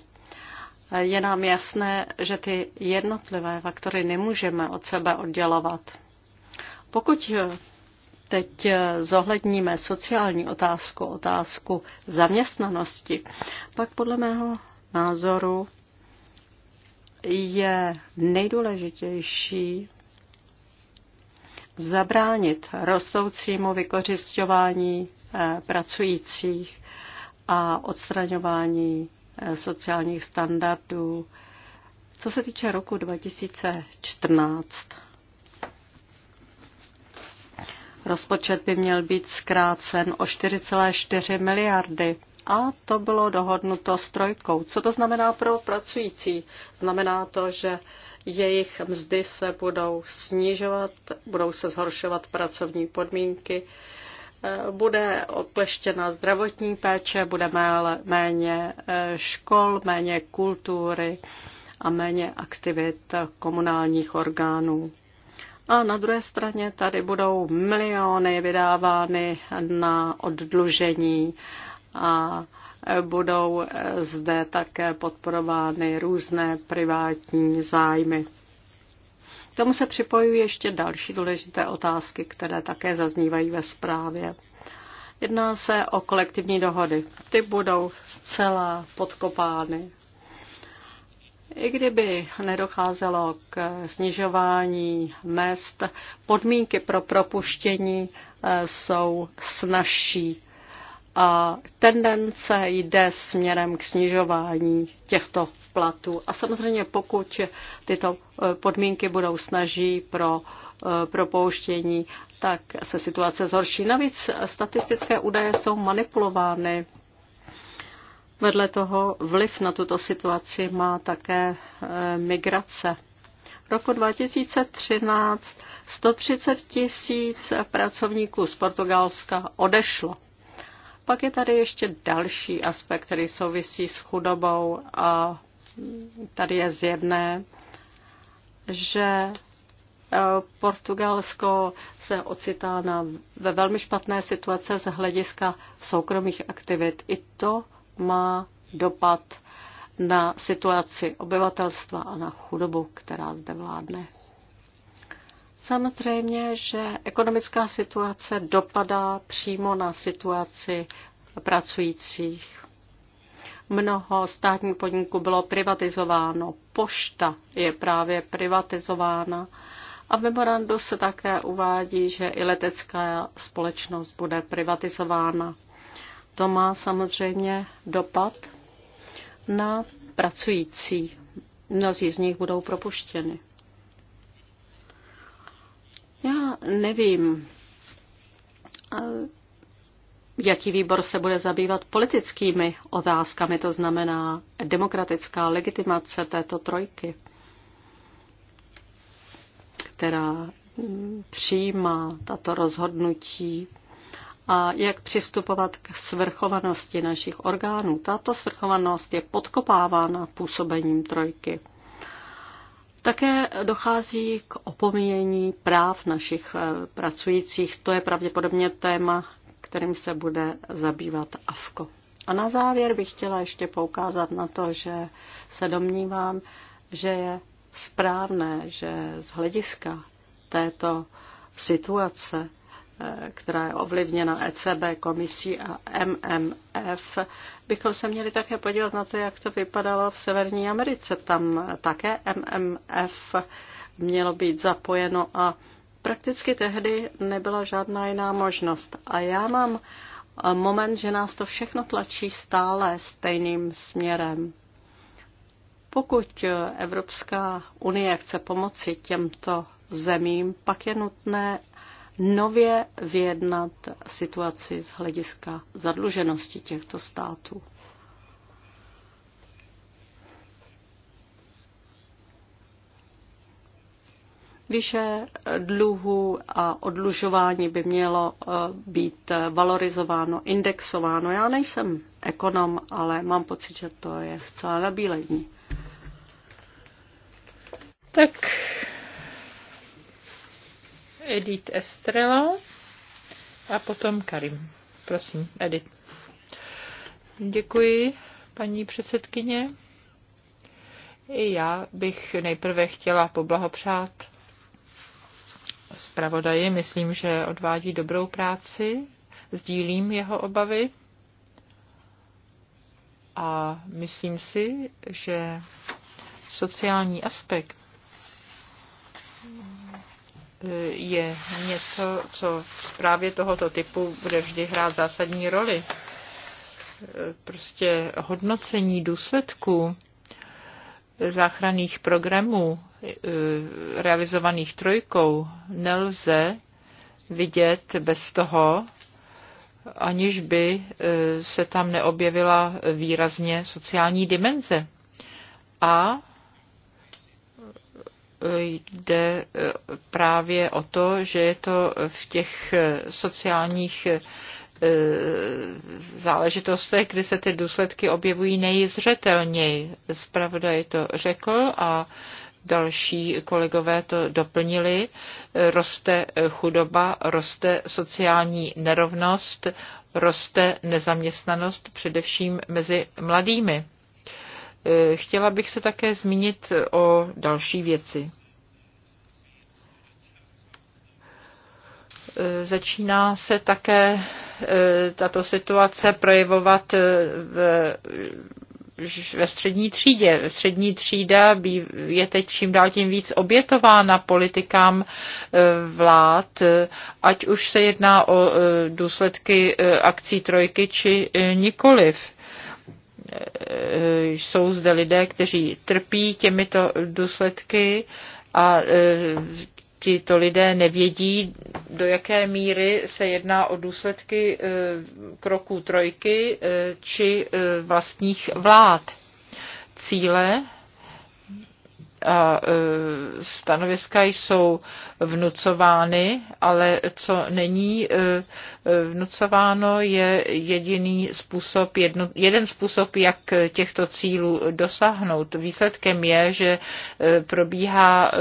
S2: Je nám jasné, že ty jednotlivé faktory nemůžeme od sebe oddělovat. Pokud teď zohledníme sociální otázku, otázku zaměstnanosti, pak podle mého názoru je nejdůležitější zabránit rostoucímu vykořišťování eh, pracujících a odstraňování eh, sociálních standardů. Co se týče roku 2014, rozpočet by měl být zkrácen o 4,4 miliardy a to bylo dohodnuto s trojkou. Co to znamená pro pracující? Znamená to, že jejich mzdy se budou snižovat, budou se zhoršovat pracovní podmínky, eh, bude okleštěna zdravotní péče, bude méně eh, škol, méně kultury a méně aktivit komunálních orgánů. A na druhé straně tady budou miliony vydávány na oddlužení a budou zde také podporovány různé privátní zájmy. K tomu se připojují ještě další důležité otázky, které také zaznívají ve zprávě. Jedná se o kolektivní dohody. Ty budou zcela podkopány. I kdyby nedocházelo k snižování mest, podmínky pro propuštění eh, jsou snažší a tendence jde směrem k snižování těchto platů. A samozřejmě pokud tyto e, podmínky budou snaží pro e, propouštění, tak se situace zhorší. Navíc statistické údaje jsou manipulovány. Vedle toho vliv na tuto situaci má také e, migrace. V roku 2013 130 tisíc pracovníků z Portugalska odešlo pak je tady ještě další aspekt, který souvisí s chudobou a tady je zjevné, že eh, Portugalsko se ocitá na, ve velmi špatné situace z hlediska soukromých aktivit. I to má dopad na situaci obyvatelstva a na chudobu, která zde vládne. Samozřejmě, že ekonomická situace dopadá přímo na situaci pracujících. Mnoho státních podniků bylo privatizováno, pošta je právě privatizována a v memorandu se také uvádí, že i letecká společnost bude privatizována. To má samozřejmě dopad na pracující. Mnozí z nich budou propuštěni. nevím, jaký výbor se bude zabývat politickými otázkami, to znamená demokratická legitimace této trojky, která mm, přijímá tato rozhodnutí a jak přistupovat k svrchovanosti našich orgánů. Tato svrchovanost je podkopávána působením trojky. Také dochází k opomíjení práv našich eh, pracujících. To je pravděpodobně téma, kterým se bude zabývat AFKO. A na závěr bych chtěla ještě poukázat na to, že se domnívám, že je správné, že z hlediska této situace Eh, která je ovlivněna ECB, komisí a MMF, bychom se měli také podívat na to, jak to vypadalo v Severní Americe. Tam také MMF mělo být zapojeno a prakticky tehdy nebyla žádná jiná možnost. A já mám moment, že nás to všechno tlačí stále stejným směrem. Pokud Evropská unie chce pomoci těmto zemím, pak je nutné nově vyjednat situaci z hlediska zadluženosti těchto států. Výše dluhu a odlužování by mělo eh, být eh, valorizováno, indexováno. Já nejsem ekonom, ale mám pocit, že to je zcela nabílení.
S3: Tak Edith Estrela a potom Karim. Prosím, Edith. Děkuji, paní předsedkyně. I já bych nejprve chtěla poblahopřát zpravodaji. Myslím, že odvádí dobrou práci, sdílím jeho obavy a myslím si, že sociální aspekt je něco, co v zprávě tohoto typu bude vždy hrát zásadní roli. Prostě hodnocení důsledků záchranných programů eh, realizovaných trojkou nelze vidět bez toho, aniž by eh, se tam neobjevila výrazně sociální dimenze. A jde eh, právě o to, že je to v těch eh, sociálních eh, záležitostech, kdy se ty důsledky objevují nejzřetelněji. je to řekl a další kolegové to doplnili. Roste chudoba, roste sociální nerovnost, roste nezaměstnanost především mezi mladými. Eh, chtěla bych se také zmínit eh, o další věci. Eh, začíná se také tato situace projevovat v ve střední třídě. Střední třída je teď čím dál tím víc obětována politikám vlád, ať už se jedná o důsledky akcí trojky či nikoliv. Eh, jsou zde lidé, kteří trpí těmito důsledky a eh, tito lidé nevědí, do jaké míry se jedná o důsledky eh, kroků trojky či vlastních vlád. Cíle a e, stanoviska jsou vnucovány, ale co není e, e, vnucováno, je jediný způsob, jedno, jeden způsob, jak těchto cílů dosáhnout. Výsledkem je, že probíhá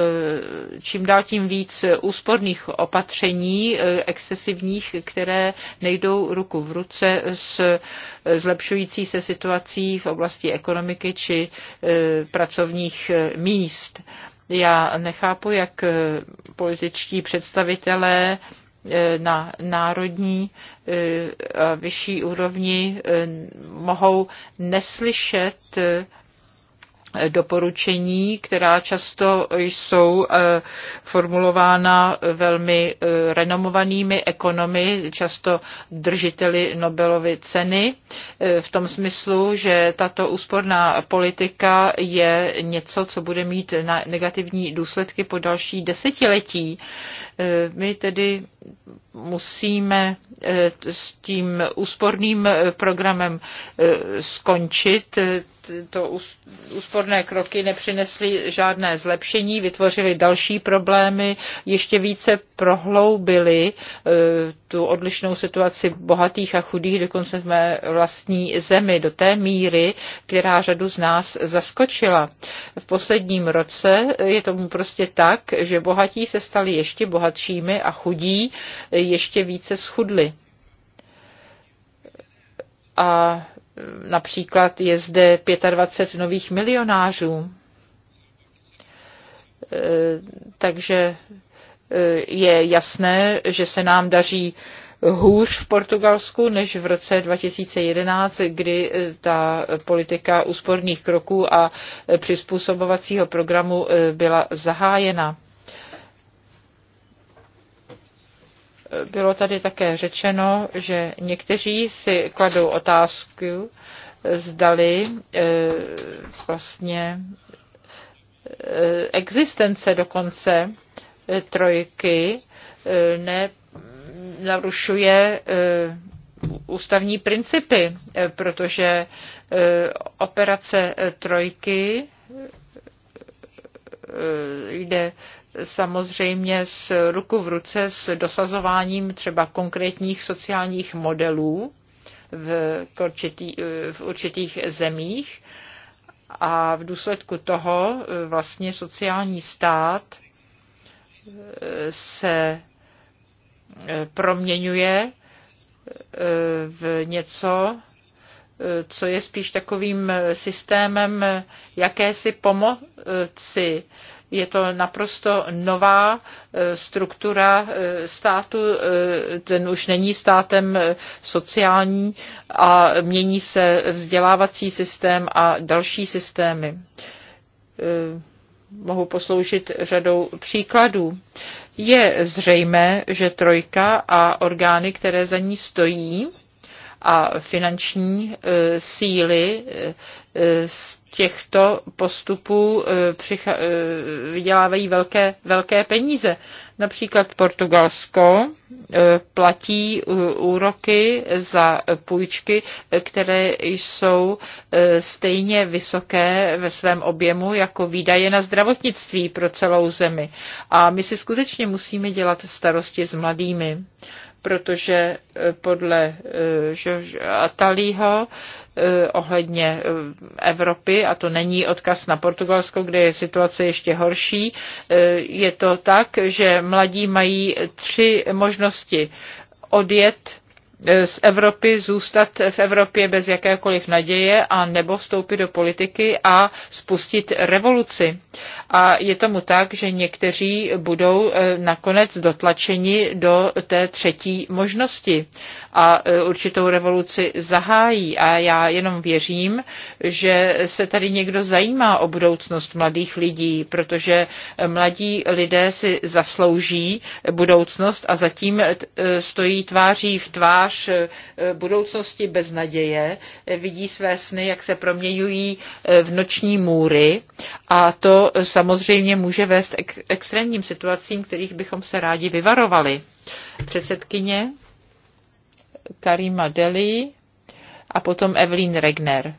S3: čím dál tím víc úsporných opatření, excesivních, které nejdou ruku v ruce s zlepšující se situací v oblasti ekonomiky či pracovních míst míst. Já nechápu, jak eh, političtí představitelé eh, na národní eh, a vyšší úrovni mohou neslyšet doporučení, která často jsou eh, formulována velmi eh, renomovanými ekonomy, často držiteli Nobelovy ceny, eh, v tom smyslu, že tato úsporná politika je něco, co bude mít negativní důsledky po další desetiletí. My tedy musíme eh, s tím úsporným eh, programem eh, skončit. To úsporné kroky nepřinesly žádné zlepšení, vytvořily další problémy, ještě více prohloubili eh, tu odlišnou situaci bohatých a chudých dokonce v mé vlastní zemi do té míry, která řadu z nás zaskočila. V posledním roce je tomu prostě tak, že bohatí se stali ještě bohatšími a chudí ještě více schudli. A například je zde 25 nových milionářů. Eh, takže je jasné, že se nám daří hůř v Portugalsku než v roce 2011, kdy eh, ta politika úsporných kroků a eh, přizpůsobovacího programu eh, byla zahájena. Bylo tady také řečeno, že někteří si kladou otázku, zdali vlastně existence dokonce trojky eh, ne, narušuje eh, ústavní principy, eh, protože operace trojky jde samozřejmě s ruku v ruce s dosazováním třeba konkrétních sociálních modelů v, určitý, v určitých zemích. A v důsledku toho vlastně sociální stát se eh, proměňuje eh, v něco, eh, co je spíš takovým systémem jakési pomoci. Je to naprosto nová struktura státu, ten už není státem sociální a mění se vzdělávací systém a další systémy mohu posloužit řadou příkladů. Je zřejmé, že trojka a orgány, které za ní stojí, a finanční e, síly e, e, z těchto postupů vydělávají velké, velké peníze. Například Portugalsko platí úroky za půjčky, které jsou stejně vysoké ve svém objemu jako výdaje na zdravotnictví pro celou zemi. A my si skutečně musíme dělat starosti s mladými protože eh, podle eh, Atalího eh, ohledně Evropy, a to není odkaz na Portugalsko, kde je situace ještě horší, je to tak, že mladí mají tři možnosti odjet z Evropy zůstat v Evropě bez jakékoliv naděje a nebo vstoupit do politiky a spustit revoluci. A je tomu tak, že někteří budou eh, nakonec dotlačeni do té třetí možnosti a eh, určitou revoluci zahájí. A já jenom věřím, že se tady někdo zajímá o budoucnost mladých lidí, protože mladí lidé si zaslouží budoucnost a zatím eh, stojí tváří v tvář pláž e, budoucnosti bez naděje, e, vidí své sny, jak se proměňují e, v noční můry a to samozřejmě může vést k extrémním situacím, kterých bychom se rádi vyvarovali. Předsedkyně Karima Deli a potom Evelyn Regner.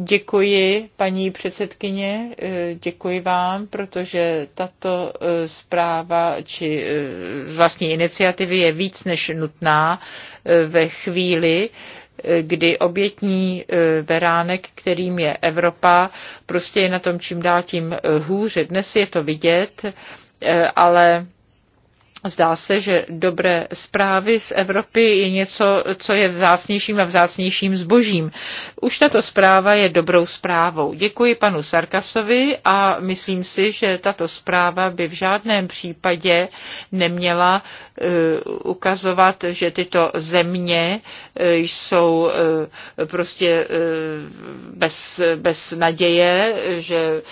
S3: Děkuji, paní předsedkyně, eh, děkuji vám, protože tato eh, zpráva či eh, z vlastní iniciativy je víc než nutná ve chvíli, kdy obětní veránek, kterým je Evropa, prostě je na tom čím dál tím hůře. Dnes je to vidět, ale Zdá se, že dobré zprávy z Evropy je něco, co je vzácnějším a vzácnějším zbožím. Už tato zpráva je dobrou zprávou. Děkuji panu Sarkasovi a myslím si, že tato zpráva by v žádném případě neměla eh, ukazovat, že tyto země eh, jsou eh, prostě bez, bez naděje, že,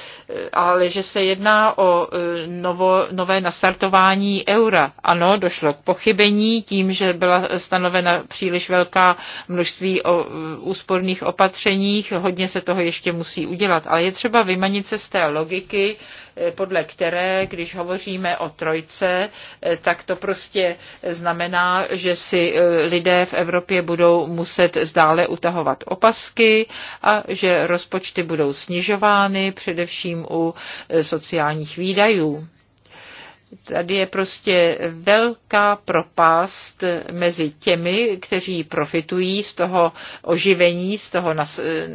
S3: ale že se jedná o novo, nové nastartování eura ano, došlo k pochybení tím, že byla stanovena příliš velká množství o úsporných opatřeních. Hodně se toho ještě musí udělat, ale je třeba vymanit se z té logiky, eh, podle které, když hovoříme o trojce, eh, tak to prostě znamená, že si eh, lidé v Evropě budou muset zdále utahovat opasky a že rozpočty budou snižovány, především u sociálních výdajů. Tady je prostě velká propast mezi těmi, kteří profitují z toho oživení, z toho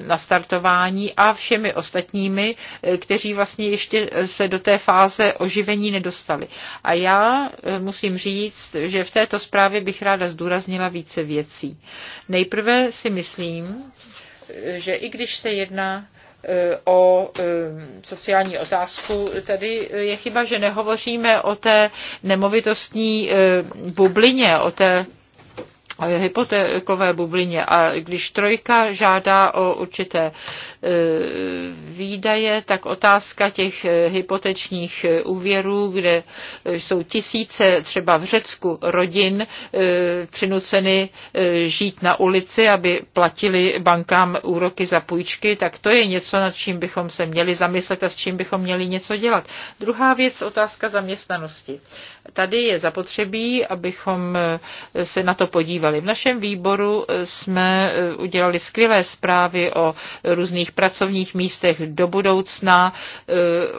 S3: nastartování a všemi ostatními, kteří vlastně ještě se do té fáze oživení nedostali. A já eh, musím říct, že v této zprávě bych ráda zdůraznila více věcí. Nejprve si myslím, že i když se jedná o eh, sociální otázku. Tady je chyba, že nehovoříme o té nemovitostní eh, bublině, o té hypotékové bublině. A když trojka žádá o určité e, výdaje, tak otázka těch e, hypotečních e, úvěrů, kde jsou tisíce třeba v Řecku rodin přinuceny žít na ulici, aby platili bankám úroky za půjčky, tak to je něco, nad čím bychom se měli zamyslet a s čím bychom měli něco dělat. Druhá věc, otázka zaměstnanosti. Tady je zapotřebí, abychom se na to podívali udělali. V našem výboru eh, jsme eh, udělali skvělé zprávy o různých pracovních místech do budoucna eh,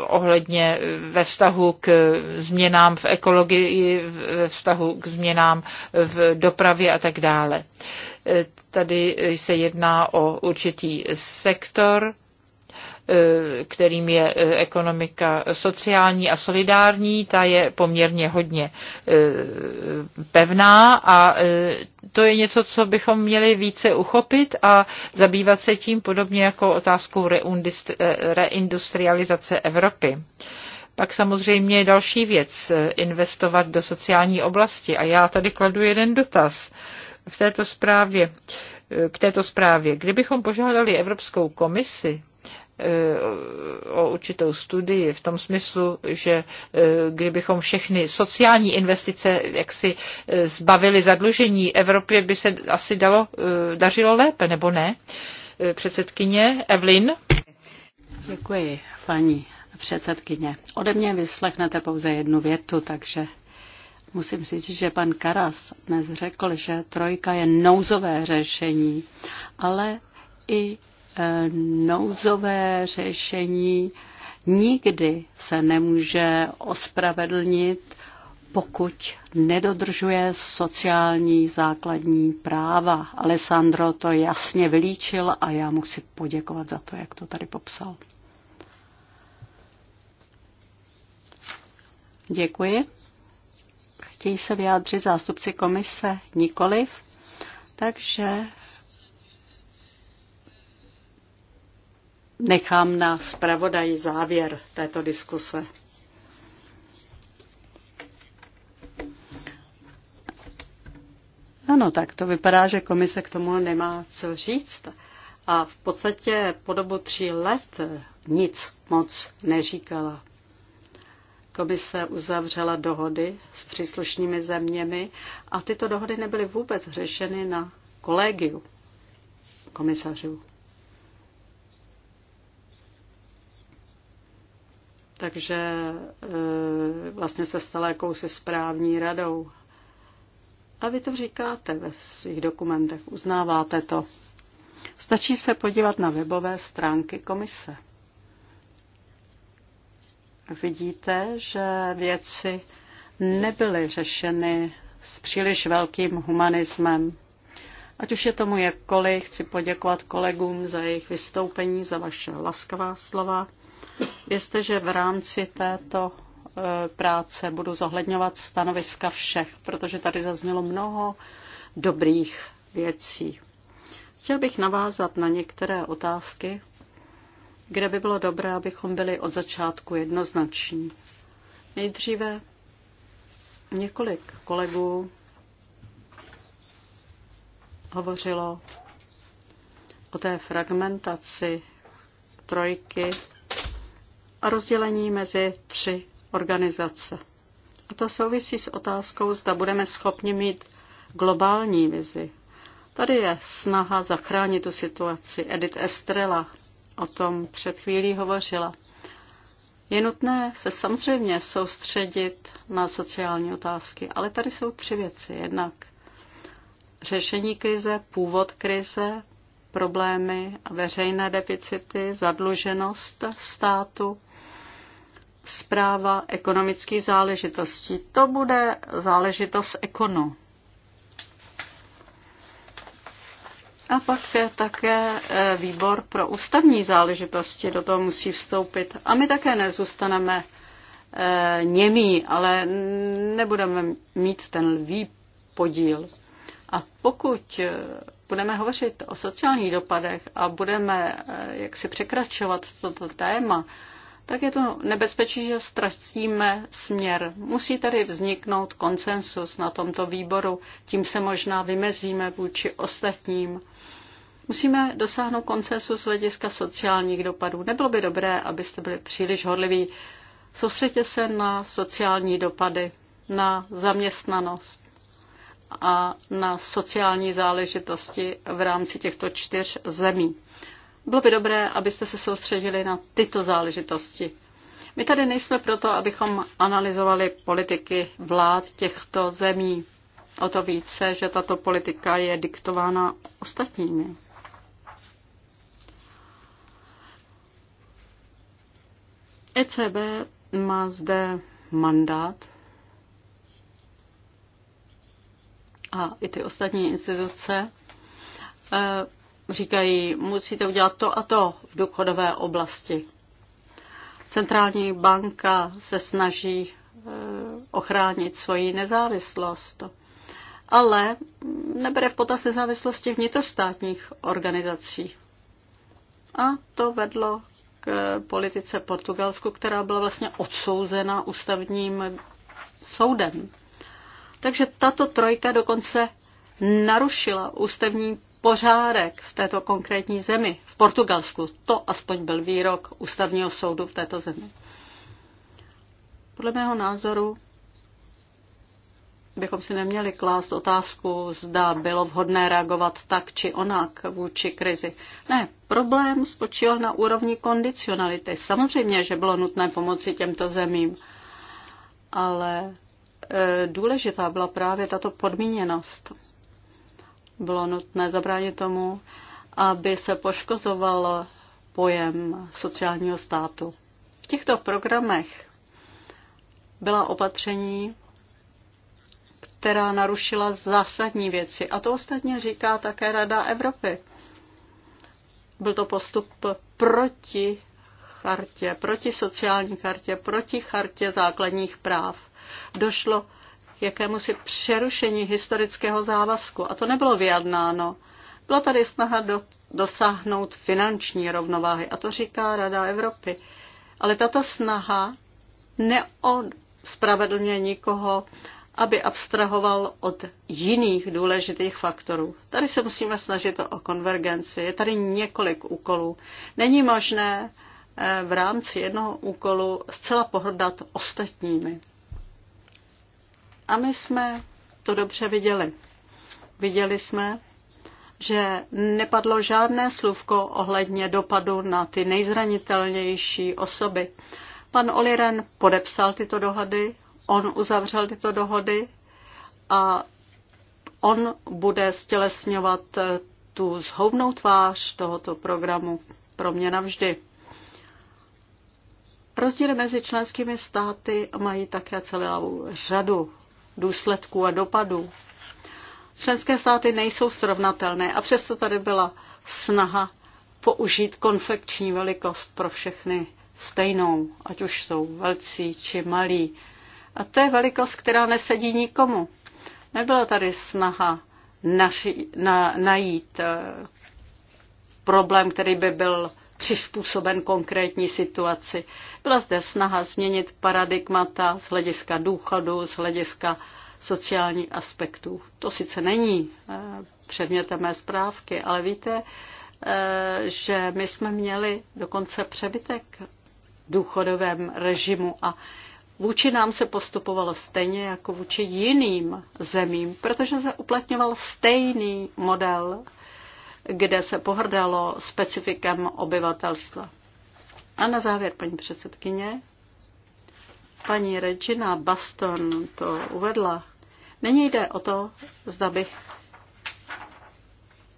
S3: ohledně ve vztahu k změnám v ekologii, ve vztahu k změnám v dopravě a tak dále. Tady se jedná o určitý sektor, E, kterým je e, ekonomika sociální a solidární, ta je poměrně hodně e, pevná a to je něco, co bychom měli více uchopit a zabývat se tím podobně jako otázkou reindustrializace Evropy. Pak samozřejmě je další věc investovat do sociální oblasti. A já tady kladu jeden dotaz v této zprávě, k této zprávě. Kdybychom požádali Evropskou komisi Eh, o určitou studii v tom smyslu, že eh, kdybychom všechny sociální investice jaksi eh, zbavili zadlužení, Evropě by se asi dalo, dařilo lépe, nebo ne? Předsedkyně Evelyn. Děkuji, paní předsedkyně. Ode mě vyslechnete pouze
S2: jednu větu, takže Musím říct, že pan Karas dnes řekl, že trojka je nouzové řešení, ale i Eh, nouzové řešení nikdy se nemůže ospravedlnit, pokud nedodržuje sociální základní práva. Alessandro to jasně vylíčil a já mu chci poděkovat za to, jak to tady popsal. Děkuji. Chtějí se vyjádřit zástupci komise nikoliv, takže nechám na zpravodaj závěr této diskuse. Ano, tak to vypadá, že komise k tomu nemá co říct. A v podstatě po dobu tří let nic moc neříkala. Komise uzavřela dohody s příslušnými zeměmi a tyto dohody nebyly vůbec řešeny na kolegiu komisařů. takže e, vlastně se stala jakousi správní radou. A vy to říkáte ve svých dokumentech, uznáváte to. Stačí se podívat na webové stránky komise. Vidíte, že věci nebyly řešeny s příliš velkým humanismem. Ať už je tomu jakkoliv, chci poděkovat kolegům za jejich vystoupení, za vaše laskavá slova. Vězte, že v rámci této e, práce budu zohledňovat stanoviska všech, protože tady zaznělo mnoho dobrých věcí. Chtěl bych navázat na některé otázky, kde by bylo dobré, abychom byli od začátku jednoznační. Nejdříve několik kolegů hovořilo o té fragmentaci trojky a rozdělení mezi tři organizace. A to souvisí s otázkou, zda budeme schopni mít globální vizi. Tady je snaha zachránit tu situaci. Edith Estrela o tom před chvílí hovořila. Je nutné se samozřejmě soustředit na sociální otázky, ale tady jsou tři věci. Jednak řešení krize, původ krize problémy a veřejné deficity, zadluženost státu, zpráva ekonomických záležitostí. To bude záležitost ekonu. A pak je také eh, výbor pro ústavní záležitosti, do toho musí vstoupit. A my také nezůstaneme eh, němí, ale nebudeme mít ten lví podíl. A pokud eh, budeme hovořit o sociálních dopadech a budeme eh, jak si překračovat toto téma, tak je to nebezpečí, že ztracíme směr. Musí tady vzniknout konsensus na tomto výboru, tím se možná vymezíme vůči ostatním. Musíme dosáhnout konsensus z hlediska sociálních dopadů. Nebylo by dobré, abyste byli příliš horliví. Soustřeďte se na sociální dopady, na zaměstnanost a na sociální záležitosti v rámci těchto čtyř zemí. Bylo by dobré, abyste se soustředili na tyto záležitosti. My tady nejsme proto, abychom analyzovali politiky vlád těchto zemí. O to více, že tato politika je diktována ostatními. ECB má zde mandát a i ty ostatní instituce eh, říkají, musíte udělat to a to v důchodové oblasti. Centrální banka se snaží eh, ochránit svoji nezávislost, ale nebere v potaz nezávislosti vnitrostátních organizací. A to vedlo k politice Portugalsku, která byla vlastně odsouzena ústavním soudem. Takže tato trojka dokonce narušila ústavní pořádek v této konkrétní zemi, v Portugalsku. To aspoň byl výrok ústavního soudu v této zemi. Podle mého názoru bychom si neměli klást otázku, zda bylo vhodné reagovat tak či onak vůči krizi. Ne, problém spočíval na úrovni kondicionality. Samozřejmě, že bylo nutné pomoci těmto zemím, ale Eh, důležitá byla právě tato podmíněnost. Bylo nutné zabránit tomu, aby se poškozoval pojem sociálního státu. V těchto programech byla opatření, která narušila zásadní věci. A to ostatně říká také Rada Evropy. Byl to postup proti chartě, proti sociální chartě, proti chartě základních práv došlo k jakémusi přerušení historického závazku. A to nebylo vyjednáno. Byla tady snaha do, dosáhnout finanční rovnováhy. A to říká Rada Evropy. Ale tato snaha neospravedlňuje nikoho, aby abstrahoval od jiných důležitých faktorů. Tady se musíme snažit o konvergenci. Je tady několik úkolů. Není možné eh, v rámci jednoho úkolu zcela pohrdat ostatními. A my jsme to dobře viděli. Viděli jsme, že nepadlo žádné slůvko ohledně dopadu na ty nejzranitelnější osoby. Pan Oliren podepsal tyto dohody, on uzavřel tyto dohody a on bude stělesňovat eh, tu zhoubnou tvář tohoto programu pro mě navždy. Rozdíly mezi členskými státy mají také celou řadu důsledků a dopadů. Členské státy nejsou srovnatelné a přesto tady byla snaha použít konfekční velikost pro všechny stejnou, ať už jsou velcí či malí. A to je velikost, která nesedí nikomu. Nebyla tady snaha naši, na, najít e, problém, který by byl přizpůsoben konkrétní situaci. Byla zde snaha změnit paradigmata z hlediska důchodu, z hlediska sociálních aspektů. To sice není eh, předmětem mé zprávky, ale víte, eh, že my jsme měli dokonce přebytek v důchodovém režimu a vůči nám se postupovalo stejně jako vůči jiným zemím, protože se uplatňoval stejný model kde se pohrdalo specifikem obyvatelstva. A na závěr, paní předsedkyně, paní Regina Baston to uvedla. Není jde o to, zda bych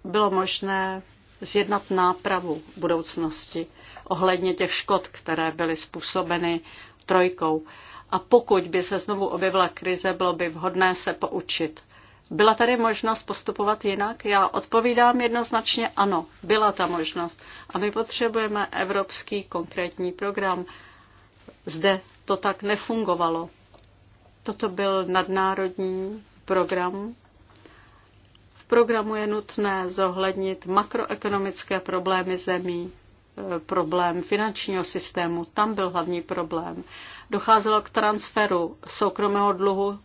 S2: bylo možné zjednat nápravu budoucnosti ohledně těch škod, které byly způsobeny trojkou. A pokud by se znovu objevila krize, bylo by vhodné se poučit. Byla tady možnost postupovat jinak? Já odpovídám jednoznačně ano, byla ta možnost. A my potřebujeme evropský konkrétní program. Zde to tak nefungovalo. Toto byl nadnárodní program. V programu je nutné zohlednit makroekonomické problémy zemí, eh, problém finančního systému, tam byl hlavní problém. Docházelo k transferu soukromého dluhu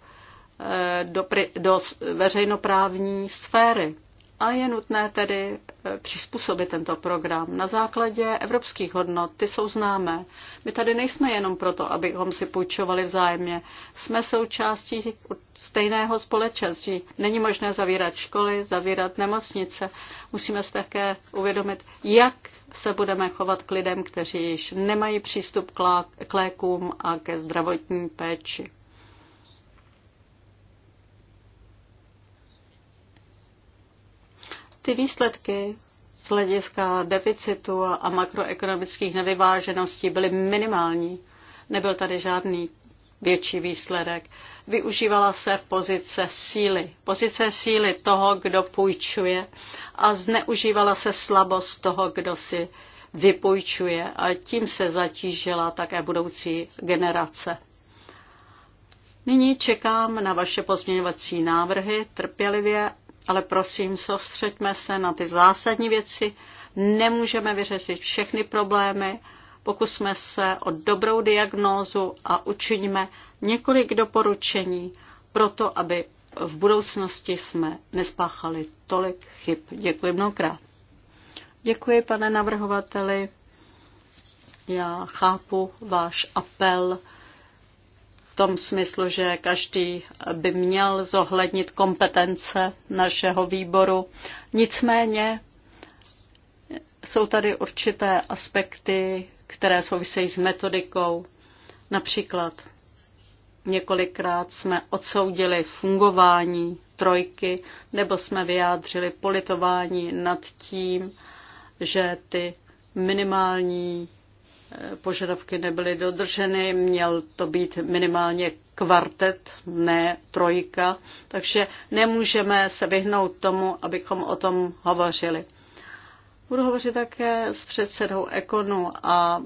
S2: Eh, do, do veřejnoprávní sféry. A je nutné tedy eh, přizpůsobit tento program na základě evropských hodnot. Ty jsou známé. My tady nejsme jenom proto, abychom si půjčovali vzájemně. Jsme součástí stejného společenství. Není možné zavírat školy, zavírat nemocnice. Musíme se také uvědomit, jak se budeme chovat k lidem, kteří již nemají přístup k lékům a ke zdravotní péči. ty výsledky z hlediska deficitu a makroekonomických nevyvážeností byly minimální. Nebyl tady žádný větší výsledek. Využívala se pozice síly, pozice síly toho, kdo půjčuje a zneužívala se slabost toho, kdo si vypůjčuje a tím se zatížila také budoucí generace. Nyní čekám na vaše pozměňovací návrhy trpělivě ale prosím, soustřeďme se na ty zásadní věci. Nemůžeme vyřešit všechny problémy, pokusme se o dobrou diagnózu a učiníme několik doporučení pro to, aby v budoucnosti jsme nespáchali tolik chyb. Děkuji mnohokrát. Děkuji, pane navrhovateli. Já chápu váš apel tom smyslu, že každý by měl zohlednit kompetence našeho výboru. Nicméně jsou tady určité aspekty, které souvisejí s metodikou. Například několikrát jsme odsoudili fungování trojky, nebo jsme vyjádřili politování nad tím, že ty minimální požadavky nebyly dodrženy, měl to být minimálně kvartet, ne trojka, takže nemůžeme se vyhnout tomu, abychom o tom hovořili. Budu hovořit také s předsedou Ekonu a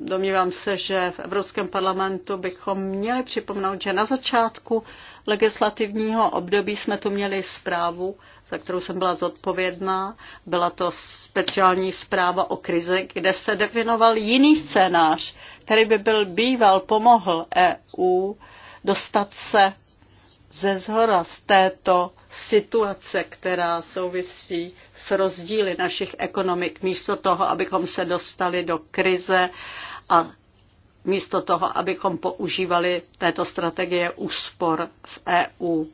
S2: domnívám se, že v Evropském parlamentu bychom měli připomnout, že na začátku legislativního období jsme tu měli zprávu, za kterou jsem byla zodpovědná. Byla to speciální zpráva o krizi, kde se definoval jiný scénář, který by byl býval, pomohl EU dostat se ze zhora z této situace, která souvisí s rozdíly našich ekonomik, místo toho, abychom se dostali do krize a místo toho, abychom používali této strategie úspor v EU.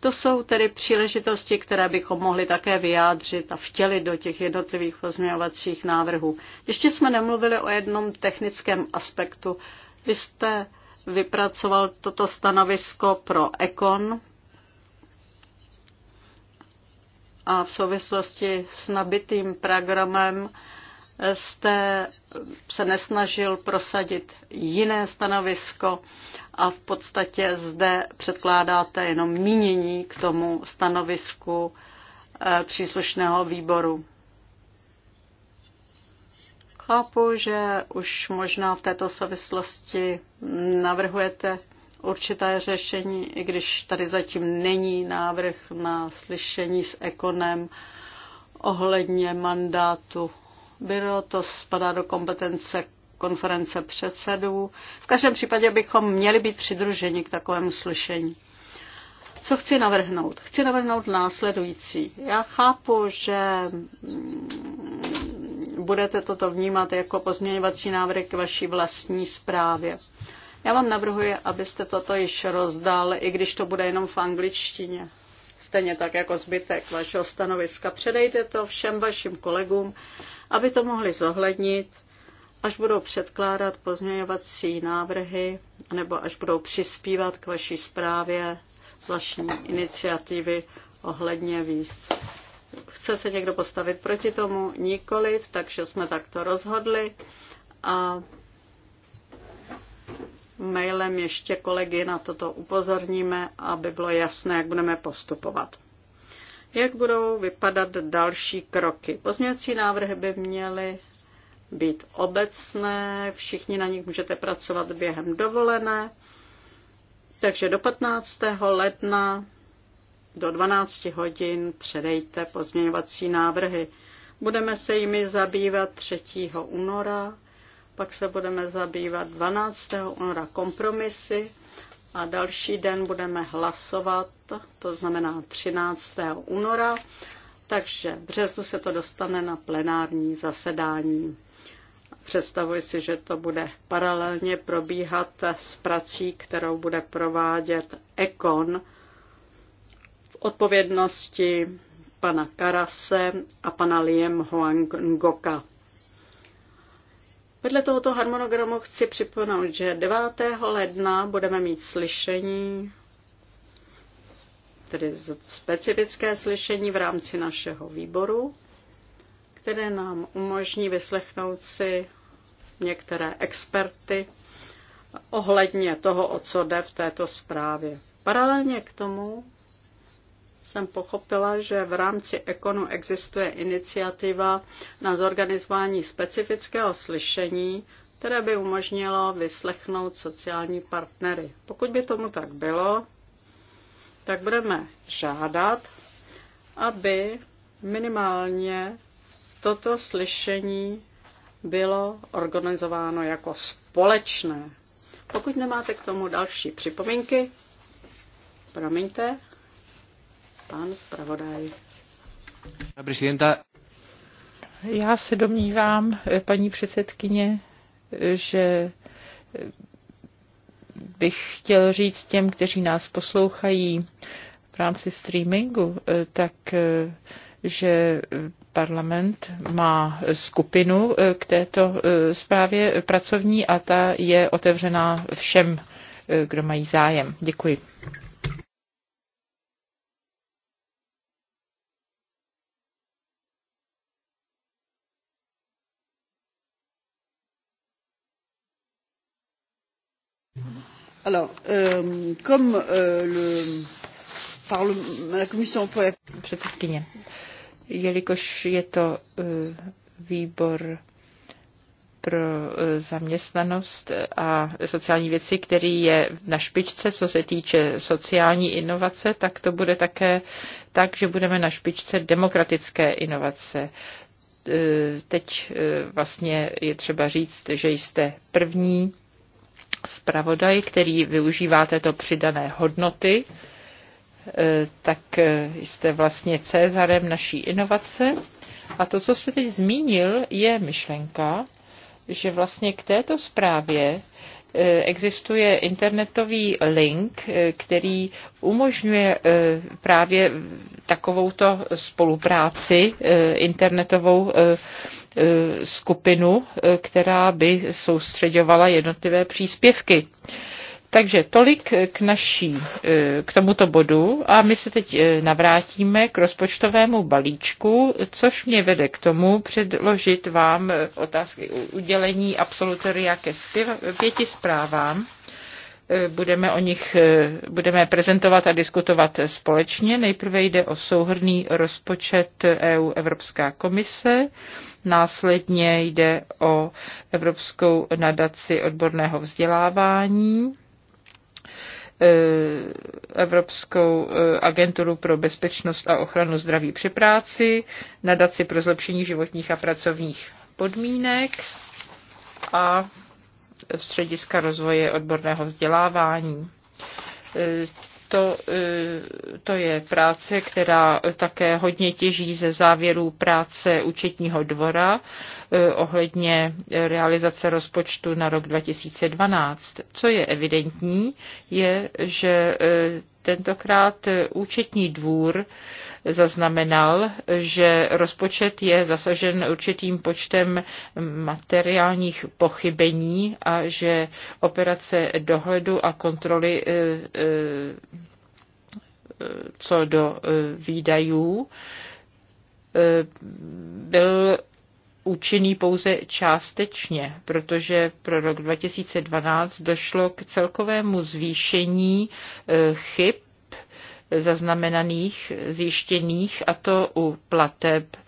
S2: To jsou tedy příležitosti, které bychom mohli také vyjádřit a vtělit do těch jednotlivých pozměňovacích návrhů. Ještě jsme nemluvili o jednom technickém aspektu. Vy jste vypracoval toto stanovisko pro Econ a v souvislosti s nabitým programem jste se nesnažil prosadit jiné stanovisko a v podstatě zde předkládáte jenom mínění k tomu stanovisku eh, příslušného výboru. Chápu, že už možná v této souvislosti navrhujete určité řešení, i když tady zatím není návrh na slyšení s ekonem ohledně mandátu bylo to spadá do kompetence konference předsedů. V každém případě bychom měli být přidruženi k takovému slyšení. Co chci navrhnout? Chci navrhnout následující. Já chápu, že mm, budete toto vnímat jako pozměňovací návrh k vaší vlastní zprávě. Já vám navrhuji, abyste toto již rozdal, i když to bude jenom v angličtině stejně tak jako zbytek vašeho stanoviska. Předejte to všem vašim kolegům, aby to mohli zohlednit, až budou předkládat pozměňovací návrhy nebo až budou přispívat k vaší zprávě z vlastní iniciativy ohledně víc. Chce se někdo postavit proti tomu? Nikoliv, takže jsme takto rozhodli a mailem ještě kolegy na toto upozorníme, aby bylo jasné, jak budeme postupovat. Jak budou vypadat další kroky? Pozměňovací návrhy by měly být obecné, všichni na nich můžete pracovat během dovolené. Takže do 15. ledna do 12 hodin předejte pozměňovací návrhy. Budeme se jimi zabývat 3. února pak se budeme zabývat 12. února kompromisy a další den budeme hlasovat, to znamená 13. února, takže v březnu se to dostane na plenární zasedání. Představuji si, že to bude paralelně probíhat s prací, kterou bude provádět Ekon v odpovědnosti pana Karase a pana Liem Hoang Ngoka. Vedle tohoto harmonogramu chci připomenout, že 9. ledna budeme mít slyšení, tedy specifické slyšení v rámci našeho výboru, které nám umožní vyslechnout si některé experty ohledně toho, o co jde v této zprávě. Paralelně k tomu jsem pochopila, že v rámci Ekonu existuje iniciativa na zorganizování specifického slyšení, které by umožnilo vyslechnout sociální partnery. Pokud by tomu tak bylo, tak budeme žádat, aby minimálně toto slyšení bylo organizováno jako společné. Pokud nemáte k tomu další
S3: připomínky, promiňte, Pan prezidenta, Já se domnívám, eh, paní předsedkyně, eh, že eh, bych chtěl říct těm, kteří nás poslouchají v rámci streamingu, tak že parlament má skupinu k této zprávě pracovní a ta je otevřená všem, kdo mají zájem. Děkuji. Euh, euh, Předsedkyně, jelikož je to e, výbor pro e, zaměstnanost a sociální věci, který je na špičce, co se týče sociální inovace, tak to bude také tak, že budeme na špičce demokratické inovace. E, teď vlastně je třeba říct, že jste první zpravodaj, který využívá této přidané hodnoty, e, tak e, jste vlastně Cezarem naší inovace. A to, co jste teď zmínil, je myšlenka, že vlastně k této zprávě Eh, existuje internetový link, eh, který umožňuje eh, právě takovouto spolupráci internetovou skupinu, která by soustředovala jednotlivé příspěvky. Takže tolik k, naší, eh, k tomuto bodu a my se teď eh, navrátíme k rozpočtovému balíčku, což mě vede k tomu předložit vám eh, otázky udělení absolutoria ke pěti zprávám budeme o nich budeme prezentovat a diskutovat společně. Nejprve jde o souhrný rozpočet EU Evropská komise, následně jde o Evropskou nadaci odborného vzdělávání, E, Evropskou e, agenturu pro bezpečnost a ochranu zdraví při práci, nadaci pro zlepšení životních a pracovních podmínek a střediska rozvoje odborného vzdělávání. E, to, e, to je práce, která také hodně těží ze závěrů práce účetního dvora e, ohledně realizace rozpočtu na rok 2012. Co je evidentní, je, že e, tentokrát účetní dvůr zaznamenal, že rozpočet je zasažen určitým počtem materiálních pochybení a že operace dohledu a kontroly eh, eh, co do eh, výdajů byl účinný pouze částečně, protože pro rok 2012 došlo k celkovému zvýšení chyb zaznamenaných, zjištěných, a to u plateb e,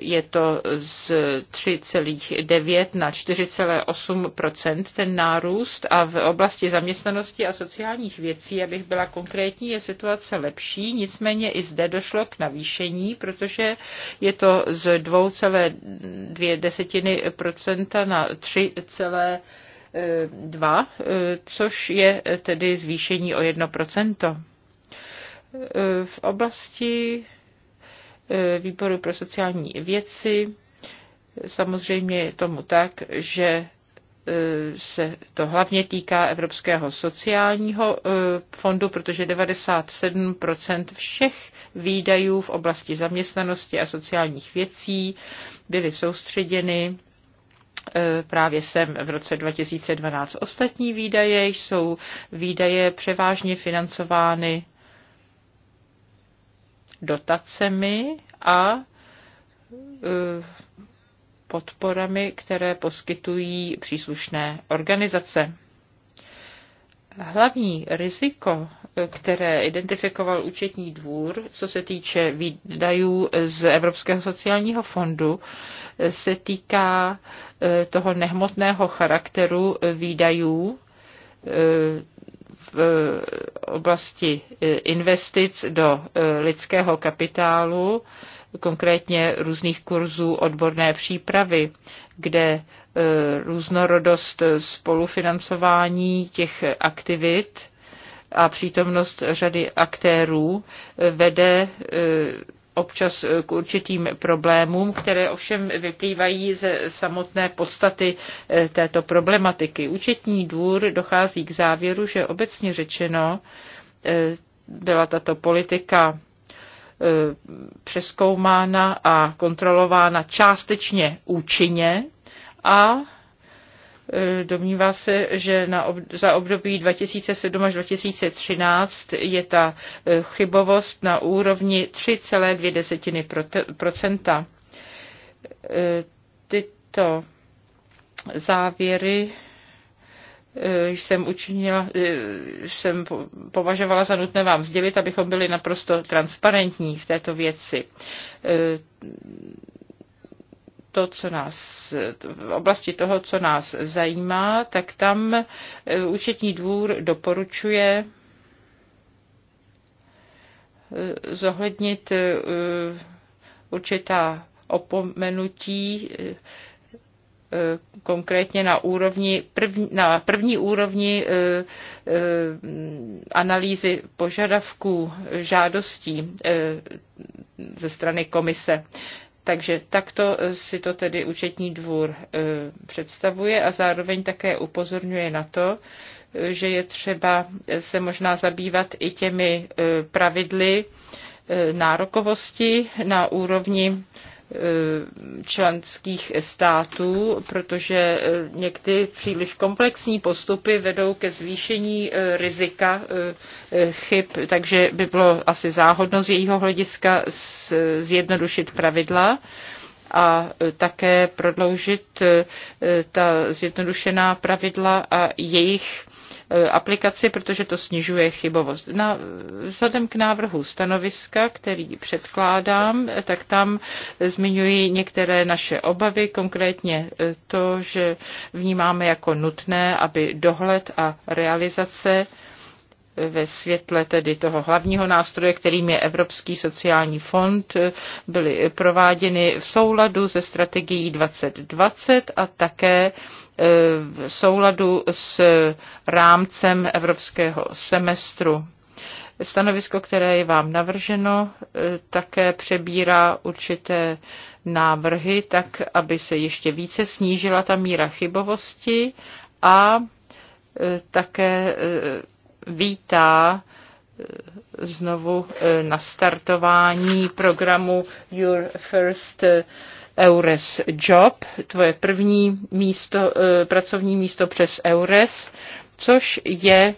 S3: je to z 3,9 na 4,8 ten nárůst a v oblasti zaměstnanosti a sociálních věcí, abych byla konkrétní, je situace lepší, nicméně i zde došlo k navýšení, protože je to z 2,2 na 3,2, e, e, což je tedy zvýšení o 1 Eh, v oblasti eh, výboru pro sociální věci. Samozřejmě je tomu tak, že eh, se to hlavně týká Evropského sociálního fondu, protože 97 všech výdajů v oblasti zaměstnanosti a sociálních věcí byly soustředěny právě sem v roce 2012. Ostatní výdaje jsou výdaje převážně financovány dotacemi a eh, podporami, které poskytují příslušné organizace. Hlavní riziko, eh, které identifikoval účetní dvůr, co se týče výdajů z Evropského sociálního fondu, eh, se týká toho nehmotného charakteru výdajů v eh, oblasti eh, investic do eh, lidského kapitálu, konkrétně různých kurzů odborné přípravy, kde různorodost spolufinancování těch aktivit a přítomnost řady aktérů vede občas eh, k určitým problémům, které ovšem vyplývají ze samotné podstaty eh, této problematiky. Účetní dvůr dochází k závěru, že obecně řečeno eh, byla tato politika přeskoumána a kontrolována částečně účinně a Eh, domnívá se, že na ob, za období 2007 až 2013 je ta eh, chybovost na úrovni 3,2 eh, Tyto závěry jsem učinila, jsem považovala za nutné vám sdělit, abychom byli naprosto transparentní v této věci to, co nás, v oblasti toho, co nás zajímá, tak tam eh, účetní dvůr doporučuje eh, zohlednit eh, určitá opomenutí, konkrétně na, úrovni, první, na první úrovni analýzy požadavků žádostí ze strany komise. Takže takto e, si to tedy účetní dvůr e, představuje a zároveň také upozorňuje na to, e, že je třeba se možná zabývat i těmi pravidly nárokovosti na úrovni členských států, protože eh, někdy příliš komplexní postupy vedou ke zvýšení eh, rizika eh, chyb, takže by bylo asi záhodno z jejího hlediska zjednodušit pravidla a také prodloužit ta zjednodušená pravidla a jejich E, aplikaci, protože to snižuje chybovost. Na, vzhledem k návrhu stanoviska, který předkládám, tak tam zmiňuji některé naše obavy, konkrétně e, to, že vnímáme jako nutné, aby dohled a realizace ve světle tedy toho hlavního nástroje, kterým je Evropský sociální fond, byly prováděny v souladu se strategií 2020 a také e, v souladu s rámcem evropského semestru. Stanovisko, které je vám navrženo, e, také přebírá určité návrhy, tak aby se ještě více snížila ta míra chybovosti a e, také vítá eh, znovu eh, nastartování programu Your First eh, Eures Job, tvoje první místo, pracovní místo přes Eures, což je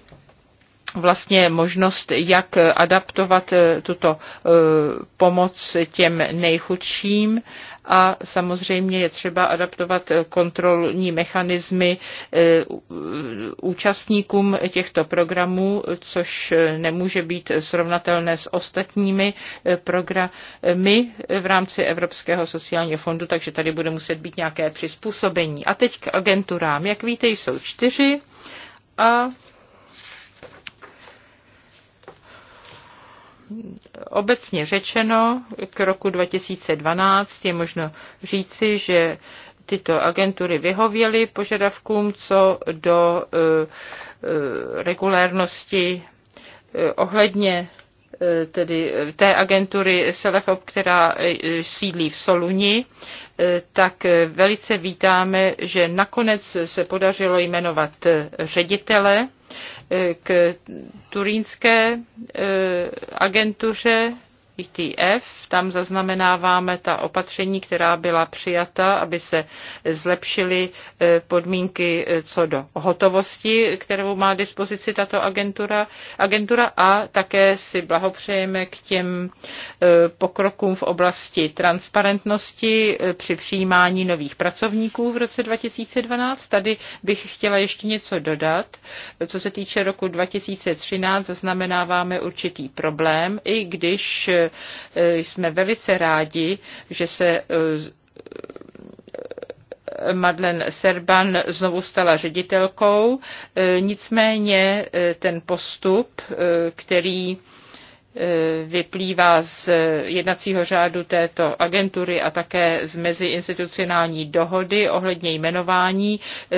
S3: vlastně možnost, jak adaptovat eh, tuto eh, pomoc těm nejchudším a samozřejmě je třeba adaptovat eh, kontrolní mechanismy účastníkům těchto programů, což nemůže být srovnatelné s ostatními programy v rámci Evropského sociálního fondu, takže tady bude muset být nějaké přizpůsobení. A teď k agenturám. Jak víte, jsou čtyři a Obecně řečeno, k roku 2012 je možno říci, že tyto agentury vyhověly požadavkům co do e, e, regulérnosti e, ohledně tedy té agentury Selefop, která sídlí v Soluni, tak velice vítáme, že nakonec se podařilo jmenovat ředitele Eh, k turínské eh, agentuře ETF, tam zaznamenáváme ta opatření, která byla přijata, aby se zlepšily e, podmínky e, co do hotovosti, kterou má dispozici tato agentura, agentura a také si blahopřejeme k těm e, pokrokům v oblasti transparentnosti při přijímání nových pracovníků v roce 2012. Tady bych chtěla ještě něco dodat. Co se týče roku 2013, zaznamenáváme určitý problém, i když Eh, jsme velice rádi, že se eh, Madlen Serban znovu stala ředitelkou. Eh, nicméně ten postup, který Eh, vyplývá z jednacího řádu této agentury a také z meziinstitucionální dohody ohledně jmenování eh,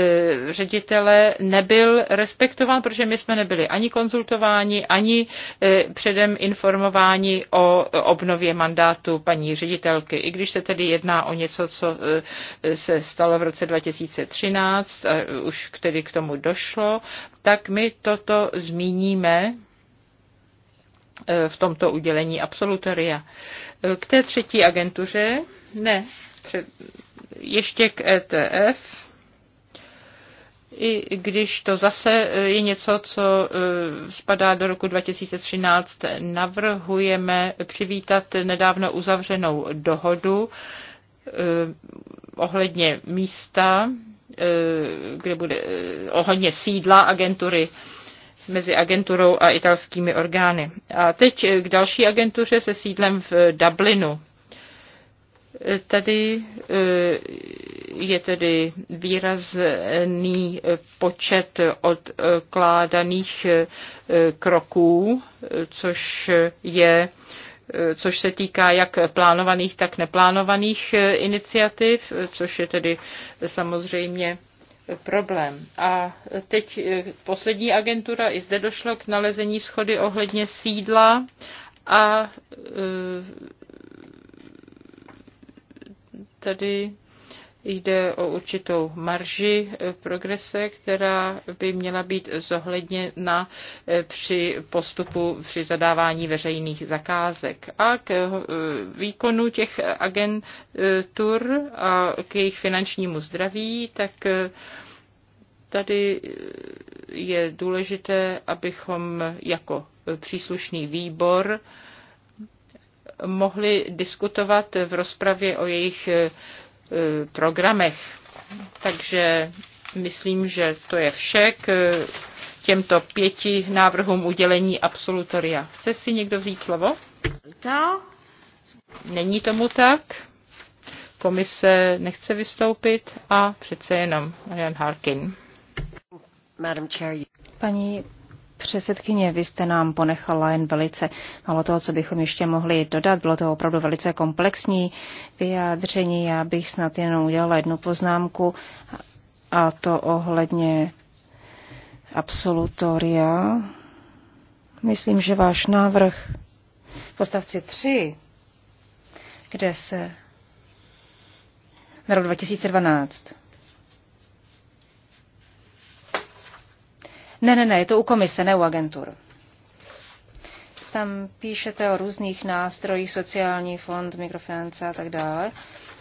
S3: ředitele nebyl respektován, protože my jsme nebyli ani konzultováni, ani eh, předem informováni o obnově mandátu paní ředitelky. I když se tedy jedná o něco, co se stalo v roce 2013, a už tedy k tomu došlo, tak my toto zmíníme v tomto udělení absolutoria. K té třetí agentuře, ne, ještě k ETF, i když to zase e, je něco, co e, spadá do roku 2013, navrhujeme přivítat nedávno uzavřenou dohodu e, ohledně místa, kde bude ohledně sídla agentury mezi agenturou a italskými orgány. A teď k další agentuře se sídlem v Dublinu. Tady eh, je tedy výrazný počet odkládaných eh, kroků, což je eh, což se týká jak plánovaných, tak neplánovaných iniciativ, což je tedy samozřejmě problém. A teď e, poslední agentura, i zde došlo k nalezení schody ohledně sídla a e, tady Jde o určitou marži eh, progrese, která by měla být zohledněna eh, při postupu při zadávání veřejných zakázek a k eh, výkonu těch agentur a k jejich finančnímu zdraví, tak tady je důležité, abychom jako příslušný výbor mohli diskutovat v rozpravě o jejich E, programech. Takže myslím, že to je vše k e, těmto pěti návrhům udělení absolutoria. Chce si někdo vzít slovo? Není tomu tak. Komise nechce vystoupit a přece jenom Marian Harkin. Paní předsedkyně,
S1: vy jste nám ponechala jen velice málo toho, co bychom ještě mohli dodat. Bylo to opravdu velice komplexní vyjádření. Já bych snad jenom udělala jednu poznámku a to ohledně absolutoria. Myslím, že váš návrh v postavci 3, kde se na rok 2012 Ne, ne, ne, je to u komise, ne u agentur. Tam píšete o různých nástrojích, sociální fond, mikrofinance a tak dále.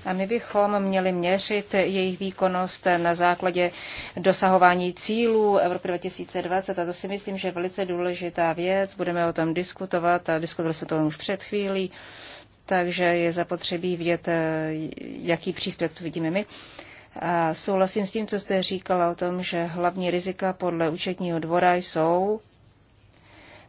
S1: A my bychom měli měřit jejich výkonnost na základě dosahování cílů Evropy 2020. A to si myslím, že je velice důležitá věc. Budeme o tom diskutovat a diskutovali jsme to už před chvílí. Takže je zapotřebí vidět, jaký příspěvek tu vidíme my. Uh, a souhlasím s tím, co jste říkala o tom, že hlavní rizika podle účetního dvora jsou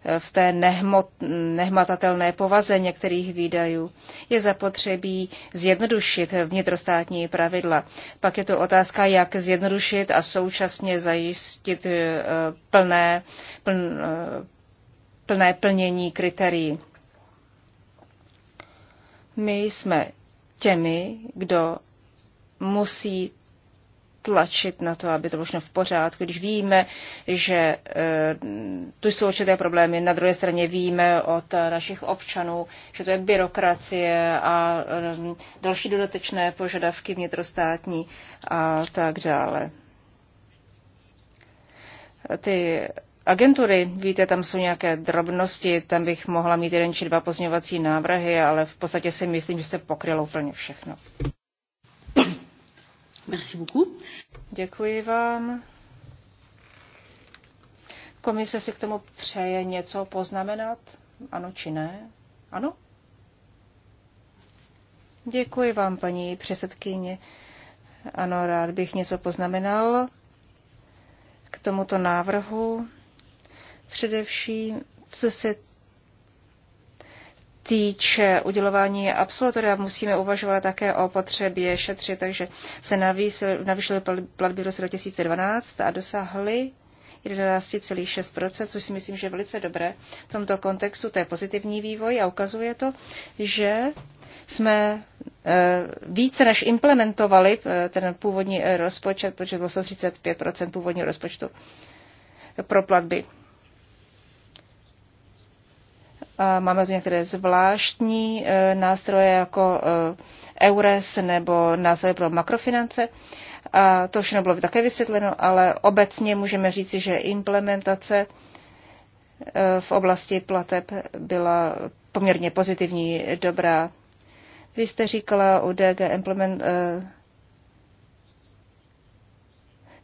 S1: eh, v té nehmot, nehmatatelné povaze některých výdajů. Je zapotřebí zjednodušit vnitrostátní pravidla. Pak je to otázka, jak zjednodušit a současně zajistit eh, plné, pln, eh, plné plnění kritérií. My jsme těmi, kdo musí tlačit na to, aby to bylo v pořádku, když víme, že eh, tu jsou určité problémy. Na druhé straně víme od našich občanů, že to je byrokracie a eh, další dodatečné požadavky vnitrostátní a tak dále. Ty agentury, víte, tam jsou nějaké drobnosti, tam bych mohla mít jeden či dva pozměňovací návrhy, ale v podstatě si myslím, že jste pokrylo úplně všechno. Merci beaucoup. Děkuji vám. Komise si k tomu přeje něco poznamenat? Ano či ne? Ano? Děkuji vám, paní předsedkyně. Ano, rád bych něco poznamenal k tomuto návrhu. Především, co se týče udělování absolutoria, musíme uvažovat také o potřebě šetřit, takže se navýšily platby do roce 2012 a dosáhly 11,6%, což si myslím, že je velice dobré. V tomto kontextu to je pozitivní vývoj a ukazuje to, že jsme eh, více než implementovali eh, ten původní eh, rozpočet, protože bylo 135% původního rozpočtu pro platby. Máme tu některé zvláštní e, nástroje jako e, EURES nebo nástroje pro makrofinance. A to všechno bylo také vysvětleno, ale obecně můžeme říci, že implementace e, v oblasti plateb byla poměrně pozitivní, dobrá. Vy jste říkala o DG implement,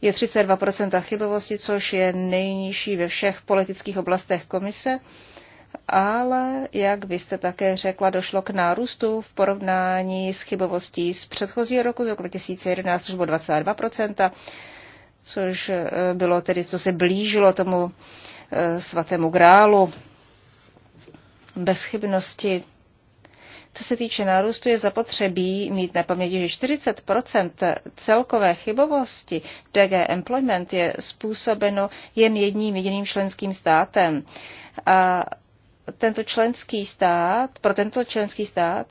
S1: je 32% chybovosti, což je nejnižší ve všech politických oblastech komise ale, jak vy jste také řekla, došlo k nárůstu v porovnání s chybovostí z předchozího roku, z roku 2011, což bylo 22%, což eh, bylo tedy, co se blížilo tomu eh, svatému grálu bezchybnosti. Co se týče nárůstu, je zapotřebí mít na paměti, že 40 celkové chybovosti DG Employment je způsobeno jen jedním jediným členským státem. A tento členský stát, pro tento členský stát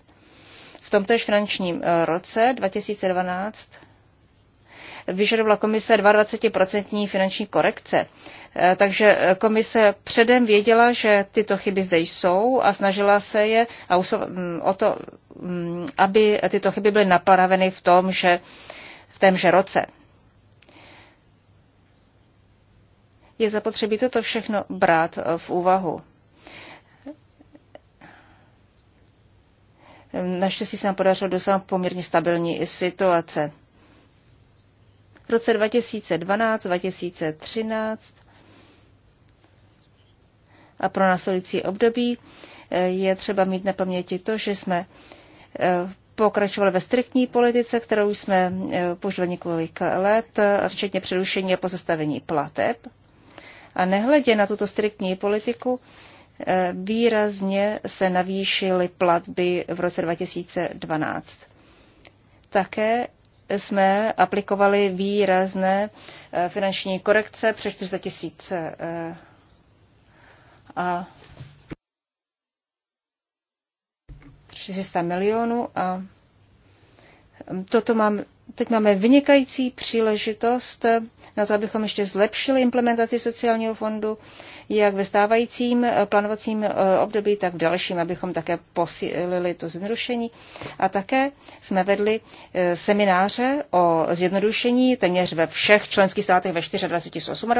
S1: v tomto finančním eh, roce 2012 vyžadovala komise 22% finanční korekce. Eh, takže eh, komise předem věděla, že tyto chyby zde jsou a snažila se je a mm, o to, mm, aby tyto chyby byly napraveny v tom, že v témže roce. Je zapotřebí toto všechno brát v úvahu. Naštěstí se nám podařilo dosáhnout poměrně stabilní situace. V roce 2012, 2013 a pro následující období eh, je třeba mít na paměti to, že jsme eh, pokračovali ve striktní politice, kterou jsme eh, používali několik let, včetně přerušení a pozastavení plateb. A nehledě na tuto striktní politiku, Eh, výrazně se navýšily platby v roce 2012. Také jsme aplikovali výrazné eh, finanční korekce přes 400 tisíc eh, a 300 milionů a hm, toto mám, teď máme vynikající příležitost na to, abychom ještě zlepšili implementaci sociálního fondu jak ve stávajícím eh, plánovacím eh, období, tak v dalším, abychom také posílili to zjednodušení. A také jsme vedli eh, semináře o zjednodušení téměř ve všech členských státech ve 24 z 28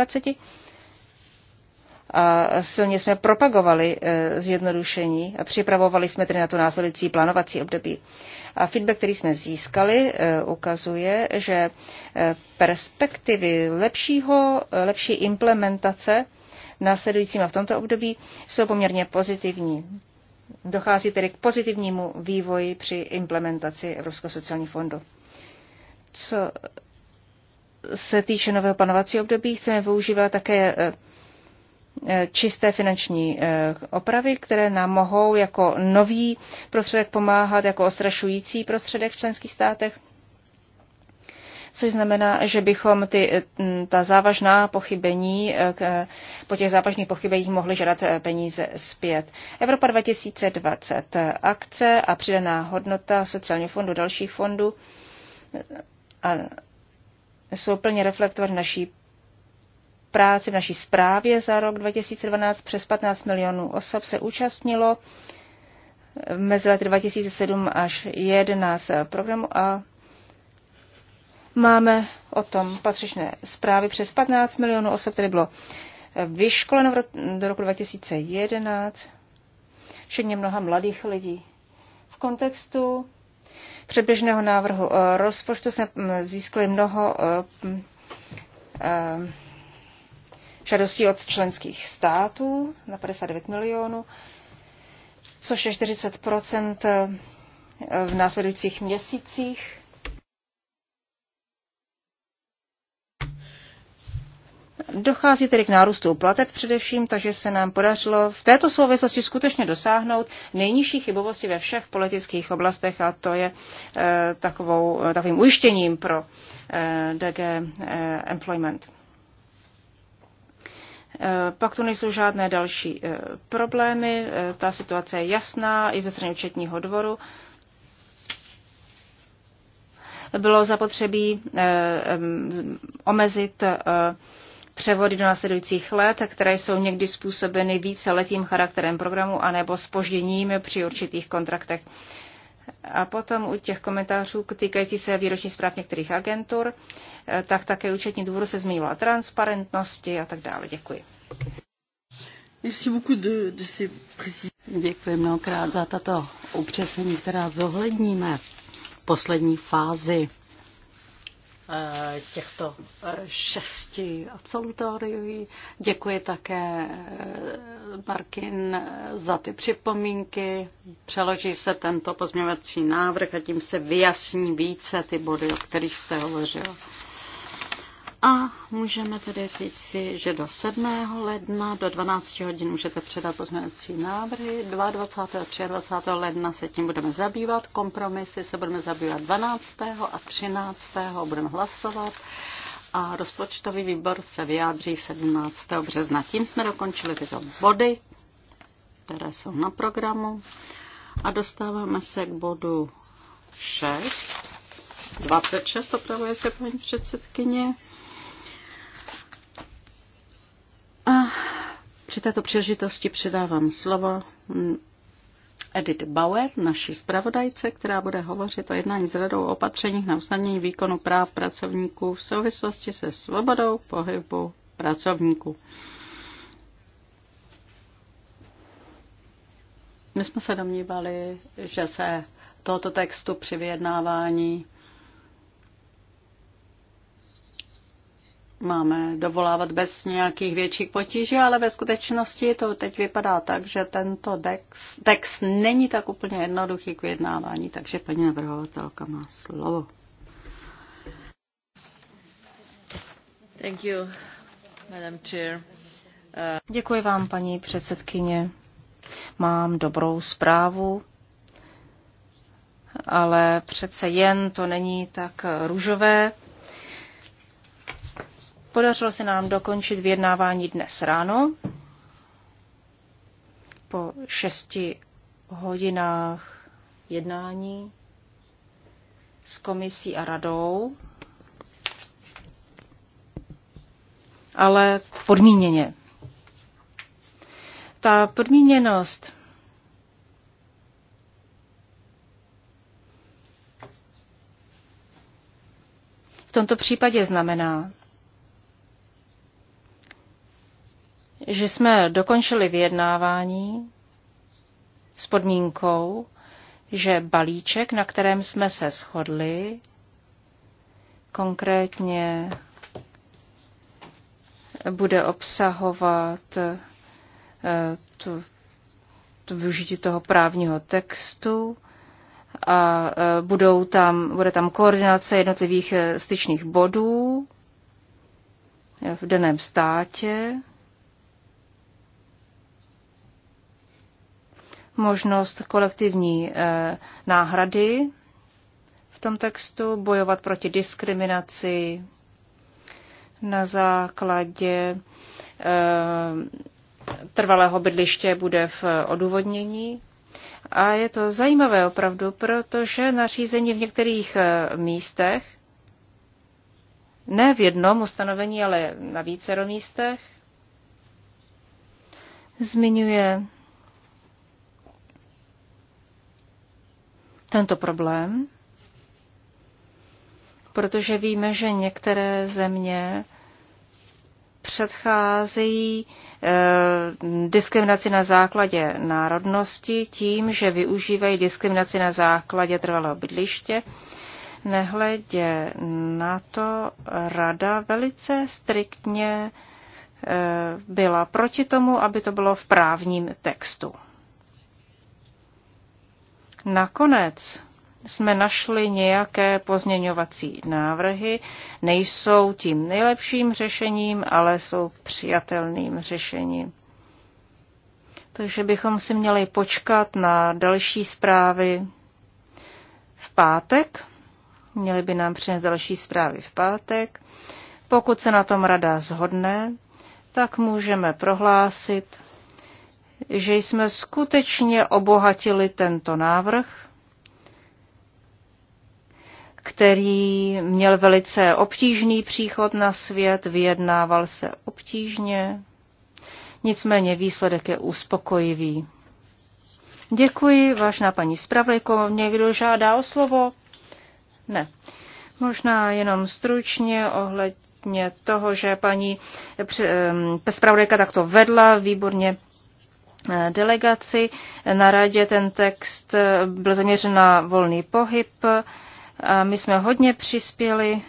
S1: a silně jsme propagovali zjednodušení a připravovali jsme tedy na to následující plánovací období. A feedback, který jsme získali, ukazuje, že perspektivy lepšího, lepší implementace následujícím a v tomto období jsou poměrně pozitivní. Dochází tedy k pozitivnímu vývoji při implementaci Evropského sociálního fondu. Co se týče nového panovacího období, chceme využívat také eh, eh, čisté finanční eh, opravy, které nám mohou jako nový prostředek pomáhat, jako ostrašující prostředek v členských státech což znamená, že bychom ty, eh, ta závažná pochybení, eh, eh, po těch závažných pochybeních mohli žádat peníze zpět. Evropa 2020, akce a přidaná hodnota sociálního fondu, dalších fondů a jsou plně reflektovány naší práci v naší zprávě za rok 2012 přes 15 milionů osob se účastnilo mezi lety 2007 až 2011 programu a Máme o tom patřičné zprávy. Přes 15 milionů osob které bylo eh, vyškoleno do roku 2011, včetně mnoha mladých lidí. V kontextu předběžného návrhu eh, rozpočtu jsme mm, získali mnoho eh, mm, žádostí od členských států na 59 milionů, což je 40 v následujících měsících Dochází tedy k nárůstu plateb především, takže se nám podařilo v této souvislosti skutečně dosáhnout nejnižší chybovosti ve všech politických oblastech a to je eh, takovou, eh, takovým ujištěním pro eh, DG Employment. Pak tu nejsou žádné další problémy, ta situace je jasná i ze strany účetního dvoru bylo zapotřebí omezit převody do následujících let, které jsou někdy způsobeny více letým charakterem programu anebo spožděním při určitých kontraktech. A potom u těch komentářů týkající se výroční zpráv některých agentur, eh, tak také účetní dvůr se zmiňovala transparentnosti a tak dále. Děkuji.
S2: Děkuji mnohokrát za tato upřesení, která zohledníme poslední fázi Eh, těchto eh, šesti absolutorií. Děkuji také eh, Markin za ty připomínky. Přeloží se tento pozměňovací návrh a tím se vyjasní více ty body, o kterých jste hovořil. A můžeme tedy říct si, že do 7. ledna do 12 hodin můžete předat pozměňovací návrhy. 22. a 23. ledna se tím budeme zabývat. Kompromisy se budeme zabývat 12. a 13. budeme hlasovat. A rozpočtový výbor se vyjádří 17. března. Tím jsme dokončili tyto body, které jsou na programu. A dostáváme se k bodu 6. 26 opravuje se paní předsedkyně. A při této příležitosti předávám slovo mm, Edith Bauer, naší zpravodajce, která bude hovořit o jednání s radou o opatřeních na usnadnění výkonu práv pracovníků v souvislosti se svobodou pohybu pracovníků. My jsme se domnívali, že se tohoto textu při vyjednávání máme dovolávat bez nějakých větších potíží, ale ve skutečnosti to teď vypadá tak, že tento text není tak úplně jednoduchý k vyjednávání, takže paní navrhovatelka má slovo.
S3: Thank you, Madam Chair. Uh, Děkuji
S1: vám, paní předsedkyně. Mám dobrou zprávu, ale přece jen to není tak růžové Podařilo se nám dokončit vyjednávání dnes ráno po šesti hodinách jednání s komisí a radou, ale podmíněně. Ta podmíněnost v tomto případě znamená, že jsme dokončili vyjednávání s podmínkou, že balíček, na kterém jsme se shodli, konkrétně bude obsahovat eh, tu, tu využití toho právního textu a eh, budou tam, bude tam koordinace jednotlivých eh, styčných bodů v daném státě možnost kolektivní eh, náhrady v tom textu, bojovat proti diskriminaci na základě eh, trvalého bydliště bude v odůvodnění. A je to zajímavé opravdu, protože nařízení v některých eh, místech, ne v jednom ustanovení, ale na vícero místech, zmiňuje tento problém, protože víme, že některé země předcházejí eh, diskriminaci na základě národnosti tím, že využívají diskriminaci na základě trvalého bydliště. Nehledě na to rada velice striktně eh, byla proti tomu, aby to bylo v právním textu. Nakonec jsme našli nějaké pozměňovací návrhy. Nejsou tím nejlepším řešením, ale jsou přijatelným řešením. Takže bychom si měli počkat na další zprávy v pátek. Měli by nám přinést další zprávy v pátek. Pokud se na tom rada zhodne, tak můžeme prohlásit, že jsme skutečně obohatili tento návrh, který měl velice obtížný příchod na svět, vyjednával se obtížně, nicméně výsledek je uspokojivý. Děkuji, vážná paní zpravodajko. Někdo žádá o slovo? Ne. Možná jenom stručně ohledně toho, že paní zpravodajka takto vedla výborně Eh, delegaci. Na radě ten text eh, byl zaměřen na volný pohyb. A my jsme hodně přispěli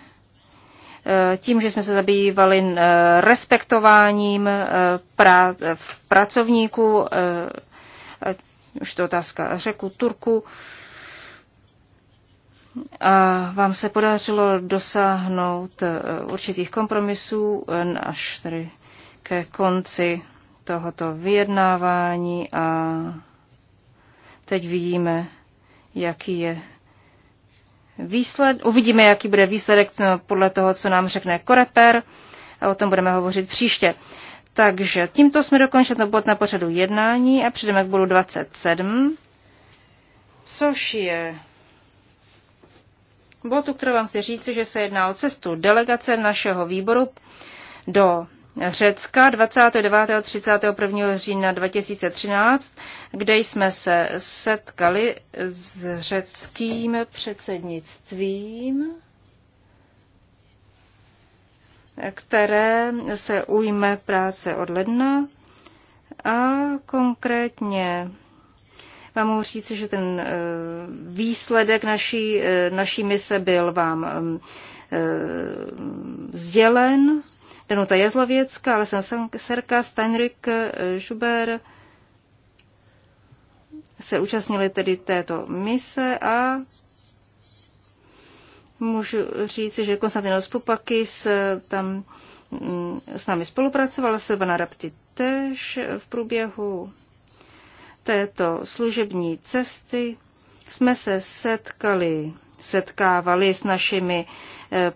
S1: eh, tím, že jsme se zabývali respektováním prá- pracovníků, už to otázka řeku, Turku, a vám se podařilo dosáhnout určitých kompromisů až tedy ke konci tohoto vyjednávání a teď vidíme, jaký je výsled, uvidíme, jaký bude výsledek podle toho, co nám řekne Koreper a o tom budeme hovořit příště. Takže tímto jsme dokončili to bod na pořadu jednání a přijdeme k bodu 27, což je bod, u kterého vám chci říct, že se jedná o cestu delegace našeho výboru do Řecka 29. a 31. října 2013, kde jsme se setkali s řeckým předsednictvím, které se ujme práce od ledna a konkrétně vám mohu říct, že ten eh, výsledek naší, eh, naší mise byl vám eh, sdělen Danuta Jezlověcka, Alessan Serka, Steinrich, eh, Schuber se účastnili tedy této mise a můžu říci, že Konstantinos Pupakis eh, tam mm, s námi spolupracovala, Silvana Rapti tež v průběhu této služební cesty jsme se setkali, setkávali s našimi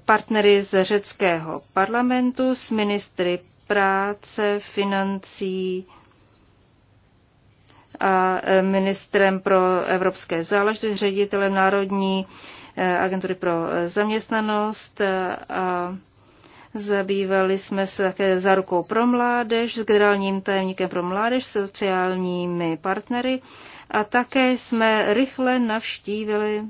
S1: partnery z řeckého parlamentu, s ministry práce, financí a e, ministrem pro evropské záležitosti, ředitelem Národní e, agentury pro e, zaměstnanost a Zabývali jsme se také za rukou pro mládež, s generálním tajemníkem pro mládež, sociálními partnery a také jsme rychle navštívili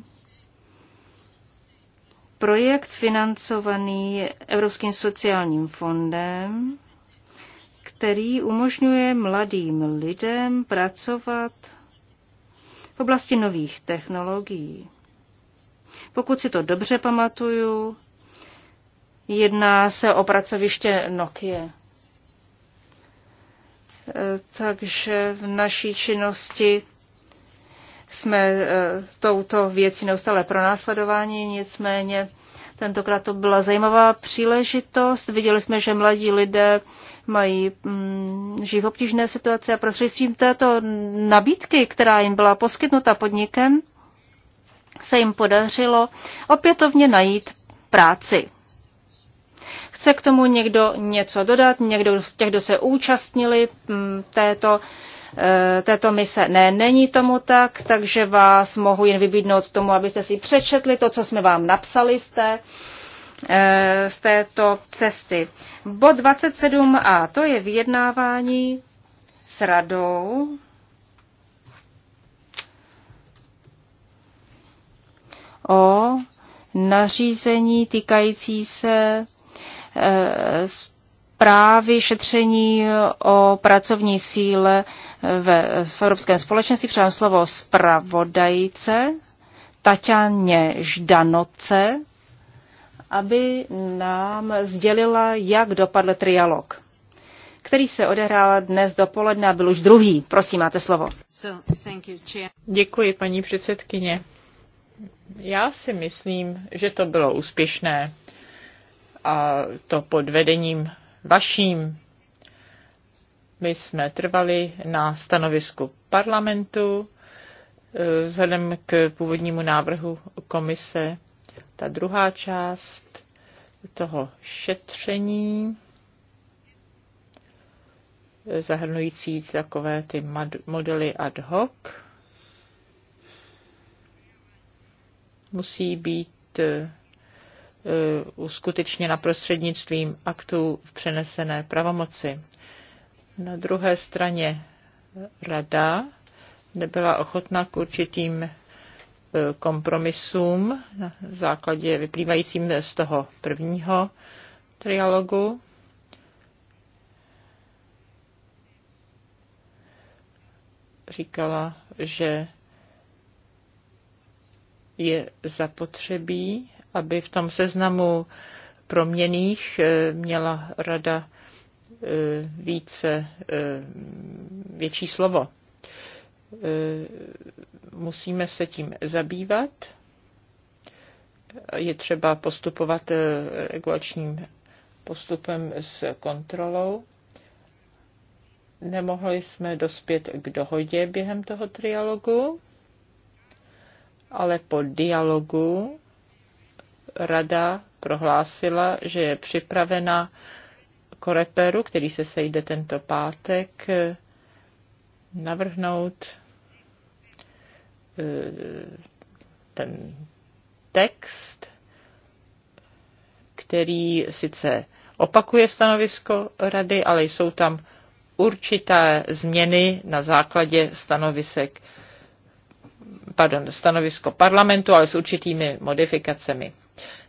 S1: projekt financovaný Evropským sociálním fondem, který umožňuje mladým lidem pracovat v oblasti nových technologií. Pokud si to dobře pamatuju, jedná se o pracoviště Nokia. E, takže v naší činnosti jsme e, touto věcí neustále pronásledování, nicméně tentokrát to byla zajímavá příležitost. Viděli jsme, že mladí lidé mají mm, žijí v obtížné situaci a prostřednictvím této nabídky, která jim byla poskytnuta podnikem, se jim podařilo opětovně najít práci. Chce k tomu někdo něco dodat, někdo z těch, kdo se účastnili mm, této Eh, této mise. Ne, není tomu tak, takže vás mohu jen vybídnout k tomu, abyste si přečetli to, co jsme vám napsali z, té, eh, z této cesty. Bod 27a, to je vyjednávání s radou. o nařízení týkající se zprávy eh, šetření o pracovní síle ve, v Evropském společnosti Předám slovo zpravodajce Tatianě Ždanoce, aby nám sdělila, jak dopadl trialog, který se odehrál dnes dopoledne a byl už druhý. Prosím, máte slovo.
S3: Děkuji, paní předsedkyně. Já si myslím, že to bylo úspěšné a to pod vedením vaším my jsme trvali na stanovisku parlamentu eh, vzhledem k původnímu návrhu komise. Ta druhá část toho šetření eh, zahrnující takové ty modely ad hoc, musí být eh, uskutečněna prostřednictvím aktů v přenesené pravomoci. Na druhé straně rada nebyla ochotna k určitým e, kompromisům na základě vyplývajícím z toho prvního trialogu. Říkala, že je zapotřebí, aby v tom seznamu proměných e, měla rada Eh, více, eh, větší slovo. Eh, musíme se tím zabývat. Je třeba postupovat regulačním postupem s kontrolou. Nemohli jsme dospět k dohodě během toho trialogu, ale po dialogu rada prohlásila, že je připravena koreperu, který se sejde tento pátek, navrhnout eh, ten text, který sice opakuje stanovisko rady, ale jsou tam určité změny na základě stanovisek, pardon, stanovisko parlamentu, ale s určitými modifikacemi.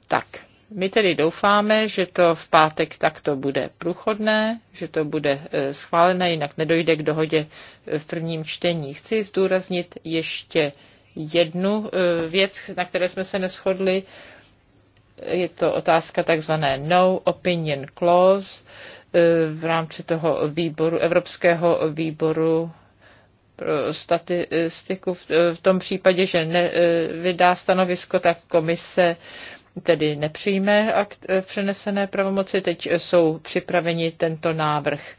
S3: Tak, my tedy doufáme, že to v pátek takto bude průchodné, že to bude e, schválené, jinak nedojde k dohodě v prvním čtení. Chci zdůraznit ještě jednu e, věc, na které jsme se neschodli. Je to otázka takzvané no opinion clause e, v rámci toho výboru, Evropského výboru pro statistiku. V tom případě, že nevydá stanovisko, tak komise tedy nepřijme akt eh, přenesené pravomoci, teď jsou připraveni tento návrh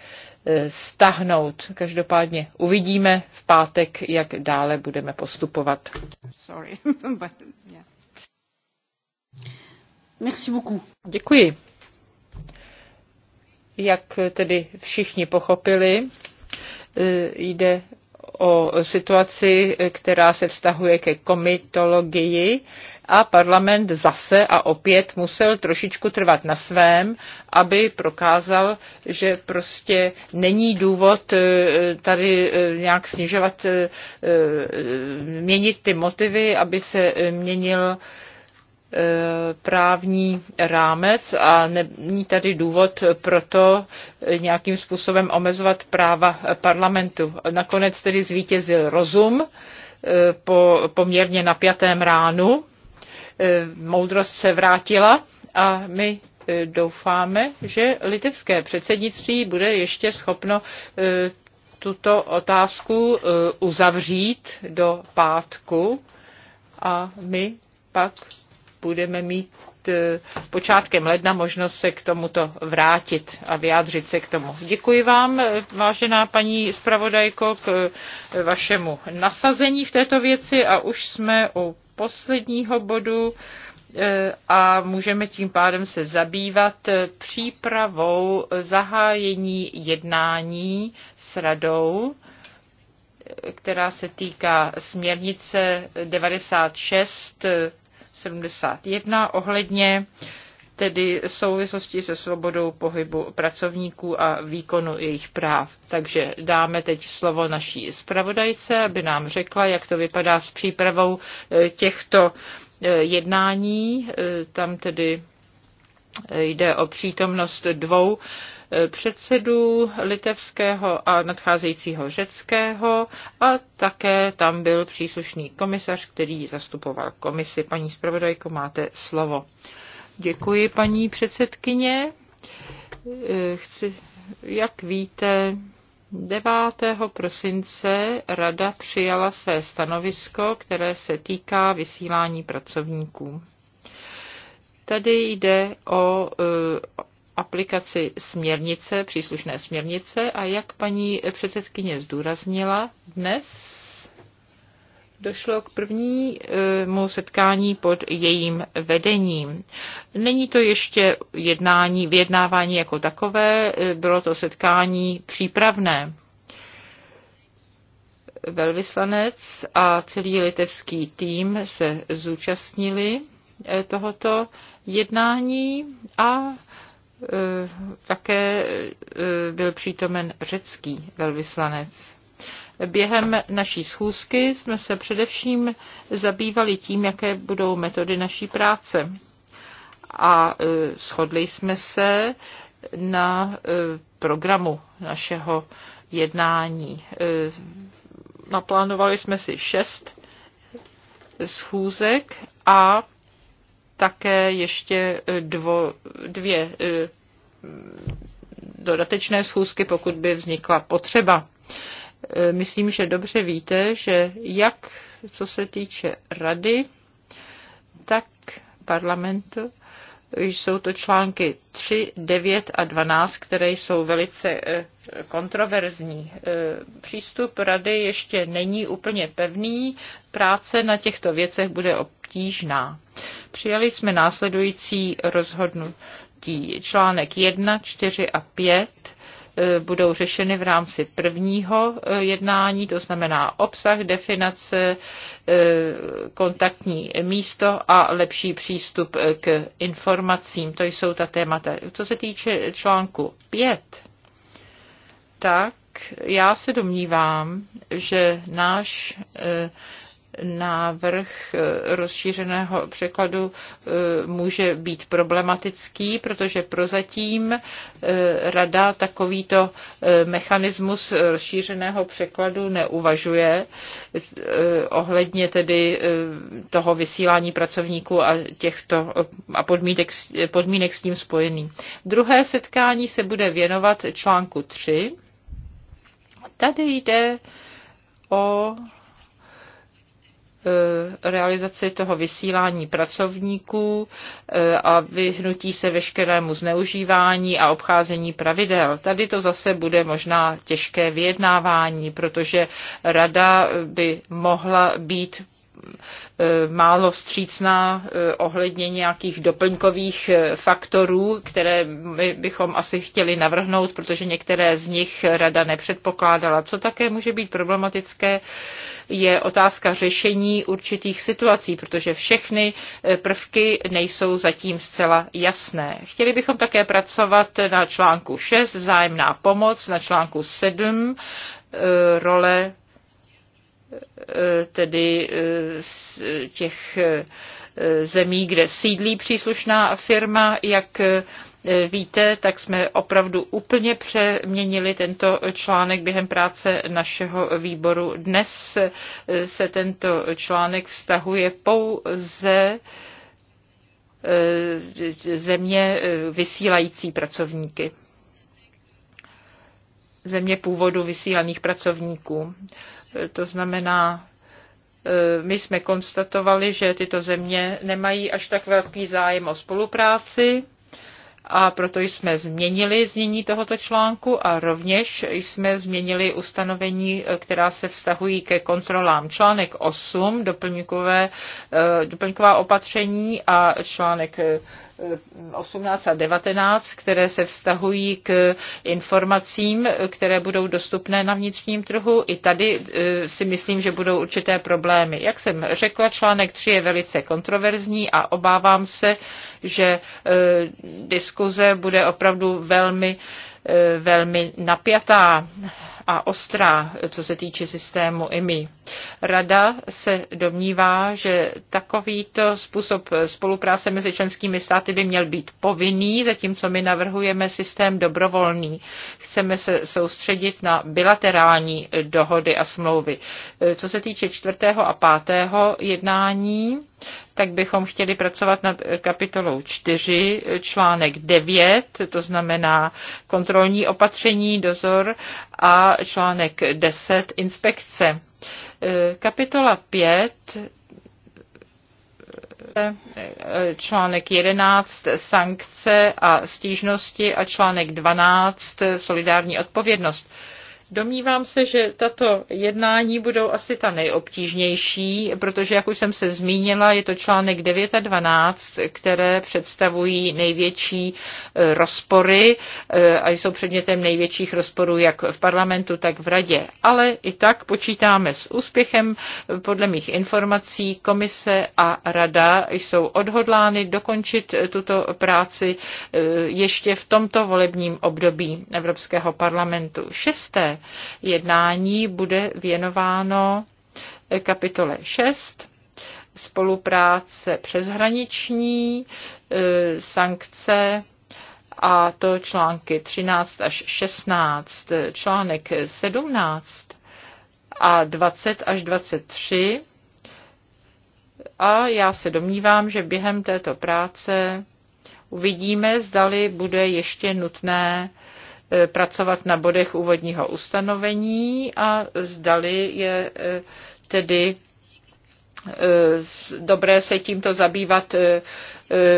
S3: eh, stahnout. Každopádně uvidíme v pátek, jak dále budeme postupovat. Sorry, but yeah. Merci beaucoup. Děkuji. Jak tedy všichni pochopili, eh, jde o situaci, která se vztahuje ke komitologii a parlament zase a opět musel trošičku trvat na svém, aby prokázal, že prostě není důvod eh, tady eh, nějak snižovat, eh, měnit ty motivy, aby se měnil právní rámec a není tady důvod pro to nějakým způsobem omezovat práva parlamentu. Nakonec tedy zvítězil rozum po poměrně napjatém ránu Eh, moudrost se vrátila a my eh, doufáme, že litevské předsednictví bude ještě schopno eh, tuto otázku uzavřít do pátku a my pak budeme mít počátkem ledna možnost se k tomuto vrátit a vyjádřit se k tomu. Děkuji vám, vážená paní zpravodajko, k vašemu nasazení v této věci a už jsme u posledního bodu e, a můžeme tím pádem se zabývat e, přípravou zahájení jednání s radou, e, která se týká směrnice 96 71 ohledně tedy souvislosti se svobodou pohybu pracovníků a výkonu jejich práv. Takže dáme teď slovo naší zpravodajce, aby nám řekla, jak to vypadá s přípravou eh, těchto eh, jednání. Eh, tam tedy jde o přítomnost dvou předsedů litevského a nadcházejícího řeckého a také tam byl příslušný komisař, který zastupoval komisi. Paní zpravodajko, máte slovo. Děkuji, paní předsedkyně. Chci, jak víte, 9. prosince Rada přijala své stanovisko, které se týká vysílání pracovníků. Tady jde o eh, aplikaci směrnice, příslušné směrnice a jak paní předsedkyně zdůraznila, dnes došlo k prvnímu setkání pod jejím vedením. Není to ještě jednání, vyjednávání jako takové, bylo to setkání přípravné. Velvyslanec a celý litevský tým se zúčastnili eh, tohoto jednání a eh, také eh, byl přítomen řecký velvyslanec. Během naší schůzky jsme se především zabývali tím, jaké budou metody naší práce. A e, shodli jsme se na e, programu našeho jednání. E, naplánovali jsme si šest schůzek a také ještě dvo, dvě dodatečné schůzky, pokud by vznikla potřeba. Eh, myslím, že dobře víte, že jak co se týče rady, tak parlamentu, jsou to články 3, 9 a 12, které jsou velice eh, kontroverzní. Eh, přístup rady ještě není úplně pevný, práce na těchto věcech bude obtížná. Přijali jsme následující rozhodnutí článek 1, 4 a 5 E, budou řešeny v rámci prvního e, jednání, to znamená obsah, definace, e, kontaktní místo a lepší přístup k informacím. To jsou ta témata. Co se týče článku 5, tak já se domnívám, že náš návrh eh, rozšířeného překladu eh, může být problematický, protože prozatím eh, rada takovýto mechanismus rozšířeného překladu neuvažuje ohledně tedy toho vysílání pracovníků a těchto a podmínek, podmínek s tím spojený. Druhé setkání se bude věnovat článku 3. Tady jde o Eh, realizaci toho vysílání pracovníků eh, a vyhnutí se veškerému zneužívání a obcházení pravidel. Tady to zase bude možná těžké vyjednávání, protože rada by mohla být E, málo vstřícná e, ohledně nějakých doplňkových e, faktorů, které my bychom asi chtěli navrhnout, protože některé z nich rada nepředpokládala. Co také může být problematické, je otázka řešení určitých situací, protože všechny prvky nejsou zatím zcela jasné. Chtěli bychom také pracovat na článku 6 vzájemná pomoc, na článku 7 role tedy z eh, těch eh, zemí, kde sídlí příslušná firma, jak eh, víte, tak jsme opravdu úplně přeměnili tento článek během práce našeho výboru. Dnes se tento článek vztahuje pouze země vysílající pracovníky země původu vysílaných pracovníků. E, to znamená, e, my jsme konstatovali, že tyto země nemají až tak velký zájem o spolupráci a proto jsme změnili znění tohoto článku a rovněž jsme změnili ustanovení, e, která se vztahují ke kontrolám. Článek 8, doplňkové, doplňková opatření a článek 18 a 19, které se vztahují k informacím, které budou dostupné na vnitřním trhu. I tady e, si myslím, že budou určité problémy. Jak jsem řekla, článek 3 je velice kontroverzní a obávám se, že e, diskuze bude opravdu velmi E, velmi napjatá a ostrá, co se týče systému IMI. Rada se domnívá, že takovýto způsob spolupráce mezi členskými státy by měl být povinný, zatímco my navrhujeme systém dobrovolný. Chceme se soustředit na bilaterální dohody a smlouvy. E, co se týče čtvrtého a pátého jednání, tak bychom chtěli pracovat nad kapitolou 4, článek 9, to znamená kontrolní opatření, dozor a článek 10, inspekce. Eh, kapitola 5 eh, článek 11 sankce a stížnosti a článek 12 solidární odpovědnost. Domnívám se, že tato jednání budou asi ta nejobtížnější, protože, jak už jsem se zmínila, je to článek 9 a 12, které představují největší e, rozpory e, a jsou předmětem největších rozporů jak v parlamentu, tak v radě. Ale i tak počítáme s úspěchem. Podle mých informací komise a rada jsou odhodlány dokončit tuto práci e, ještě v tomto volebním období Evropského parlamentu. Šesté jednání bude věnováno kapitole 6 spolupráce přeshraniční, e, sankce a to články 13 až 16, článek 17 a 20 až 23. A já se domnívám, že během této práce uvidíme, zdali bude ještě nutné E, pracovat na bodech úvodního ustanovení a zdali je e, tedy e, dobré se tímto zabývat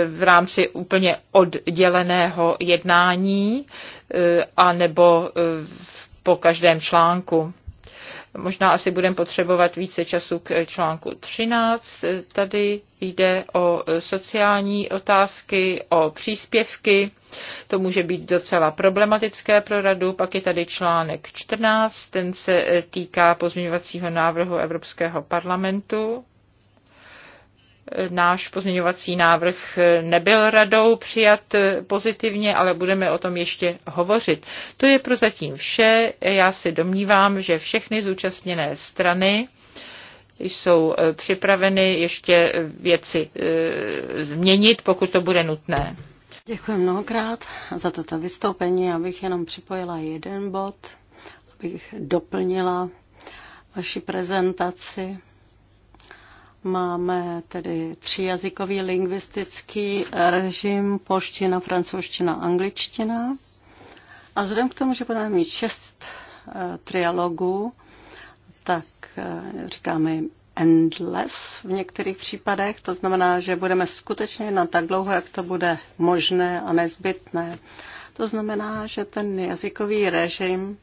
S3: v rámci úplně odděleného jednání a nebo po každém článku. Možná asi budeme potřebovat více času k článku 13. Tady jde o sociální otázky, o příspěvky. To může být docela problematické pro radu. Pak je tady článek 14, ten se týká pozměňovacího návrhu Evropského parlamentu Náš pozměňovací návrh nebyl radou přijat pozitivně, ale budeme o tom ještě hovořit. To je prozatím vše. Já si domnívám, že všechny zúčastněné strany jsou eh, připraveny ještě eh, věci eh, změnit, pokud to bude nutné. Děkuji mnohokrát za toto
S2: vystoupení. Já bych jenom připojila jeden bod, abych doplnila vaši prezentaci. Máme tedy třijazykový lingvistický režim, polština, francouzština, angličtina. A vzhledem k tomu, že budeme mít šest e, trialogů, tak e, říkáme endless v některých případech. To znamená, že budeme skutečně na tak dlouho, jak to bude možné a nezbytné. To znamená, že ten jazykový režim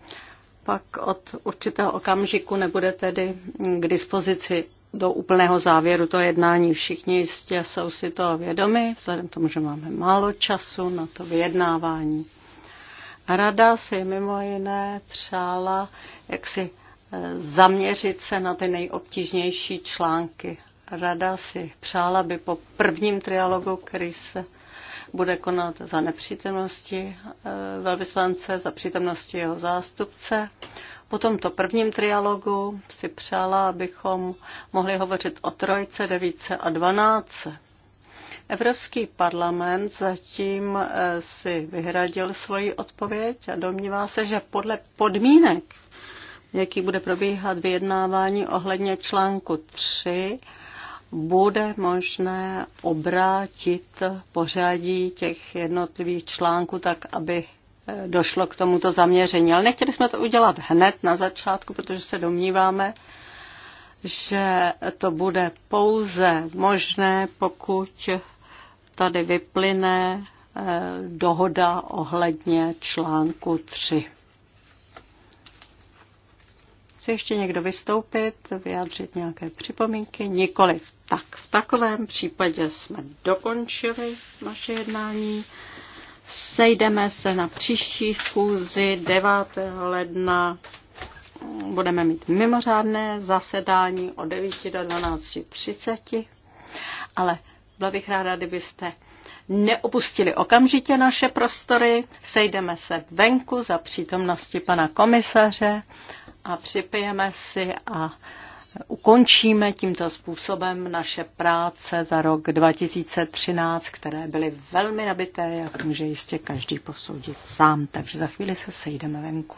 S2: pak od určitého okamžiku nebude tedy k dispozici do úplného závěru to jednání. Všichni jistě jsou si toho vědomi, vzhledem k tomu, že máme málo času na to vyjednávání. Rada si mimo jiné přála, jak si eh, zaměřit se na ty nejobtížnější články. Rada si přála aby po prvním trialogu, který se bude konat za nepřítomnosti eh, velvyslance, za přítomnosti jeho zástupce, po tomto prvním trialogu si přála, abychom mohli hovořit o trojce, devíce a dvanáce. Evropský parlament zatím eh, si vyhradil svoji odpověď a domnívá se, že podle podmínek, jaký bude probíhat vyjednávání ohledně článku 3, bude možné obrátit pořadí těch jednotlivých článků tak, aby Eh, došlo k tomuto zaměření. Ale nechtěli jsme to udělat hned na začátku, protože se domníváme, že to bude pouze možné, pokud tady vyplyne eh, dohoda ohledně článku 3. Chce ještě někdo vystoupit, vyjádřit nějaké připomínky? Nikoliv. Tak v takovém případě jsme dokončili naše jednání. Sejdeme se na příští schůzi 9. ledna. Budeme mít mimořádné zasedání od 9 do 12.30, ale byla bych ráda, kdybyste neopustili okamžitě naše prostory. Sejdeme se venku za přítomnosti pana komisaře a připijeme si a ukončíme tímto způsobem naše práce za rok 2013, které byly velmi nabité, jak může jistě každý posoudit sám. Takže za chvíli se sejdeme venku.